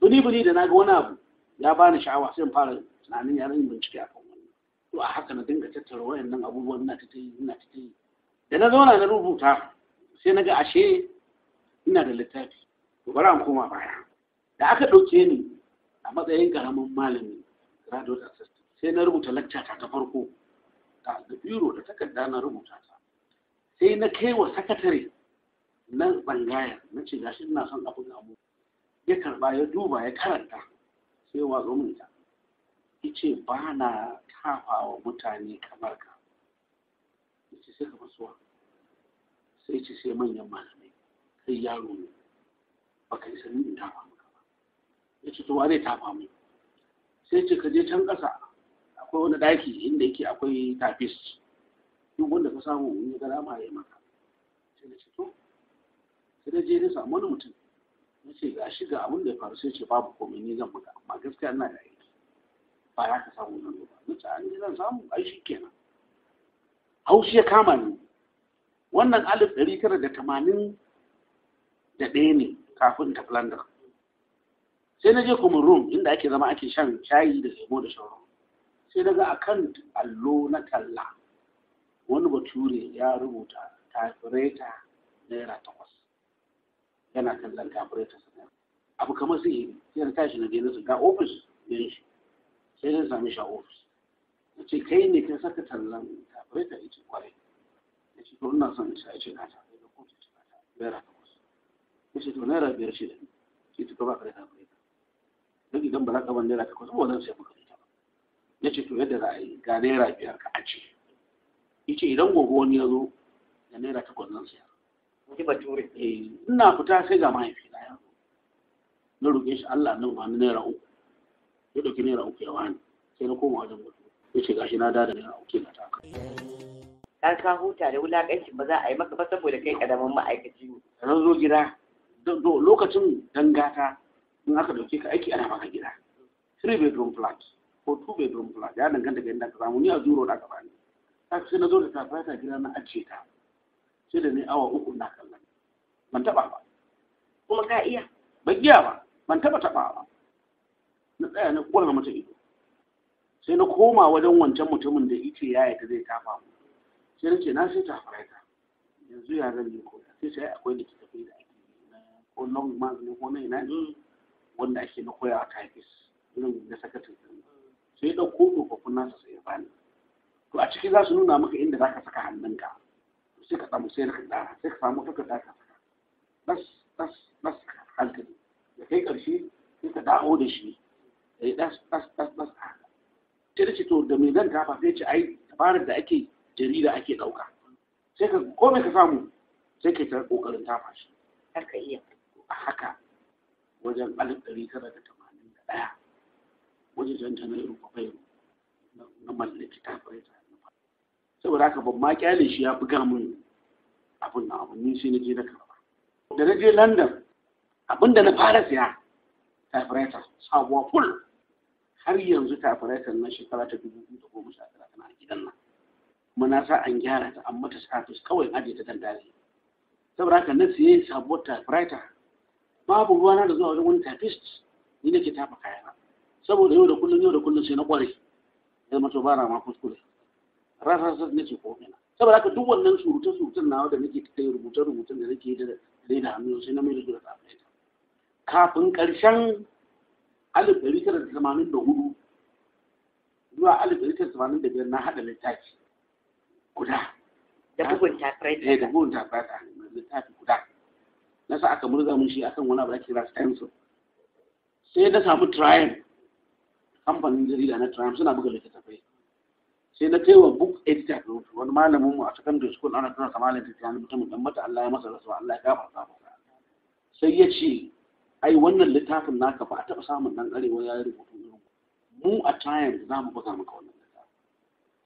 bini bini da naga wani abu ya bani sha'awa sai in fara tunanin yaran bincike a kai wannan to a haka na dinga tattara wayannan abubuwan ina ta yi ina ta yi da na zauna na rubuta sai na ga ashe ina da littafi to bari an koma baya da aka ɗauke ni a matsayin karamin malami graduate assistant sai na rubuta lakcata ta farko da biro da takarda na rubuta ta sai na kai wa sakatare na bangaya na ce gashi ina son abin abu ya karba ya duba ya karanta sai watsa mun ta ce ba na tafawa mutane kamar ka ce ka masuwa, sai ce sai manyan malamai kai yaro ne ba ka yi sanin in tafa maka ba ya ce to wane ta tafa mu sai ce ka je can ƙasa akwai wani daki inda yake akwai tafis duk wanda ka samu in ya gara ma ya maka sai na ce to sai na je na samu wani mutum na ce ga shi ga abin da ya faru sai ce babu komai ni zan maka amma gaskiya ina da aiki ba ya ka samu nan ba na ce an zan samu aiki kenan haushi ya kama ni wannan alif ɗari tara da tamanin da ɗaya ne kafin ta flandar sai na je kuma rum inda ake zama ake shan shayi da lemo da sauran sai daga akan allo na talla wani bature ya rubuta tafireta naira takwas yana tallan tafireta abu kamar sai yi na tashi na je ga ofis ɗin shi sai zai sami shi ofis ce kai ne ka saka tallan akwai ta yace kwarai ya ce to ina son isa ya ce na ta ya ga ce na ta naira takwas ya ce to naira biyar ce da ni ce to ba ka da ta bai don idan ba za ka ban naira takwas ba zan sai maka ta ba ya ce to yadda za a yi ga naira biyar ka ace ya ce idan gobe wani ya zo da naira takwas zan siya ji eh ina fita sai ga mahaifi na yanzu na roƙe shi Allah nan ba naira uku ya ɗauki naira uku ya wani sai na koma wajen mutum ya gashi na dada ne a wuke na taka. ka ka huta da wulakancin ba za a yi maka ba saboda kai karamin ma'aikaci ne. Sannan zo gida lokacin dangata in aka dauke ka aiki ana maka gida. Three bedroom flat ko two bedroom flat ya danganta ga yadda ka samu ni a zuro da gaba bani. Ta sai na zo da ta ta gida na ajiye ta. Sai da ni awa uku na kallon. Ban taɓa ba. Kuma ka iya? Ban iya ba. Ban taɓa taɓa ba. Na tsaya na kwalga mata ido. sai na koma wajen wancan mutumin da yake ya ta zai tafa mu sai na ce na sai ta ta yanzu ya zan yi koya sai sai akwai da tafi da ake ko long ma ne ko na nai mm. wanda ake na koya a types irin na sakatin sai ya ɗauko tsofaffin nasa sai ya bani to a ciki za su nuna maka inda za ka saka hannunka sai ka samu sai ka tsara sai ka samu takarda ka saka bas bas bas hankali da kai ƙarshe sai ka dawo da shi ɗas eh, ɗas ɗas ɗas sai da ce to da me zan kafa sai ce ai tabarar da ake jarida ake ɗauka sai ka kome ka samu sai ka ta kokarin tafa shi har ka iya a haka wajen alif ɗari tara da tamanin da ɗaya wajen jan janairu kwafai na mallaki ta fahimta saboda haka ban ma kyale shi ya buga mun abin na abu ni sai na je na karba da na je london abinda na fara siya typewriter sabuwa full har yanzu kafirai kan nan shekara ta dubu biyu da goma sha tara tana gidan nan muna sa an gyara ta amma ta status kawai aje ta dandare saboda haka na siye sabuwar typewriter babu ruwana da zuwa wajen wani typist ni nake tafa kayana saboda yau da kullum yau da kullum sai na kware ya zama to ba na ma kuskure rasa ne ce ko ina saboda haka duk wannan surutu surutun nawa da nake kai rubutun rubutun da nake da da hannu sai na mai da ta kafin karshen alif ɗari tara da tamanin da hudu zuwa alif ɗari tara tamanin da biyar na haɗa littafi guda da bugun tafirata eh, da bugun tafirata littafi guda na sa aka murza mun shi akan wani abu da kira stencil sai na samu triumph kamfanin jarida na triumph suna buga littattafai sai na kai wa book editor da wani malamin mu a secondary school ana tuna sa malamin ta tiyani mutumin dan mata Allah ya masa rasuwa Allah ya gafarta masa sai ya ce ai wannan littafin naka ba a taɓa samun ɗan arewa ya yi rubutun irin mu a time za mu buga maka wannan littafin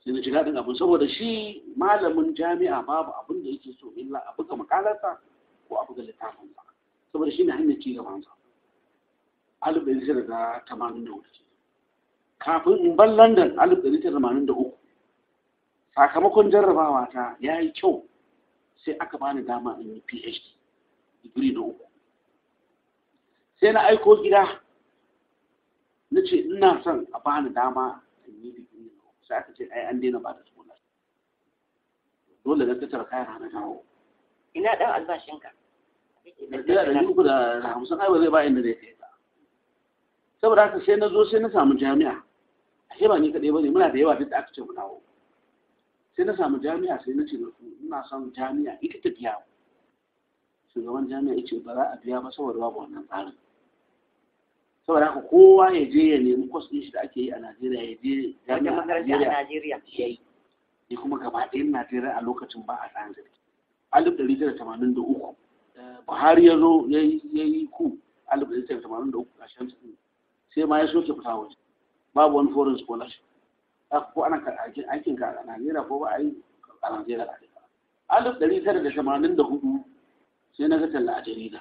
sai na ji daɗin abin saboda shi malamin jami'a babu abin da yake so illa a buga makalarsa ko a buga littafin sa saboda shi ne hanyar ci gaban sa alif ɗari tara da tamanin da hudu kafin in bar london alif ɗari tara da tamanin da uku sakamakon jarrabawa ta ya yi kyau sai aka bani dama in yi phd digiri na uku sai na aiko gida na ce ina son a bani dama a yi bikin sai aka ce ai an daina ba da suna dole na tattara kayan hana dawo ina dan albashinka ina da yuku da hamsin ai ba zai bayan da zai kai ka saboda haka sai na zo sai na samu jami'a ashe ba ni kaɗai ba ne muna da yawa duk da aka ce mu dawo sai na samu jami'a sai na ce musu ina son jami'a ita ta biya shugaban jami'a ya ce ba za a biya ba saboda babu wannan tsarin saboda haka kowa ya je ya nemi kwas ɗin shi da ake yi a Najeriya ya je jami'a Najeriya ya yi kuma gaba ɗayan Najeriya a lokacin ba a tsayin zargi alif ɗari tara tamanin da uku eh, Buhari ya zo ya yi ku alif ɗari tara tamanin da uku a ƙarshen sai ma ya soke fita waje babu wani foreign scholarship ko ana aikin ka a Najeriya ko ba a yi a Najeriya alif ɗari tara da tamanin da hudu sai na ga talla a jarida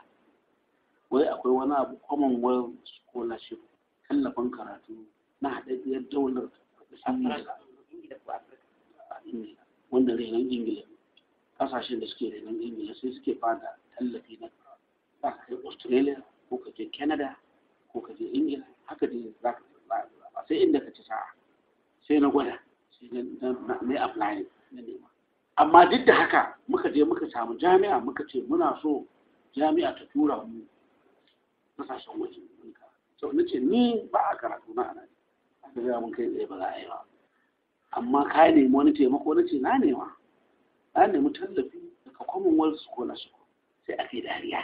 wai akwai wani abu commonwealth scholarship tallafin karatu na haɗaɗɗiyar daular wanda renon ingila ƙasashen da suke renon ingila sai suke fada tallafi na za australia ko ka canada ko ka ingila haka dai za ka ba sai inda ka ci sa'a sai na gwada sai na apply na nema amma duk da haka muka je muka samu jami'a muka ce muna so jami'a ta tura mu kasashen waje sau na ce ni ba a karatu na ana aka gaya mun kai tsaye ba za a yi ba amma ka nemi wani taimako na ce na nema na nemi tallafi daga commonwealth scholarship sai aka yi dariya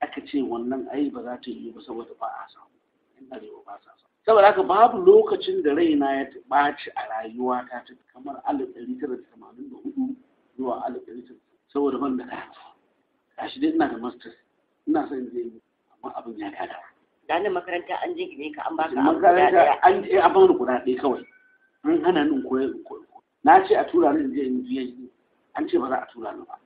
aka ce wannan ai ba za ta yi ba saboda ba a samu in arewa ba sa samu saboda haka babu lokacin da raina ya ɓaci a rayuwa ta ta kamar alif ɗari tara da tamanin da hudu zuwa alif ɗari tara saboda ban da karatu gashi dai ina da masters ina son je kuma abin ya kada da makaranta an jingine ka an baka abu guda daya an je an bani guda ɗaya kawai an hana nin koyo na ce a tura ni je in je an ce ba za a tura ni ba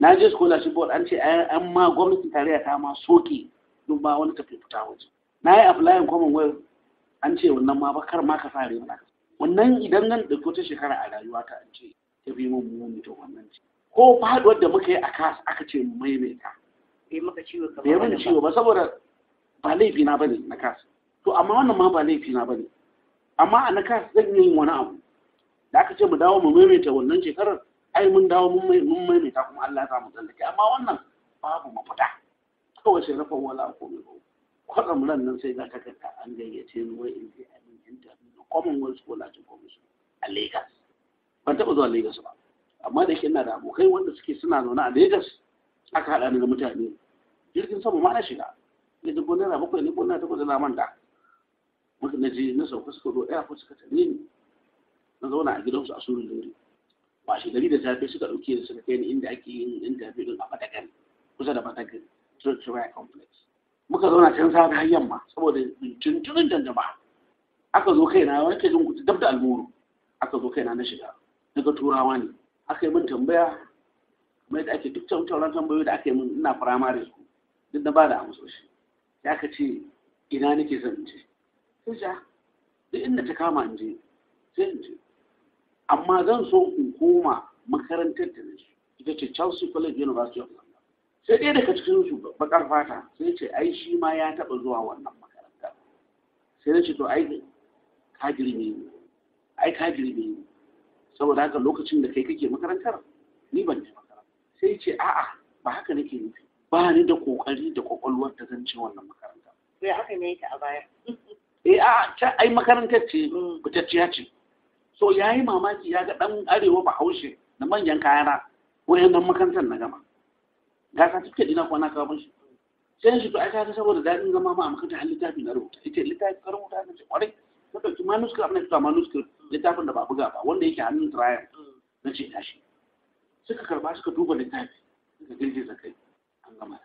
na je scholarship board an ce an ma gwamnatin tarayya ta ma soke duk ba wani tafi fita waje na yi applying commonwealth an ce wannan ma bakar ma ka sare mana wannan idan nan da ta shekara a rayuwa ta an ce ta bi mun mu mutum wannan ce ko faduwar da muka yi a kas aka ce mu maimaita bai maka ciwo ba saboda ba laifi na bane na kasa, to amma wannan ma ba laifi na bane amma a na kasa zan yi wani abu da aka ce mu dawo mu maimaita wannan shekarar ai mun dawo mun maimaita kuma Allah za mu tallake, amma wannan babu mafita kawai sai rafa wala ko mai kwatsam ran nan sai za ga takarda an gayyace ni wai in je a min interview na commonwealth scholarship commission a lagos ban taɓa zuwa lagos ba amma da ke ina da abokai wanda suke suna zaune a lagos aka haɗa ni da mutane jirgin sama ma na shiga ne da gona na bakwai ne gona ta kudu na manta muka na je na sauka suka zo ko suka tare ni na zauna a gidansu a surun lori ba shi gari da safe suka ɗauke da suka kai ni inda ake yin interview din a fatakan kusa da fatakan Trotsurai complex muka zauna can safe har yamma saboda tuntunin jama'a aka zo kaina wani ke jin dab da almuru aka zo kaina na shiga daga turawa ne aka yi min tambaya mai yadda ake duk tattauran tambayoyi da aka yi min ina firamare su duk na ba da shi ya ka ce ina nake son in je sai ja duk inda ta kama in je sai in je amma zan so in koma makarantar da nasu ita ce Chelsea College University of London sai ɗaya daga cikin su bakar fata sai ce ai shi ma ya taɓa zuwa wannan makaranta sai na ce to ai ka girme ni ai ka girme ni saboda haka lokacin da kai kake makarantar ni ban je makaranta sai ce a'a ba haka nake nufi ba ni da kokari da kwakwalwar da zan ce wannan makaranta sai haka ne ta a baya eh a ta ai makarantar ce mm. fitacciya ce so yayi mamaki ya ga dan arewa bahaushe na manyan kayana nan makarantar na gama ga ka tike dina kwana ka ban shi sai shi to ai ka saboda dadin zama ma a makarantar har littafi na rubuta ita littafi ka rubuta ne ce kwarai Ka ɗauki manuscript na fita manuscript littafin da ba buga ba wanda yake hannun trial mm. na ce tashi suka karba suka duba littafi suka girgiza kai an gama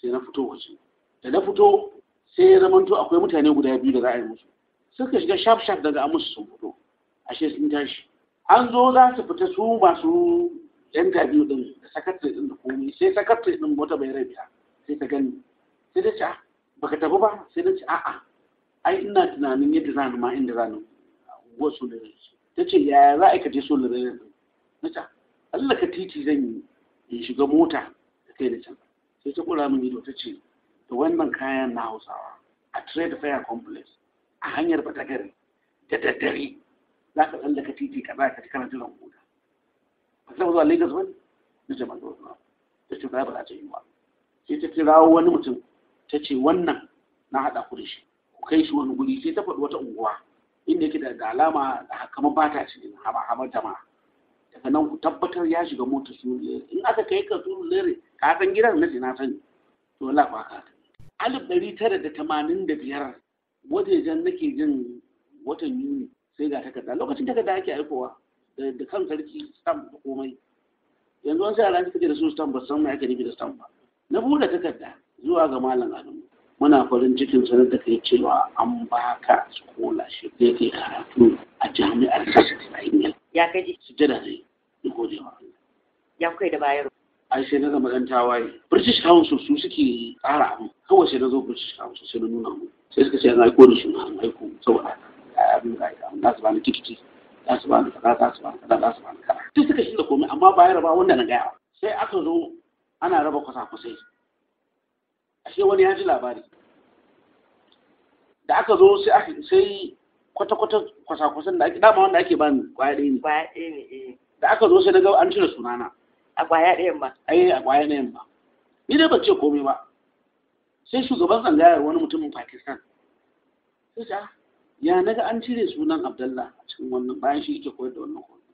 sai na fito waje da na fito sai ya zamanto akwai mutane guda biyu da za a yi musu suka shiga shaf shaf daga amus sun fito ashe sun tashi an zo za su fita su masu yan biyu din da sakatare din da komai sai sakatare din wata bai rabiya sai ta gani sai ta ce a ah, baka tafi ba sai ta ce a'a ai ina tunanin yadda za ni ma inda za ni wasu da ta ce yaya za a kaje so da na ce Allah ka titi zan yi in shiga mota da kai da can sai ta kura min ido ta ce da wannan kayan na hausawa a trade fair complex a hanyar fata gari da daddare za ka tsallaka titi ka za ka ci kana jiran koda ba ta zuwa lagos wani na ce ban zuwa ta ce ba za ta yi ba sai ta kirawo wani mutum ta ce wannan na haɗa ku da shi ku kai shi wani guri sai ta faɗi wata unguwa inda yake da alama kamar ba ta ce hama jama'a daga nan ku tabbatar ya shiga mota su lere in aka kai ka su lere ka san gidan na na sani to la ba ka alif ɗari tara da tamanin da biyar wajejen nake jin watan yuni sai ga takarda lokacin takarda ake aikowa da kan sarki stamp da komai yanzu wani yara suka take da su stamp ba san mai ake nufi da stamp ba na buɗe takarda zuwa ga malam adamu muna farin cikin sanar da kai cewa an baka scholarship da ke karatu a jami'ar kasar a ya kai ji sujjada ne in gode ma ya kai da bayar ai sai na zama dan tawaye british council su suke tsara abu kawai sai na zo british council sai na nuna mu sai suka ce an aiko da suna an aiko saboda abin da aka na su bani tikiti za su bani kaza za su bani kaza za su bani kaza sai suka shirya komai amma bayar ba wanda na gaya sai aka zo ana raba kwasa-kwasai ashe wani ya ji labari da aka zo sai kwata-kwata kwasa-kwasan da ake dama wanda ake bani kwaya ɗaya ne kwaya ɗaya ne eh da aka zo sai na ga an cire sunana a kwaya ɗayan ba ai a kwaya ɗayan ba ni dai ban ce komai ba sai shugaban tsangayar wani mutumin pakistan sai ta ya naga an cire sunan abdallah a cikin wannan bayan shi yake koyar da wannan koyar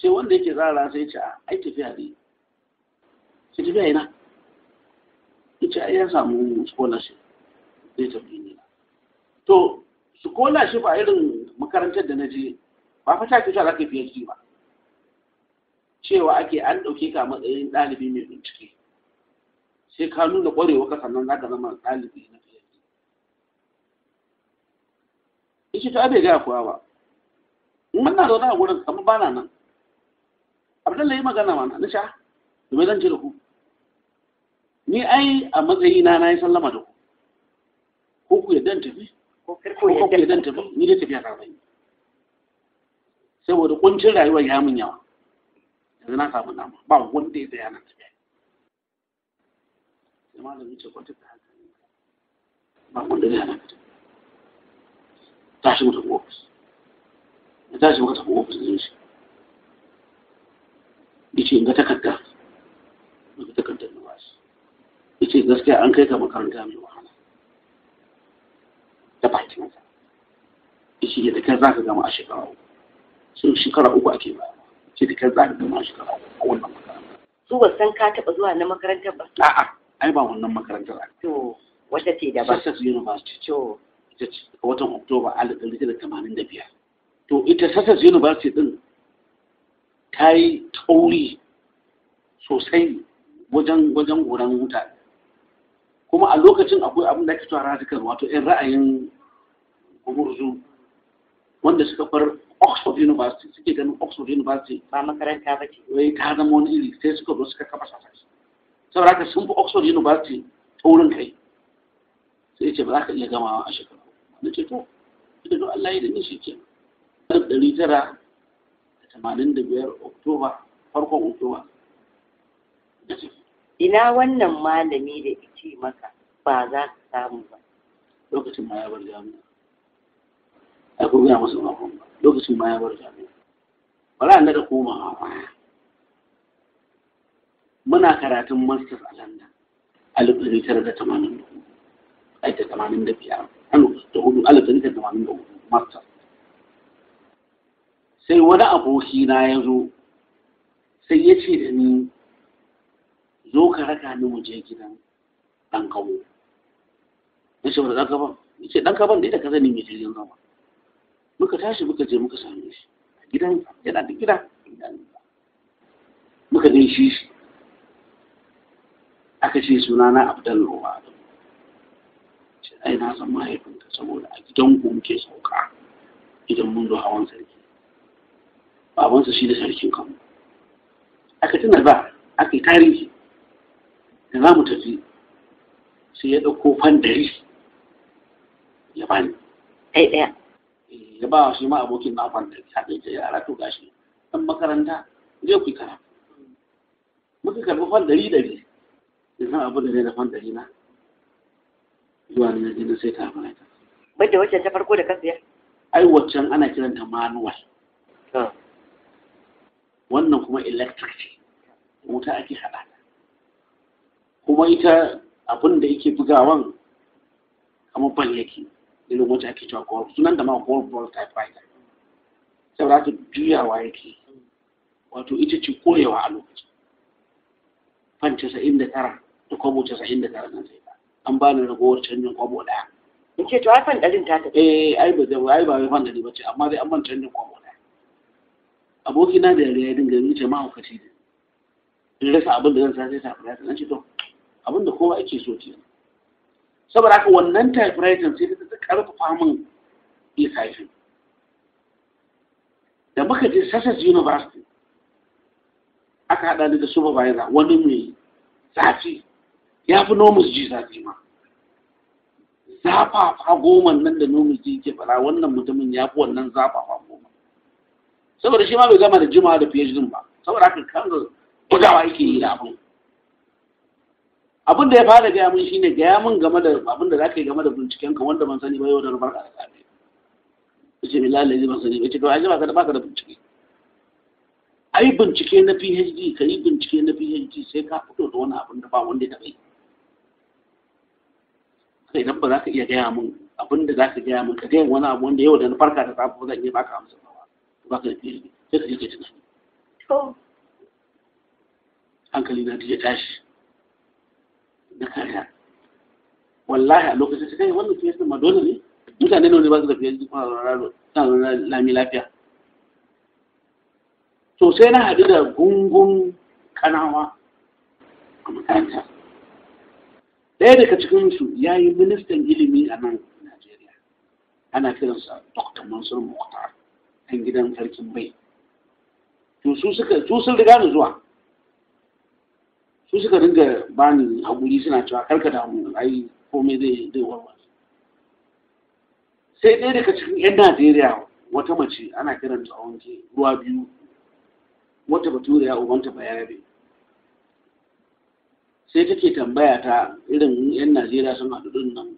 sai wanda yake tsara sai ce ai tafiya ne sai tafiya ina ya ce ai ya samu scholarship zai tafi ni to Su shi a irin makarantar da na je ba fa ta shi alaƙa ka PhD ba cewa ake an ɗauke ka matsayin ɗalibi mai bincike sai ka nuna ƙwarewa ka sannan za ka zama ɗalibi na PhD ishi ta bai gaya kuwa ba in wannan zaune a wurin amma ba na nan abdullahi yi magana ma na nisha ah, domin zan ci da ku ni ai a matsayina na yi sallama da ku ko ku yadda tafi ko ko ya zan tafi ni dai tafiya ka bai saboda kuncin rayuwar ya mun yawa yanzu na samu nama ba wanda ya tsaya na tafiya sai ma da wuce kwata ta haka ba wanda zai hana ta tashi mu tafi ofis ya tashi muka tafi ofis zai shi yace in ga takarda in ga takardar na bashi Ice gaskiya an kai ka makaranta mai bakinsa shi da kan za ka gama a shekara uku sun shekara uku ake ba shi da kan za ka gama a shekara uku a wannan makaranta su ba san ka taɓa zuwa na makarantar ba a'a ai ba wannan makarantar a to wata ce da ba Sussex University to ita ce a watan Oktoba alif ɗari da tamanin da biyar to ita Sussex University din ta yi tauri sosai wajen wajen goran mutane kuma a lokacin akwai abin da ake cewa radical wato 'yan ra'ayin gumurzu wanda suka bar Oxford University suke ganin Oxford University ba makaranta ba ce wai ka zama wani iri sai suka zo suka kafa shi saboda haka sun fi Oxford University taurin kai sai ce ba za ka iya gamawa a shekaru na ce to ita to Allah yi da nishi shi ke ɗari tara da tamanin da biyar Oktoba farkon Oktoba ina wannan malami da ce maka ba za ka samu ba lokacin ma ya bar jami'a da ko masa masa ba lokacin ma ya bar jami'a bari an daɗa a baya muna karatun masters a london alif ɗari tara da tamanin da hudu. da tamanin da biyar da hudu alif ɗari da tamanin da hudu masters sai wani aboki na ya zo sai ya ce da ni zo ka raka ni mu je gidan ɗan kawo na ce wanda ɗan kaban ya ce ɗan kaban da ita ka sani mai jirgin zama muka tashi muka je muka same shi gidan yana da gida muka gaishe shi aka ce suna na abdallah da adam ce ai na san mahaifinka saboda a gidan ku muke sauka idan mun zo hawan sarki babansa shi da sarkin kanmu aka tuna ba aka yi tarihi da za mu tafi sai ya ɗauko fandari ya bani ɗaya ɗaya ya ba shi ma abokin kwanta da haɗe ta yara to gashi ɗan makaranta zai ku kara muka karɓi fan ɗari ɗari idan abu da ne da kwan ɗari na zuwa ne na jini sai ta amana ta bai da wacce ta farko da kasiya ai waccan ana kiranta manual ah. wannan kuma electric ce wuta ake haɗa kuma ita abin da yake bugawan kamar ban yake irin wacce ake cewa gold sunan da ma gold ball type fighter saboda haka juyawa yake wato ita ce koyewa a lokaci. fan casa'in da tara da kwabo casa'in da tara nan sai an ba ni ragowar canjin kwabo ɗaya. in ce to ai fan ɗarin ta tafi eh ai ba zai ai ba fan ɗari ba ce amma dai an ban canjin kwabo ɗaya abokina da yare ya dinga yin ce mahaukaci ne in rasa abin da zan sa sai ta typewriter an ce to abin da kowa ake so ce saboda haka wannan typewriter sai ta ƙarfafa min lissafin da muka je Sussex University aka haɗa ni da supervisor wani mai zafi ya fi nomus ji zafi ma zafafa goma nan da nomus ji ke fara wannan mutumin ya fi wannan zafafa goma saboda shi ma bai gama da jimawa da PhD ba saboda haka da bugawa yake yi da abin abin da ya fara gaya min shine gaya min game da abin da zaka yi game da binciken ka wanda ban sani ba yau da rubar ka da ce billahi lazi ban sani ba ce to ai ba ka da baka da bincike ai bincike na PhD ka yi bincike na PhD sai ka fito da wani abin da ba wanda ya yi sai idan ba za ka iya gaya min abin da za ka gaya min ka gaya wani abu wanda yau da na farka ta safe zan yi baka amsa ba ba ka da PhD sai ka je ka tunani hankali na ta tashi na kariya wallahi a lokacin ta kai wannan fiye ma dole ne mutane ne ba su da fiye kuma lami lafiya to sai na haɗu da gungun kanawa a makaranta ɗaya daga cikinsu ya yi ministan ilimi a nan najeriya ana kiransa dr mansur mukhtar ɗan gidan sarkin bai to su suka su sun riga ni zuwa su suka dinga bani haguri suna cewa karka damu ai komai zai zai warware sai ɗaya daga cikin 'yan najeriya wata mace ana kiran ta wanke ruwa biyu wata ya ubanta bayarabe sai take tambaya ta irin 'yan najeriya sun haɗu ɗin nan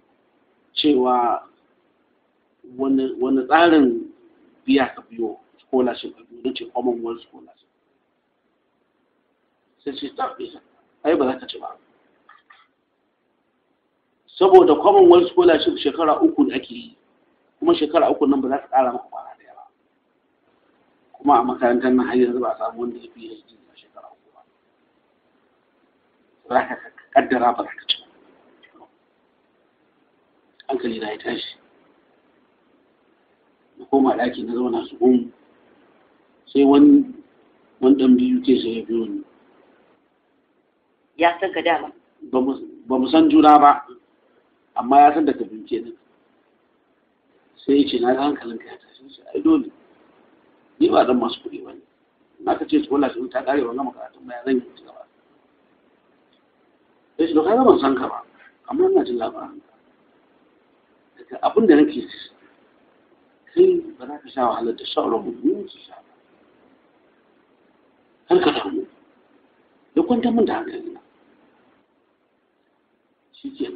cewa wani tsarin biya ka biyo scholarship a biyu na ce commonwealth scholarship sai ce ta ai ba za ka ci ba saboda commonwealth scholarship shekara uku da ake yi kuma shekara uku nan ba za ka ƙara maka kwana daya ba kuma a makarantar nan har yanzu ba a samu wanda ya fi yi ba shekara uku ba za ka kaddara ba za ka ci hankali na ya tashi na koma ɗaki na zauna su goma sai wani ɗan biyu ke sai ya biyo ni ya san ka dama ba mu san juna ba amma ya san da ka bince din sai ya ce na ga hankalin ka ya tashi shi ai dole ni ba dan masu kuɗi bane na ka ce tsola shi ta kare wannan makaratun ba ya zan yi ci gaba sai shi dokai ban san ka ba amma ina jin labarin ka abin da nake kai ba za ka sha wahalar da shawarar mu su sha ba har ka damu ya kwanta min da hankali na shi ke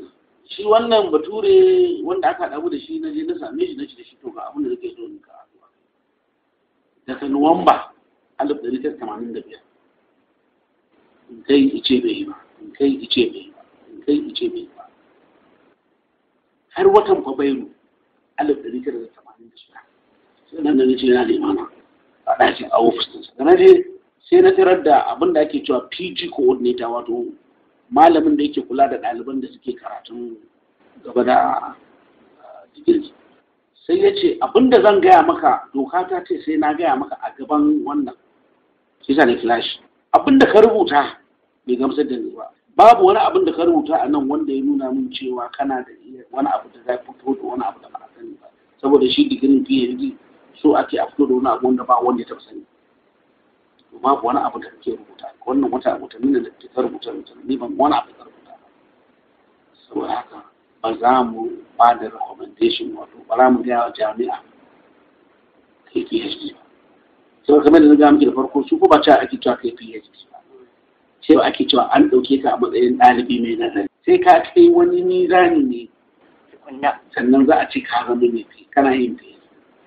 shi wannan bature wanda aka haɗa da shi na je na same shi na shi da shi to ga abin da zai zo ni ka daga nuwamba alif ɗari tara tamanin da biyar in kai ice bai yi ba in kai ice bai yi ba in kai ice bai yi ba har watan fabairu alif ɗari tara da tamanin da shida sai nan da ni ce na imana a ɗakin a ofis da na je sai na tarar da abin da ake cewa pg coordinator wato malamin da yake kula da ɗaliban da suke karatun gaba da ah, digiri sai ya ce abinda zan gaya maka doka ta ce sai na gaya maka a gaban wannan kisa ne flash abinda ka rubuta bai gamsar da ni ba babu wani abin da ka rubuta a nan wanda ya nuna min cewa kana da wani abu da zai fito da wani abu da ba a sani ba saboda shi digirin PhD so ake a fito da wani abu wanda ba wanda ya taɓa sani to babu wani abu da kake rubuta wannan wata watanni da ta rubuta rubuta ni ban wani abu da rubuta saboda haka ba za mu ba da recommendation wato ba za mu ga jami'a kai PhD ba sau kamar da zaga miki da farko su ko ba cewa ake cewa kai PhD ba sai ba ake cewa an ɗauke ka a matsayin ɗalibi mai nazari sai ka kai wani nizani ne sannan za a ce ka zama mai kana yin PhD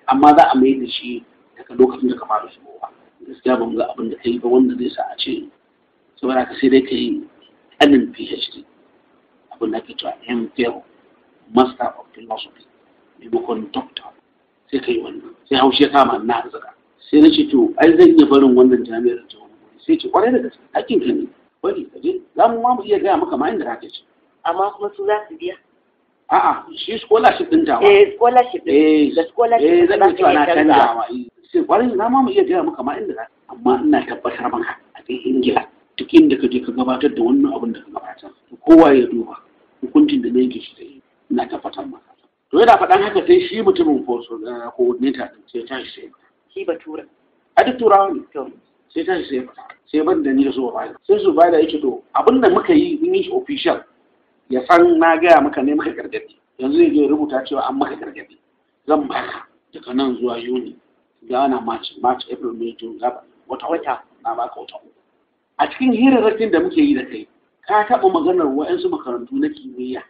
amma za a mai da shi daga lokacin da ka fara shigowa gaskiya ba mu ga abin da ka yi ba wanda zai sa a ce saboda ka sai dai ka yi ƙanin phd abin da ake cewa mphil master of philosophy maimakon doctor sai ka yi wannan sai haushe kama na arzika sai na ce to ai zan iya barin wannan jami'ar da ta sai ce kwarai da gaske hakkin ka ne wani ka je za mu ma mu iya gaya maka ma inda ka ce amma kuma su za su biya A'a, shi scholarship ɗin ta Eh, scholarship ɗin. Eh, da scholarship eh, ɗin za ka iya canza. Sai kwarin na ma mu iya gaya maka ma inda za amma ina tabbatar maka a kai Ingila duk inda ka je ka gabatar da wannan abin da ka gabatar. Kowa ya duba hukuncin da na yanke shi da yi ina tabbatar maka. To yana faɗan haka sai shi mutumin eh, coordinator ɗin sai ta shi sai. Shi batura. A duk turawa ne. Sai ta shi sai fita. Sai ban da ni da su ba Sai su ba da yake to abin da muka yi mun yi official ya san na gaya maka ne maka gargadi yanzu zai je rubuta cewa an maka gargadi zan baka daga nan zuwa yuni gana march march april may june gaba wata wata na baka wata uku a cikin hirarrakin da muke yi da kai ka taɓa maganar wa'yansu makarantu na kimiyya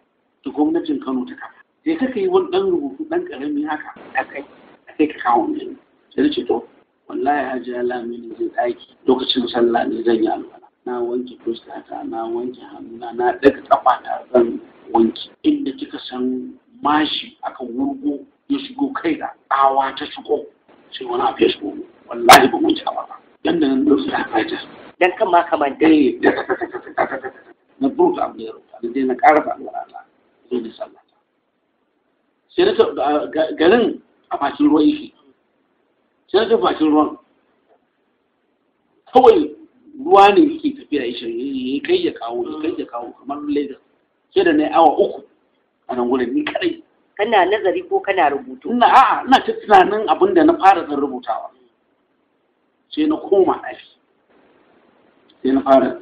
da gwamnatin kano ta kafa sai ka yi wani ɗan rubutu ɗan ƙarami haka a kai a kai ka kawo ne sai ce to wallahi hajji alamini zai ɗaki lokacin sallah ne zan yi alwala na wanke fuskata na wanke hannuna na daga ta zan wanke inda kika san mashi aka wurgo ya shigo kai da tsawa ta shigo sai wani abu ya shigo wallahi ba wanke kafa ba dan da nan dosa ya fata dan kan ma kaman eh, dai na burka abu ya rubuta da dai na karfa alwala zai da sallah sai na ah, garin a bakin ruwa yake sai na tafi bakin ruwan kawai ruwa ne yake tafiya ya shirye kai ya kawo ya kai ya kawo kamar lagos sai da na yi awa uku a nan gudun ni kadai kana nazari ko kana rubutu ina a'a ina ta tunanin abin da na fara zan rubutawa sai na koma ɗaki sai na fara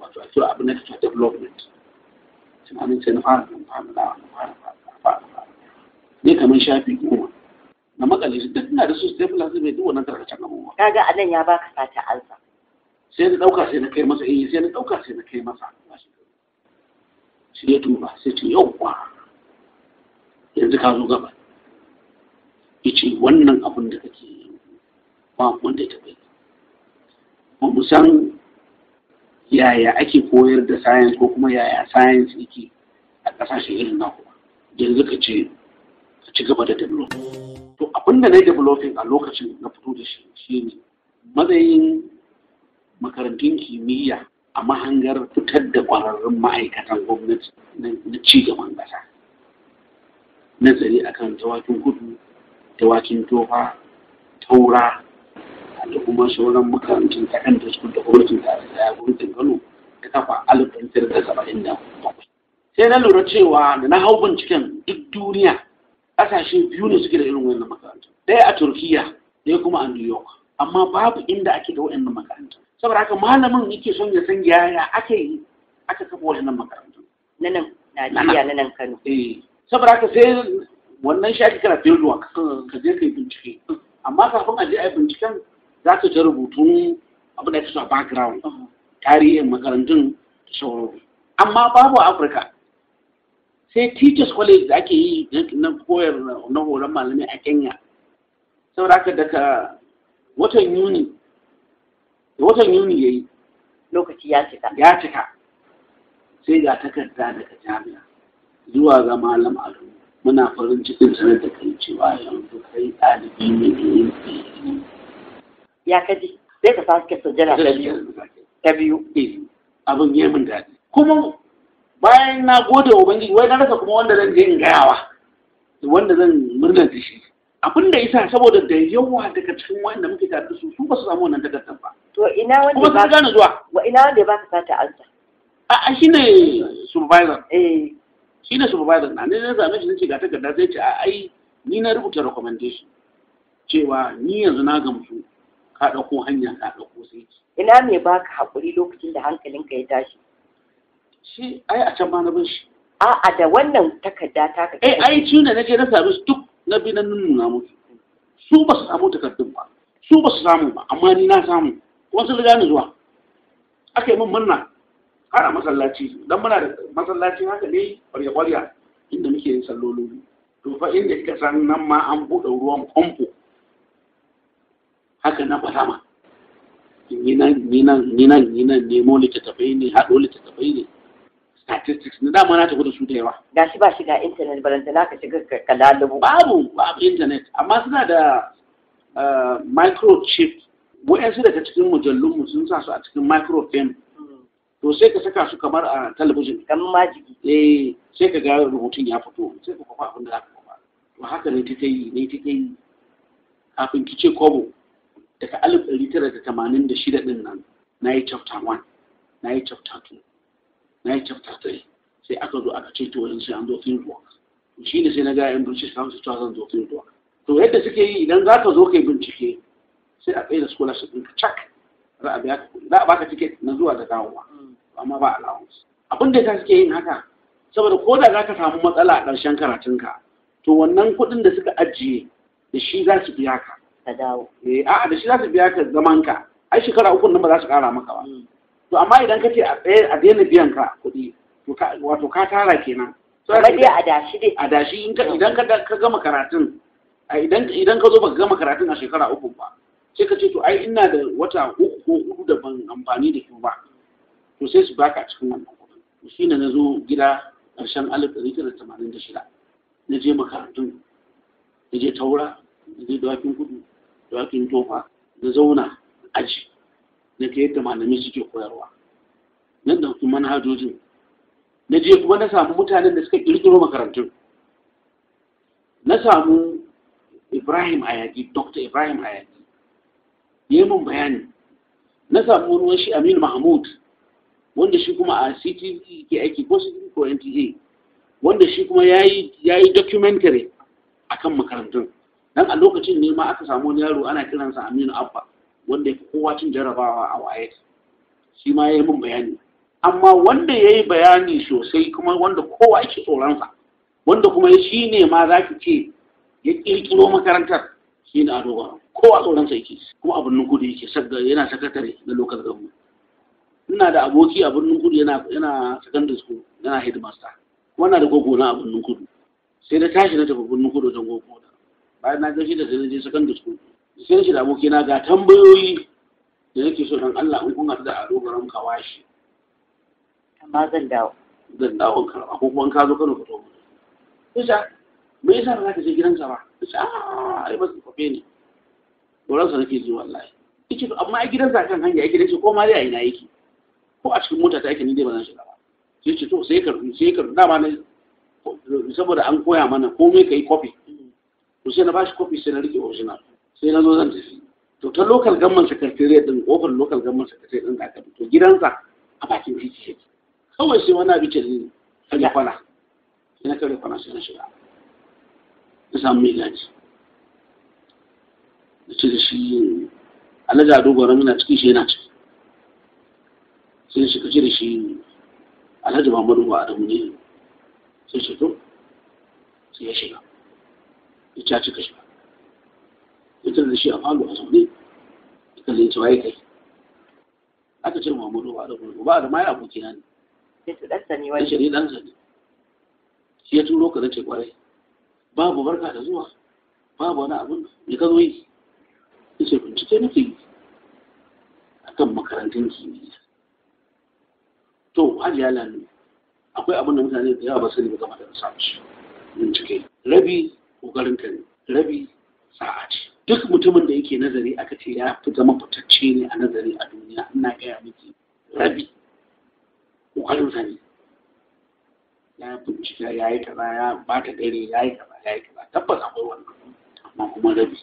wato a cewa abin da ta development tunanin sai na fara zan fara na fara fara fara ne kamar shafi goma na makale da tunanin da su stabilizer bai duk wannan tarkacen abubuwa kaga anan ya baka sata alfa sai na ɗauka sai na kai masa eh sai na ɗauka sai na kai masa shi ya ba sai ce ba. yanzu ka zo gaba ya ce wannan abin da kake yi ba wanda ya taɓa ba mu san yaya ake koyar da science ko kuma yaya science yake a ƙasashen irin naku yanzu ka ce ka ci gaba da develop to abin da na yi developing a lokacin na fito da shi ne matsayin makarantun kimiyya a mahangar fitar da ƙwararrun ma'aikatan gwamnati na cigaban ƙasa nazari akan tawakin kudu tawakin tofa taura da kuma sauran makarantun secondary su da gwamnatin tarayya gwamnatin kano ta kafa alif da saba'in da bakwai sai na lura cewa da na hau binciken duk duniya ƙasashe biyu ne suke da irin wannan makarantun. ɗaya a turkiya ɗaya kuma a new york amma babu inda ake da waɗannan makarantun. saboda haka malamin yake son ya san yaya aka yi aka kafa wannan makarantu na nan Najeriya na nan Kano eh saboda haka sai wannan shafi kana build work ka je kai bincike amma kafin a je a binciken za ka ta rubutun abin da ya kasa background uh-huh. tarihin makarantun da sauran amma babu Afirka sai teachers college da ake yi na koyar na horon malamai a Kenya saboda haka daga watan Yuni watan yuni ya yi. lokaci ya cika ya cika sai ga takarda daga jami'a zuwa ga malam alu muna farin cikin sanar da kai cewa yanzu kai ɗalibi ne yin ya kaji sai ka sake sajjala ta biyu ta biyu eh, abin yi min daɗi kuma bayan na gode wa bangi, wai na rasa kuma wanda zan je in gayawa wanda zan murnar da shi abin da yasa saboda da yawa daga cikin wanda muke tare da su su ba su samu wannan takardar ba to ina wanda kuma sun gane zuwa wa ina wanda ba ka sata ansa a a shine supervisor eh shine supervisor na ne na zame shi ga takarda zai ce a ai ni na rubuta recommendation cewa ni yanzu na gamsu ka dauko hanya ka dauko sai ki. ina me baka hakuri lokacin da hankalinka ya tashi shi ai a can ba na bin shi a'a da wannan takarda ta ka eh ai tuna naje na same duk na bi na nuna musu su ba su samu takardun ba su ba su samu ba amma ni na samu kuma sun riga ni zuwa aka yi min murna har a masallaci dan muna da masallaci haka ne kwarya kwarya inda muke yin sallololi to fa inda kika san nan ma an buɗe ruwan pompo haka na basama ni nan ni nan ni nan ni nan nemo nan, ne haɗo ni ne statistics na dama na tafi da su da yawa gashi ba shi ga internet balanta na ka shiga ka lalubu babu babu internet amma suna da eh, microchip wa'yansu daga cikin mujallunmu sun sa su a cikin microfilm hmm. to sai ka saka su kamar a talabijin kamar majigi eh sai ka ga rubutun ya fito sai ka kwafa abin da za ka kwafa to haka ne ta yi ne ta yi kafin kice kobo daga alif ɗari tara da tamanin da shida ɗin nan na yi chapter one na yi chapter two na yi chapter 3 sai aka zo aka ce to yanzu an zo field work shi ne sai na ga yan British Council to zan zo field to yadda suke yi idan za ka zo kai bincike sai a tsaye da scholarship ɗinka cak za a baka ticket na zuwa da dawowa amma ba allowance abin da suke yin haka saboda ko da za ka samu matsala a ƙarshen karatunka to wannan kuɗin da suka ajiye da shi za su biya ka ka dawo eh a'a da shi za su biya ka zaman ka ai shekara uku nan ba za su ƙara maka ba mm. to amma idan ka ce a daina biyan ka kuɗi wato ka tara kenan rage a dashi dai a dashi idan ka gama karatun idan ka zo baka gama karatun a shekara uku ba sai ka ce to ai ina da wata uku ko hudu da ban amfani da ku ba to sai su baka cikin wannan kuɗin shi ne na zo gida ƙarshen alif ɗari tara tamanin da shida na je makarantun na je taura na je dawakin kudu dawakin tofa na zauna aji na ga yadda malamai suke koyarwa nan da manhajojin na je kuma na samu mutanen da suka kirkiro makarantun na samu ibrahim ayaki dr ibrahim ayaki ya min bayani na samu ruwan shi amin mahmud wanda shi kuma a ctv ke aiki ko ctv ko nta wanda shi kuma ya yi documentary a kan makarantun don a lokacin ne ma aka samu wani yaro ana kiransa aminu abba wanda ya fi kowa cin jarabawa a waye shi ma ya yi min bayani amma wanda ya yi bayani sosai kuma wanda kowa yake tsoronsa wanda kuma shi ne ma za ki ce ya ƙirƙiro makarantar shi ne a dogara kowa tsoronsa yake kuma a birnin kudu yake yana sakatare na lokal government ina da aboki a birnin kudu yana yana secondary school yana headmaster kuma ina da gogo na a birnin kudu sai da tashi na tafi birnin kudu don gogo bayan na gashi da sai na je secondary school sai shi da abokina ga tambayoyi da nake so don Allah in kun haɗu da ado garan ka washe amma zan dawo zan dawo ka ko kuma ka zo Kano ka to kusa me yasa ba za ka je gidansa ba kusa ah, ai ba su kofe ne dole sai nake ji wallahi kike to amma ai gidansa kan hanya yake dace ko ma dai a ina yake ko a cikin mota ta yake ni dai ba zan shiga ba sai ce to sai ka sai ka dama ne saboda an koya mana komai kai kofi to sai na bashi kofi sai na rike original sai na zo zan tafi to ta local government secretariat din kofar local government secretariat din da aka to gidansa a bakin titi yake kawai sai wani abin ne karya kwana sai na kare kwana sai na shiga na samu mai gaji na ce da shi alaga a dogon ramina cikin shi yana ciki sai shi kace da shi alhaji muhammadu ba adamu ne sai shi to sai ya shiga ya ci cika shi fitar da shi a falo a zaune Ita zai tsawai kai aka ce Muhammadu ba da gudu ba da mai aboki na ne Ya shi dan zane sani shi ya turo ka ce kwarai babu barka da zuwa babu wani abin me ka zo yi ce bincike fi yi kan makarantun kimiyya to hajiya lalu akwai abin da mutane da yawa ba sani ba game da samu bincike rabi kokarin ka ne rabi sa'a ce duk mutumin da yake nazari aka ce ya fi zama fitacce ne a nazari a duniya ina gaya miki rabi ƙwarin ne ya bincika ya yi kaza ya ba ta gare ya yi kaza ya yi kaza tabbas akwai wannan amma kuma rabi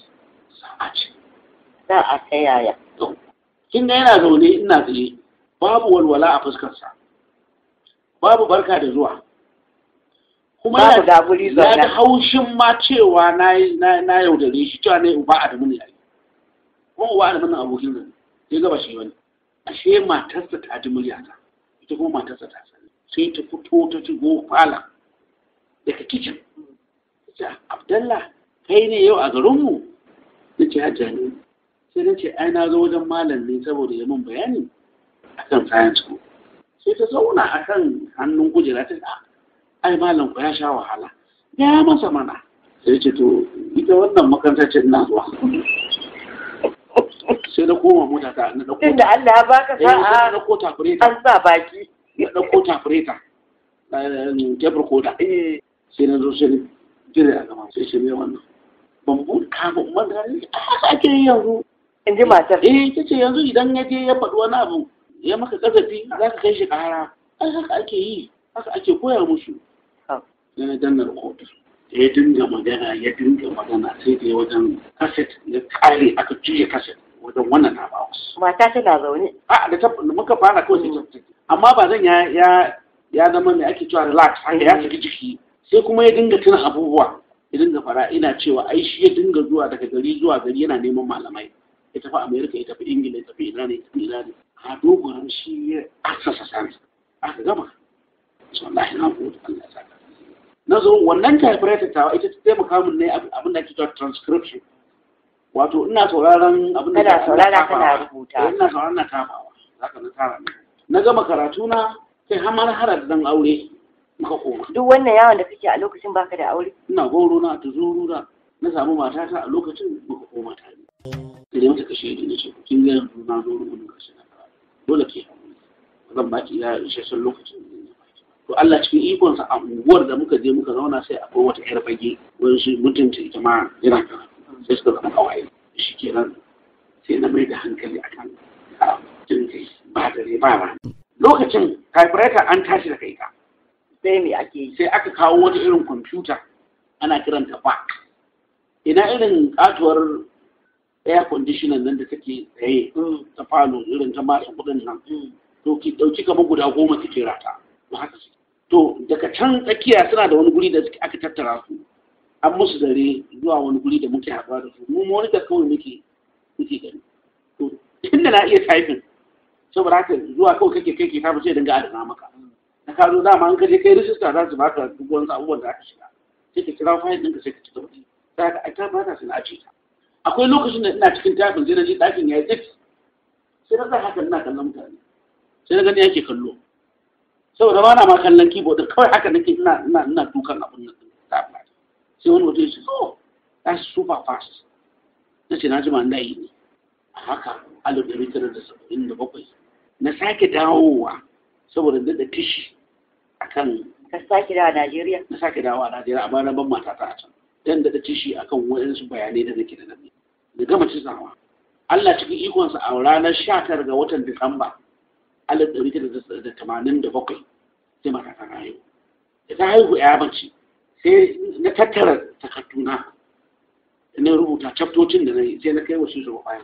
za'a ce a ta yaya kin ga yana zaune ina tsaye babu walwala a fuskarsa babu barka da zuwa kuma ya da haushin ma cewa na ne shi cewa ne uba adamu ne ai kuma uba adamu na abokin zan ya gaba shi wani ashe matarsa ta ji ta ita kuma matarsa ta sani sai ta fito ta ci gofala daga kicin ta abdallah kai ne yau a garinmu na ce hajja ne sai na ce ai na zo wajen malam ne saboda ya min bayani akan science ko sai ta zauna akan hannun kujera ta ah, ai malam ku ya sha wahala ya masa mana sai ce to ita wannan makaranta na zuwa sai na koma mota ta na dauko inda Allah ya baka eh, sa'a na dauko tafureta an sa baki na dauko tafureta kebur um, koda eh, sai na zo sai jire a gama sai ce me wannan ban bu kafa man da ah, haka ake yanzu in ji matar eh kace yanzu idan ya je ya faɗi wani abu ya maka kazafi za ka kai shi ƙara ai haka ake yi haka ake koya musu na janar kotu da ya dinga magana ya dinga magana sai da wajen kaset ya kare aka juya kaset wajen wannan na Mata tana zaune. A da ta muka fara kawai sai amma ba zan ya ya zama mai ake cewa relax haka ya saki jiki sai kuma ya dinga tuna abubuwa ya dinga fara ina cewa ai shi ya dinga zuwa daga gari zuwa gari yana neman malamai ya tafi Amerika ya tafi Ingila ya tafi Iran ya tafi Iran a dogon shi ya asasa sansa aka gama. Wallahi na gode Allah ya saka. na zo wannan typewriter ta ita ta taimaka min ne abin da ake cewa transcription wato ina sauraron abin da eh, ina sauraron kana rubuta ina sauraron na tafawa zaka na tara na gama karatu na sai har har harar dan aure muka koma duk wannan yawon da kake a lokacin baka da aure ina goro na ta zuru da na samu matata a lokacin muka koma tare sai mata kashe ni nace kin ga na zo rubuta kashe na dole ke zan baki ya shi sun lokacin to Allah cikin ikonsa a unguwar da muka je muka zauna sai akwai wata yar bage wani su mutunta ita ma yana karatu sai suka zama kawaye shi kenan sai na mai da hankali akan karatun kai ba dare ba ba lokacin typewriter an tashi da kai ka sai me ake yi sai aka kawo wata irin kwamfuta ana kiranta back ina irin katuwar air conditioner nan da take tsaye ta falo irin ta masu kudin nan mm. to ki dauki kamar guda goma ki jira ta ba haka su to daga can tsakiya suna da wani guri da aka tattara su an musu zare zuwa wani guri da muke haɗuwa da su mu wani da kawai muke muke gani to tun da na iya typing saboda haka zuwa kawai kake kai ke tafi sai dinga adana maka na ka zo dama an ka je kai register za su ba ka duk wani abubuwan da aka shiga sai ka kira fayil ɗinka sai ka ci gaba sai ka aika ba ta sai na ta akwai lokacin da ina cikin typing sai na je ɗakin ya yi tsit sai na sa haka ina kallon mutane sai na gani yake kallo saboda ba na ma kallon keyboard kawai haka nake ina ina ina dukan abun nan tablet sai wani mutum ya ce oh that's super fast na ce na jima na yi ne a haka alif ɗari tara da saba'in da bakwai na sake dawowa saboda daɗa tishi akan ka sake dawa a Najeriya na sake dawo a Najeriya a bayan ban matata a can dan daɗa tishi akan waɗansu bayanai da nake da nan da gama cizawa Allah cikin ikonsa a ranar 19 ga watan Disamba alif ɗari tara da tamanin da bakwai sai mata ta rayu da ta haihu ya bace sai na tattara takarduna na rubuta caftocin da na yi sai na kai wasu shugaba bayan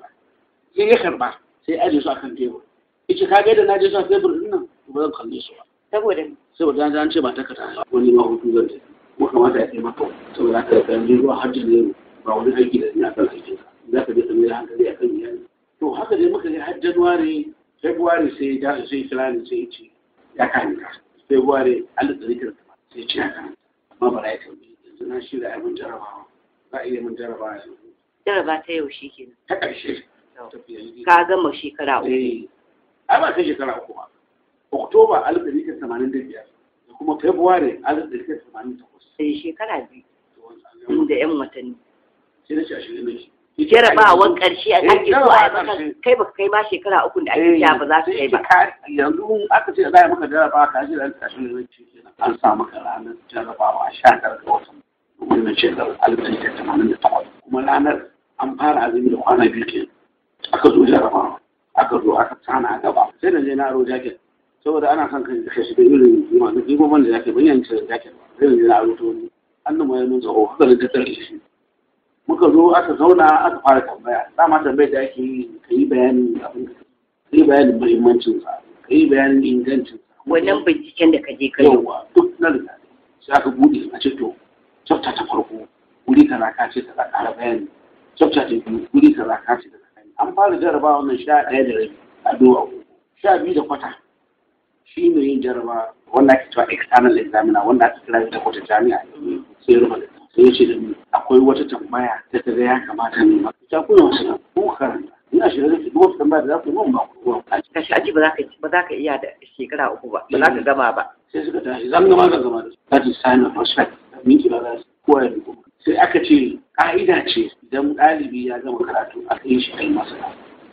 sai ya karba sai aje su akan tebur ice ka gaida na je su a tebur din nan ba zan kalle su ba saboda saboda an ce ba takarda wani ma hutu zan ce ko kamata ya taimaka saboda haka da kan ruwa hajji ne ba wani aiki da ni akan aikin ka za ka je ka mai hankali akan iyali to haka dai muka yi har januwari february sai ya sai filani sai ya ce ya kanta february alif ɗari tara sai ya ce ya kanta amma ba za ya tambayi yanzu na da ya mun jarabawa za a iya mun jarabawa yanzu jaraba ta yaushe kenan ta ƙarshe ka gama shekara uku eh. ai ba sai shekara uku ba oktoba alif da tara tamanin da biyar da kuma february alif ɗari tara tamanin da kusa sai eh, shekara biyu da 'yan watanni sai na a shirin da shi jarabawar eh, ƙarshe a eh, ake so a kai baka kai ma shekara uku da ake ya ba za su kai ba eh, yanzu aka ce za a maka jarabawa ka ji ran tashi ne an sa maka ranar jarabawa sha tara ga watan wannan ce alif ɗari da tamanin da takwas kuma ranar an fara azumi da kwana biyu ke aka zo jarabawa aka zo aka tsana a gaba sai da je na aro jaket saboda ana son kan shi da irin masu jibo ban da jaket ban yanci jaket ba sai da je na aro ta wani an da ma nuna tsaho haka da ta tarihi muka zo aka zauna aka fara tambaya dama tambayar da ake yi ka yi bayanin abin ka yi bayanin muhimmancin sa ka yi bayanin ingancin sa wannan binciken da ka je ka yawa duk na riga sai aka bude a ce to chapter ta farko wuri kaza ka ce kaza ƙara bayani chapter ta biyu wuri kaza ka ce kaza an fara jaraba wannan sha ɗaya da rabi a do'a sha biyu da kwata shi ne yin jaraba wanda ake cewa external examiner wanda ake kira da kwata jami'a sai rubuta sai ce da ni akwai wata tambaya da ta ya kamata ne ma ta kuna wasu ko karanta ina shi da zai duk wata tambaya da za ku yi mun ba ku ruwa a cikin shi aji ba za ka ba za ka iya da shekara uku ba ba za ka gama ba sai suka tashi zan gama zan gama da su that is sign of respect min ki ba za su kowa ya duku sai aka ce ka'ida ce idan ɗalibi ya gama karatu a kai shi kai masa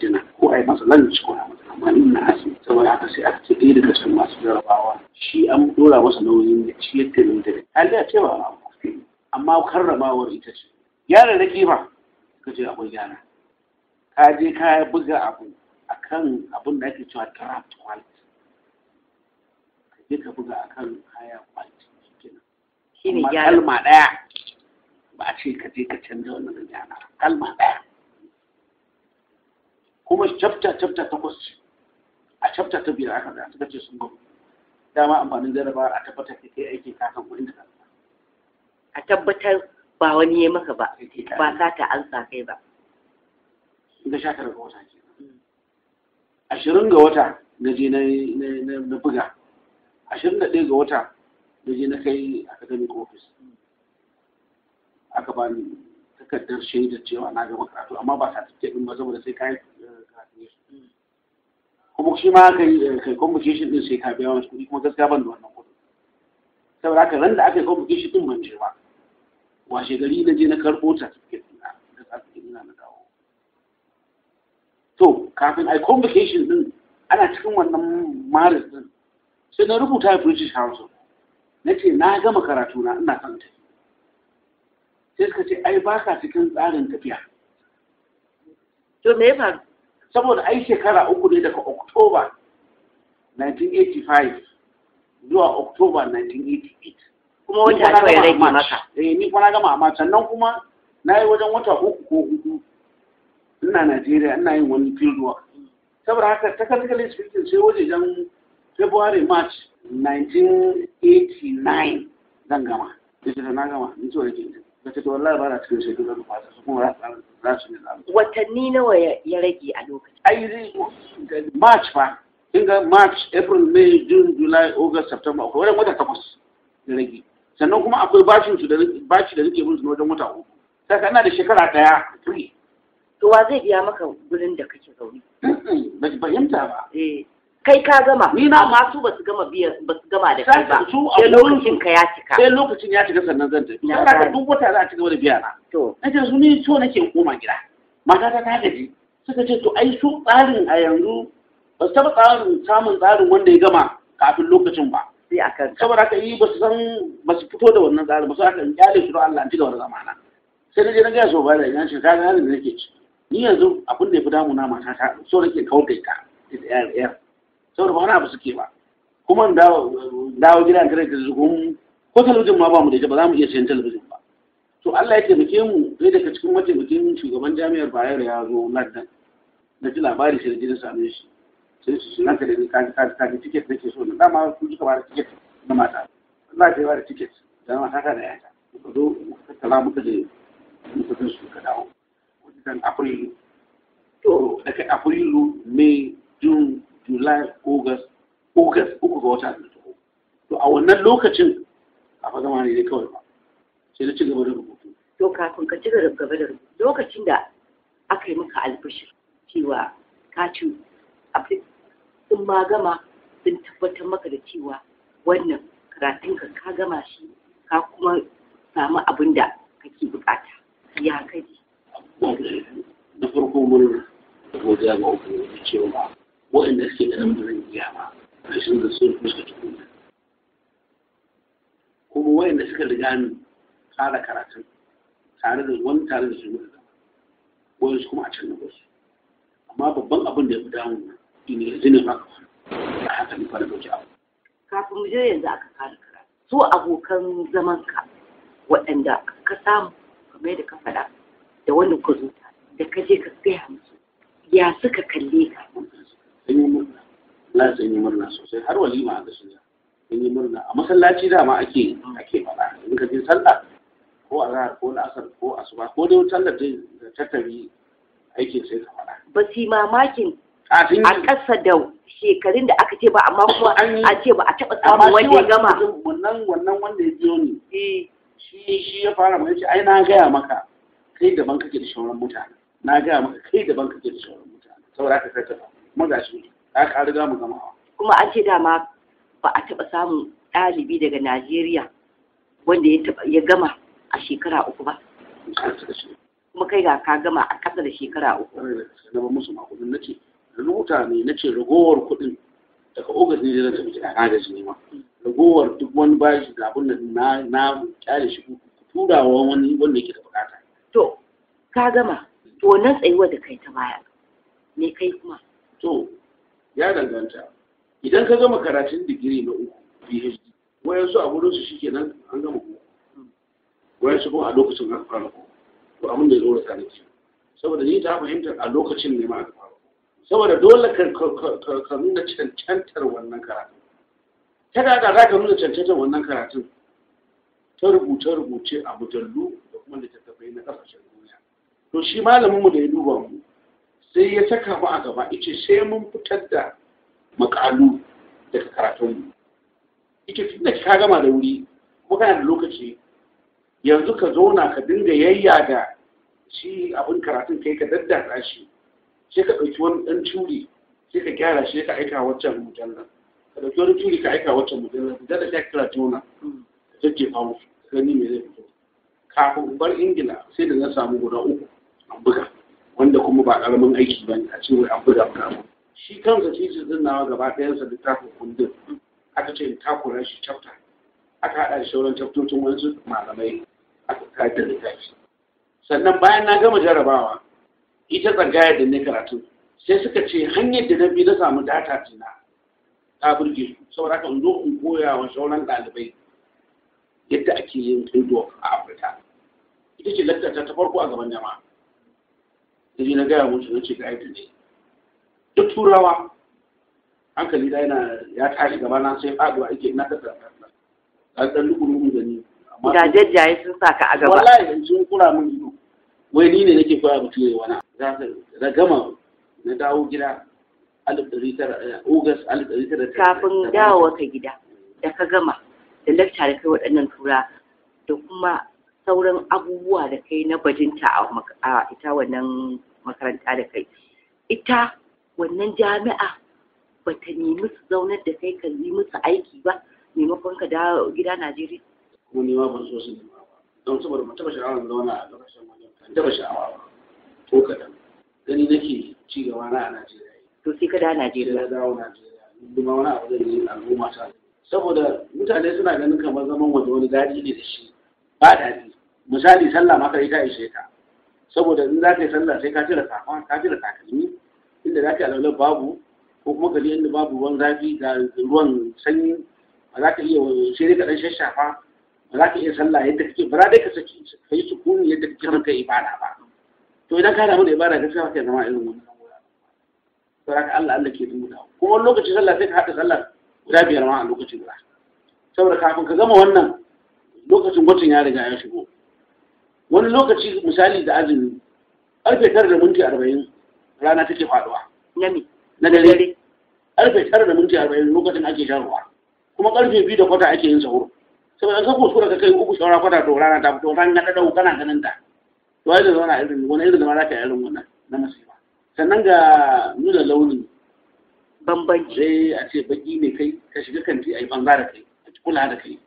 jina ko a yi masa lunch ko a masa amma ina asibiti saboda haka sai aka ce ɗaya daga cikin masu jarabawa shi an dora masa nauyin ya ciyar da ni da ɗalibi amma karramawar ita ce gyara na kima ka ce akwai gyara ka je ka buga abu kan abin da ake cewa draft quality ka je ka buga a akan higher quality kenan shine kalma daya ba a ce ka je ka canza wannan gyara kalma daya kuma chapter chapter takwas a chapter ta biyar aka da suka ce sun gwamnati dama amfanin jarraba a tabbatar da kai aiki kakan kuɗin da kasan a tabbatar ba wani ya maka ba ba sata an sa kai ba Da sha tara ga wata mm. ashirin ga wata na je na buga ashirin da ɗaya ga wata na je na kai academic office mm. aka ba ni takardar shaida cewa na gama karatu amma ba sa tafiya ɗin ba saboda sai kayan eh, mm. kuma shi ma aka yi eh, kai convocation ɗin sai ka biya wani kuɗi kuma gaskiya ban da wannan kuɗi saboda haka ran da aka yi convocation ɗin ban je ba washe gari na je na karɓo ta da ina na dawo to kafin a convocation din ana cikin wannan maris din sai na rubuta british house na ce na gama karatu na ina son tafi sai suka ce ai baka cikin tsarin tafiya to me ba saboda ai shekara uku ne daga october 1985 zuwa october 1988 kuma wata nawa ya rage maka eh ni kuma na gama amma sannan kuma na yi wajen wata uku ko hudu ina Najeriya ina yin wani field work saboda haka technically speaking sai wajejen February March 1989 zan gama ita na gama ni to rage da ta wallahi ba na cikin shekaru da fasa su kuma za su ne watanni nawa ya rage a lokaci ai March fa inga March April May June July August September akwai wata takwas ya rage sannan kuma akwai bashin su da bashi da nake musu wajen wata uku saka ina da shekara daya free to wa zai biya maka gurin da kake zaune ba ki fahimta ba eh kai ka gama ni na masu ba su gama biya ba su gama da kai ba sai lokacin ka ya cika sai lokacin ya cika sannan zan tafi saka ka duk wata za a cigaba da biya na to nake su ni so nake koma gida matata ta gaji suka ce to ai su tsarin a yanzu ba su taɓa tsarin samun tsarin wanda ya gama kafin lokacin ba sai a kan haka yi ba su san ba su fito da wannan tsarin ba su haka yi kyale su don Allah an ci da wani zamana sai na je na gaya so ba da ina ta ka ga halin da nake ci ni yanzu abin da ya fi damuna mata ta so nake kawar da ita da saboda ba wani abu suke ba kuma dawo gidan kare da zugun ko talabijin ma ba mu da ita ba za mu iya sayan talabijin ba to Allah ya taimake mu sai daga cikin mataimakin shugaban jami'ar Bayero ya zo London na ji labari sai da jin same shi nan da ni kaji kaji kaji tiket nake so na dama kun ji ka bada tiket na mata Allah ya bada tiket da mata ta da yata muka zo muka tattala muka je muka zo su ka dawo wajen Afrilu to daga Afrilu May June July August August uku ga wata da taho to a wannan lokacin a fa zama ne kawai ba sai na ci gaba da rubutu to kafin ka ci gaba da rubutu lokacin da aka yi maka albishir cewa ka ci sun ma gama sun tabbatar maka da cewa wannan karatun ka ka gama shi ka kuma samu abin da kake bukata ya kai da farko mun godiya ga ubangiji cewa waɗanda suke da nan da zan iya ba rashin da sun fuska tukuna kuma waɗanda suka riga ni tsara karatun tare da wani tare da su muka gama wayansu kuma a can na wasu amma babban abin da ya fi damu na izinin haka a haka ne fara abu kafin mu je yanzu aka kare kara su abokan zaman ka waɗanda ka samu kamar da ka faɗa da wanda ka zo da ka je ka gaya musu ya suka kalle ka sun yi murna na sun yi murna sosai har walima a gasu sun yi murna a masallaci dama ake ake faɗa in ka je sallah ko a zahar ko la'asar ko asuba ko dai sallar da ta tafi aikin sai ka faɗa ba su mamakin a ƙasa da shekarun da aka ce ba amma kuma an ce ba a taɓa samun wanda ya gama wannan wannan wanda ya biyo ni eh. shi shi ya fara mai ce ai na gaya maka kai daban kake da shauran mutane na gaya maka kai daban kake da shauran mutane saboda haka sai ba, kuma ga shi ka ka riga mu gamawa kuma an ce dama ba a taɓa samun ɗalibi daga Najeriya wanda ya gama a shekara uku ba kuma kai ga ka gama a ƙasa da shekara uku na ba musu makonin na ce ruta ne na ce ragowar kuɗin daga ogas ne zan tafi gida na gaji ne ma ragowar duk wani bashi da abin da na kyale shi turawa wani wanda yake da bukata to ka gama to wannan tsayuwa da kai ta baya me kai kuma to ya danganta idan ka gama karatun digiri na uku PhD wayansu a gurin su shikenan an gama ko wayansu kuma a lokacin aka fara ko to abin da ya zo da tsanaki saboda ni ta fahimtar a lokacin ne ma aka saboda dole ka nuna cancantar wannan karatu ta da za ka nuna cancantar wannan karatun ta rubuce-rubuce a mujallu da kuma littattafai na ƙasashen duniya to shi malaminmu da ya duba mu sai ya saka mu a gaba ice sai mun fitar da makalu daga karatunmu ike tun da ka gama da wuri kuma kana da lokaci yanzu ka zauna ka dinga yayya da shi abin karatun kai ka daddasa shi sai ka ɗauki wani ɗan turi sai ka gyara shi ka aika waccan mujallar ka ɗauki wani turi ka aika waccan mujallar da da ta kira jona ka jajjefa musu gani me zai fito kafin bar ingila sai da na samu guda uku an buga wanda kuma ba ƙaramin aiki ba ne a ce wai an buga buga shi kansa titin din nawa gaba ɗayansa littafin kundin aka ce takura shi chapter aka haɗa da sauran chaptocin wani malamai aka kada littafi sannan bayan na gama jarabawa ita tsangayar da na karatu sai suka ce hanyar da na bi na samu data tina ta burge su saboda haka zo in koya wa sauran ɗalibai yadda ake yin kaido a afirka ita ce lantarta ta farko a gaban jama'a da na gaya musu na ce gaya aiki ne duk turawa hankali da yana ya tashi gaba na sai faduwa ake na ta tsarkarsa a ɗan lukuruku da ni jajjaye sun sa ka a gaba wallahi yanzu kura mun ido wai ni ne nake koya mutum ya wani ragama na dawo gida eh, kafin dawo ka gida da ka gama da lakta da kai waɗannan tura da kuma sauran abubuwa da kai na bajinta a ita wannan makaranta da kai ita wannan jami'a ba ta nemi su zaunar da kai ka yi musu aiki ba maimakon ka dawo gida Najeriya. Kuma nema ban so su nema ba. Don saboda mutaba taɓa zauna a ƙasashen wajen, taɓa sha'awa ba. ko kaɗan gani nake ci gaba na a Najeriya. To sai ka da Najeriya. Sai dawo Najeriya. Duma wani abu zai yi al'umma ta. Saboda mutane suna ganin kamar zaman waje wani daɗi ne da shi ba daɗi. Misali sallah ma kai ta ishe ka. Saboda in za ka yi sallah sai ka cire safa ka cire takalmi inda za ka yi alaular babu ko kuma gari inda babu ruwan zafi da ruwan sanyi ba za ka iya sai dai ka ɗan shashafa ba za ka iya sallah yadda kake ba za dai ka saki ka yi sukuni yadda kake son ka ibada ba. to idan ka damu da ibada ka sa ka zama irin wannan to haka Allah Allah ke duba kuma wani lokaci sallah sai ka haɗa sallah guda biyar ma a lokacin guda saboda kafin ka gama wannan lokacin gwacin ya riga ya shigo wani lokaci misali da azumi karfe tara da minti arba'in rana take faduwa na dare karfe tara da minti arba'in lokacin ake shan ruwa kuma karfe biyu da kwata ake yin sahur saboda an ka kuskura ka kai uku shawara kwata to rana ta fito ran na ɗaɗau kana ganin ta to ai da zauna irin wani irin zama zaka irin wannan na masifa sannan ga nuna launin bambanci a ce baki ne kai ka shiga kanti a yi banza da kai a kula da kai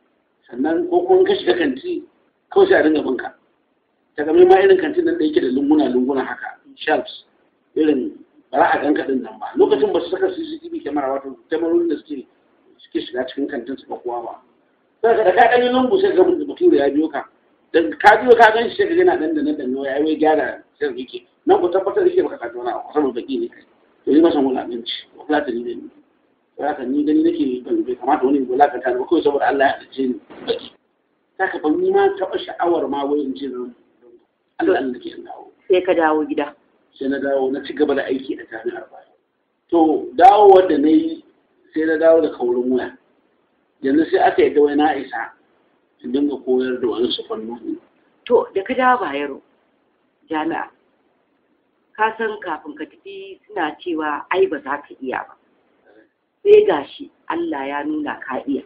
sannan ko kuma ka shiga kanti kawai sai a dinga binka daga mai ma irin kantin nan da yake da lunguna lunguna haka shelves irin ba za a ganka din nan ba lokacin ba su saka CCTV kyamara wato kyamarorin da suke suke shiga cikin kantin su ba kowa ba sai ka da ka ɗanyi lungu sai ga mutum da ya biyo ka ka biyo ka gan shi yana dan dan dan wai wai gyara sir yake nan ku tabbatar yake baka kato na saboda baki ne to yi masa wulakanci wulakanci ne ne wulakanci ni gani nake ban bai kamata wani wulakanta ba kawai saboda Allah ya dace ni baki ta ka ban ma taɓa sha'awar ma wai in ce zan Allah Allah ke dawo sai ka dawo gida sai na dawo na ci gaba da aiki a jami'ar baya to dawo wanda na yi sai na dawo da kaurin waya yanzu sai aka yadda wai na isa su dinga koyar da wani su fannoni to da ka dawo bayero jami'a ka san kafin ka tafi suna cewa ai ba za ka iya ba sai gashi Allah ya nuna ka iya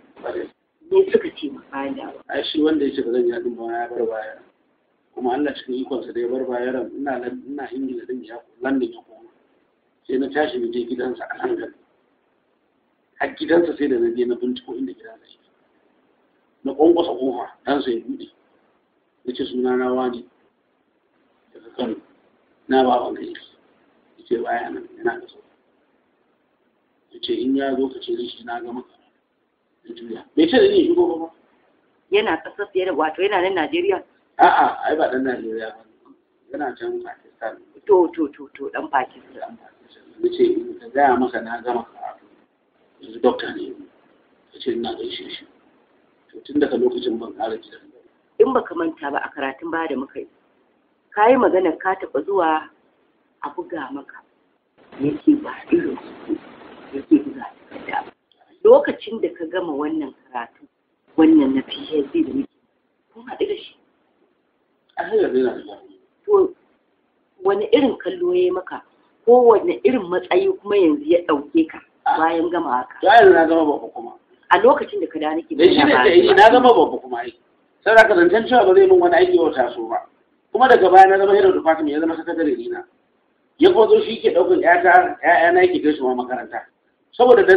ne suka ce ma bayan da ai shi wanda ya ce ka zan yi haɗin ba ya bar baya kuma Allah cikin ikonsa da ya bar baya ina ina Ingila din ya London ya koma sai na tashi mu je gidansa a London har gidansa sai da na je na binciko inda gidansa yake na kwankwasa kofa ɗansa ya buɗe ya ce suna na wani daga kano na ba wa gari ya ce baya nan yana da so ya ce in ya zo ka ce shi na gama da juya bai ce da ni shigo ba yana ƙasar fiye da wato yana nan najeriya a'a ai ba ɗan najeriya ba yana can pakistan to to to to ɗan pakistan ya ce ka gaya maka na gama karatu yanzu dokta ne ya ce ina gaishe shi tun daga lokacin ban ƙara gidan in baka manta ba a karatun ba da muka yi ka yi magana ka taɓa zuwa a buga maka yake ba irin yake buga takarda lokacin da ka gama wannan karatu wannan na PhD da muke kun haɗu da shi a hanyar da to wani irin kallo ya yi maka ko wani irin matsayi kuma yanzu ya ɗauke ka bayan gama haka bayan na gama ba kuma a lokacin da ka da nake mai eh, shi ne eh, na zama babba kuma ai saboda ka zancen cewa ba zai min wani aiki wa taso ba kuma daga baya na zama yadda da fatima ya zama sakatare na ya kwazo shi ke ɗaukan yaya na yake kai makaranta saboda da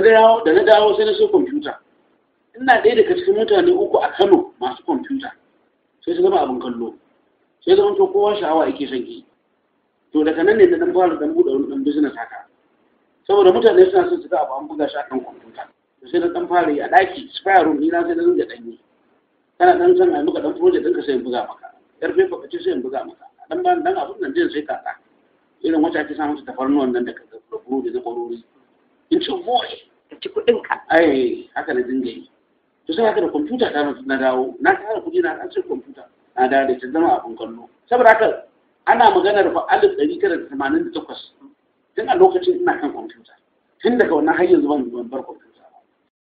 na dawo sai na sai kwamfuta ina ɗaya daga cikin mutane uku a Kano masu kwamfuta sai su zama abin kallo sai zama to kowa sha'awa yake son ki to daga nan ne na dan fara dan buɗe wani dan business haka saboda mutane suna son su ga abu an buga shi a kan kwamfuta to sai na dan fara yi a daki spare room na sai na dinga dan yi kana dan san ai muka dan project ka sai in buga maka yar paper kace sai buga maka dan ban dan abun nan jin sai kaka irin wacce ake samun tafarnuwan nan da kaga ruburu da zakorori in ci voice ka ci kuɗin ka ai haka na dinga yi to sai haka da kwamfuta ta na dawo na tara kuɗi na an sai kwamfuta na dawo da ta zama abin kallo saboda haka ana maganar fa alif ɗari tara da tamanin da takwas tun a lokacin ina kan kwamfuta tun daga wannan har yanzu ban bar kwamfuta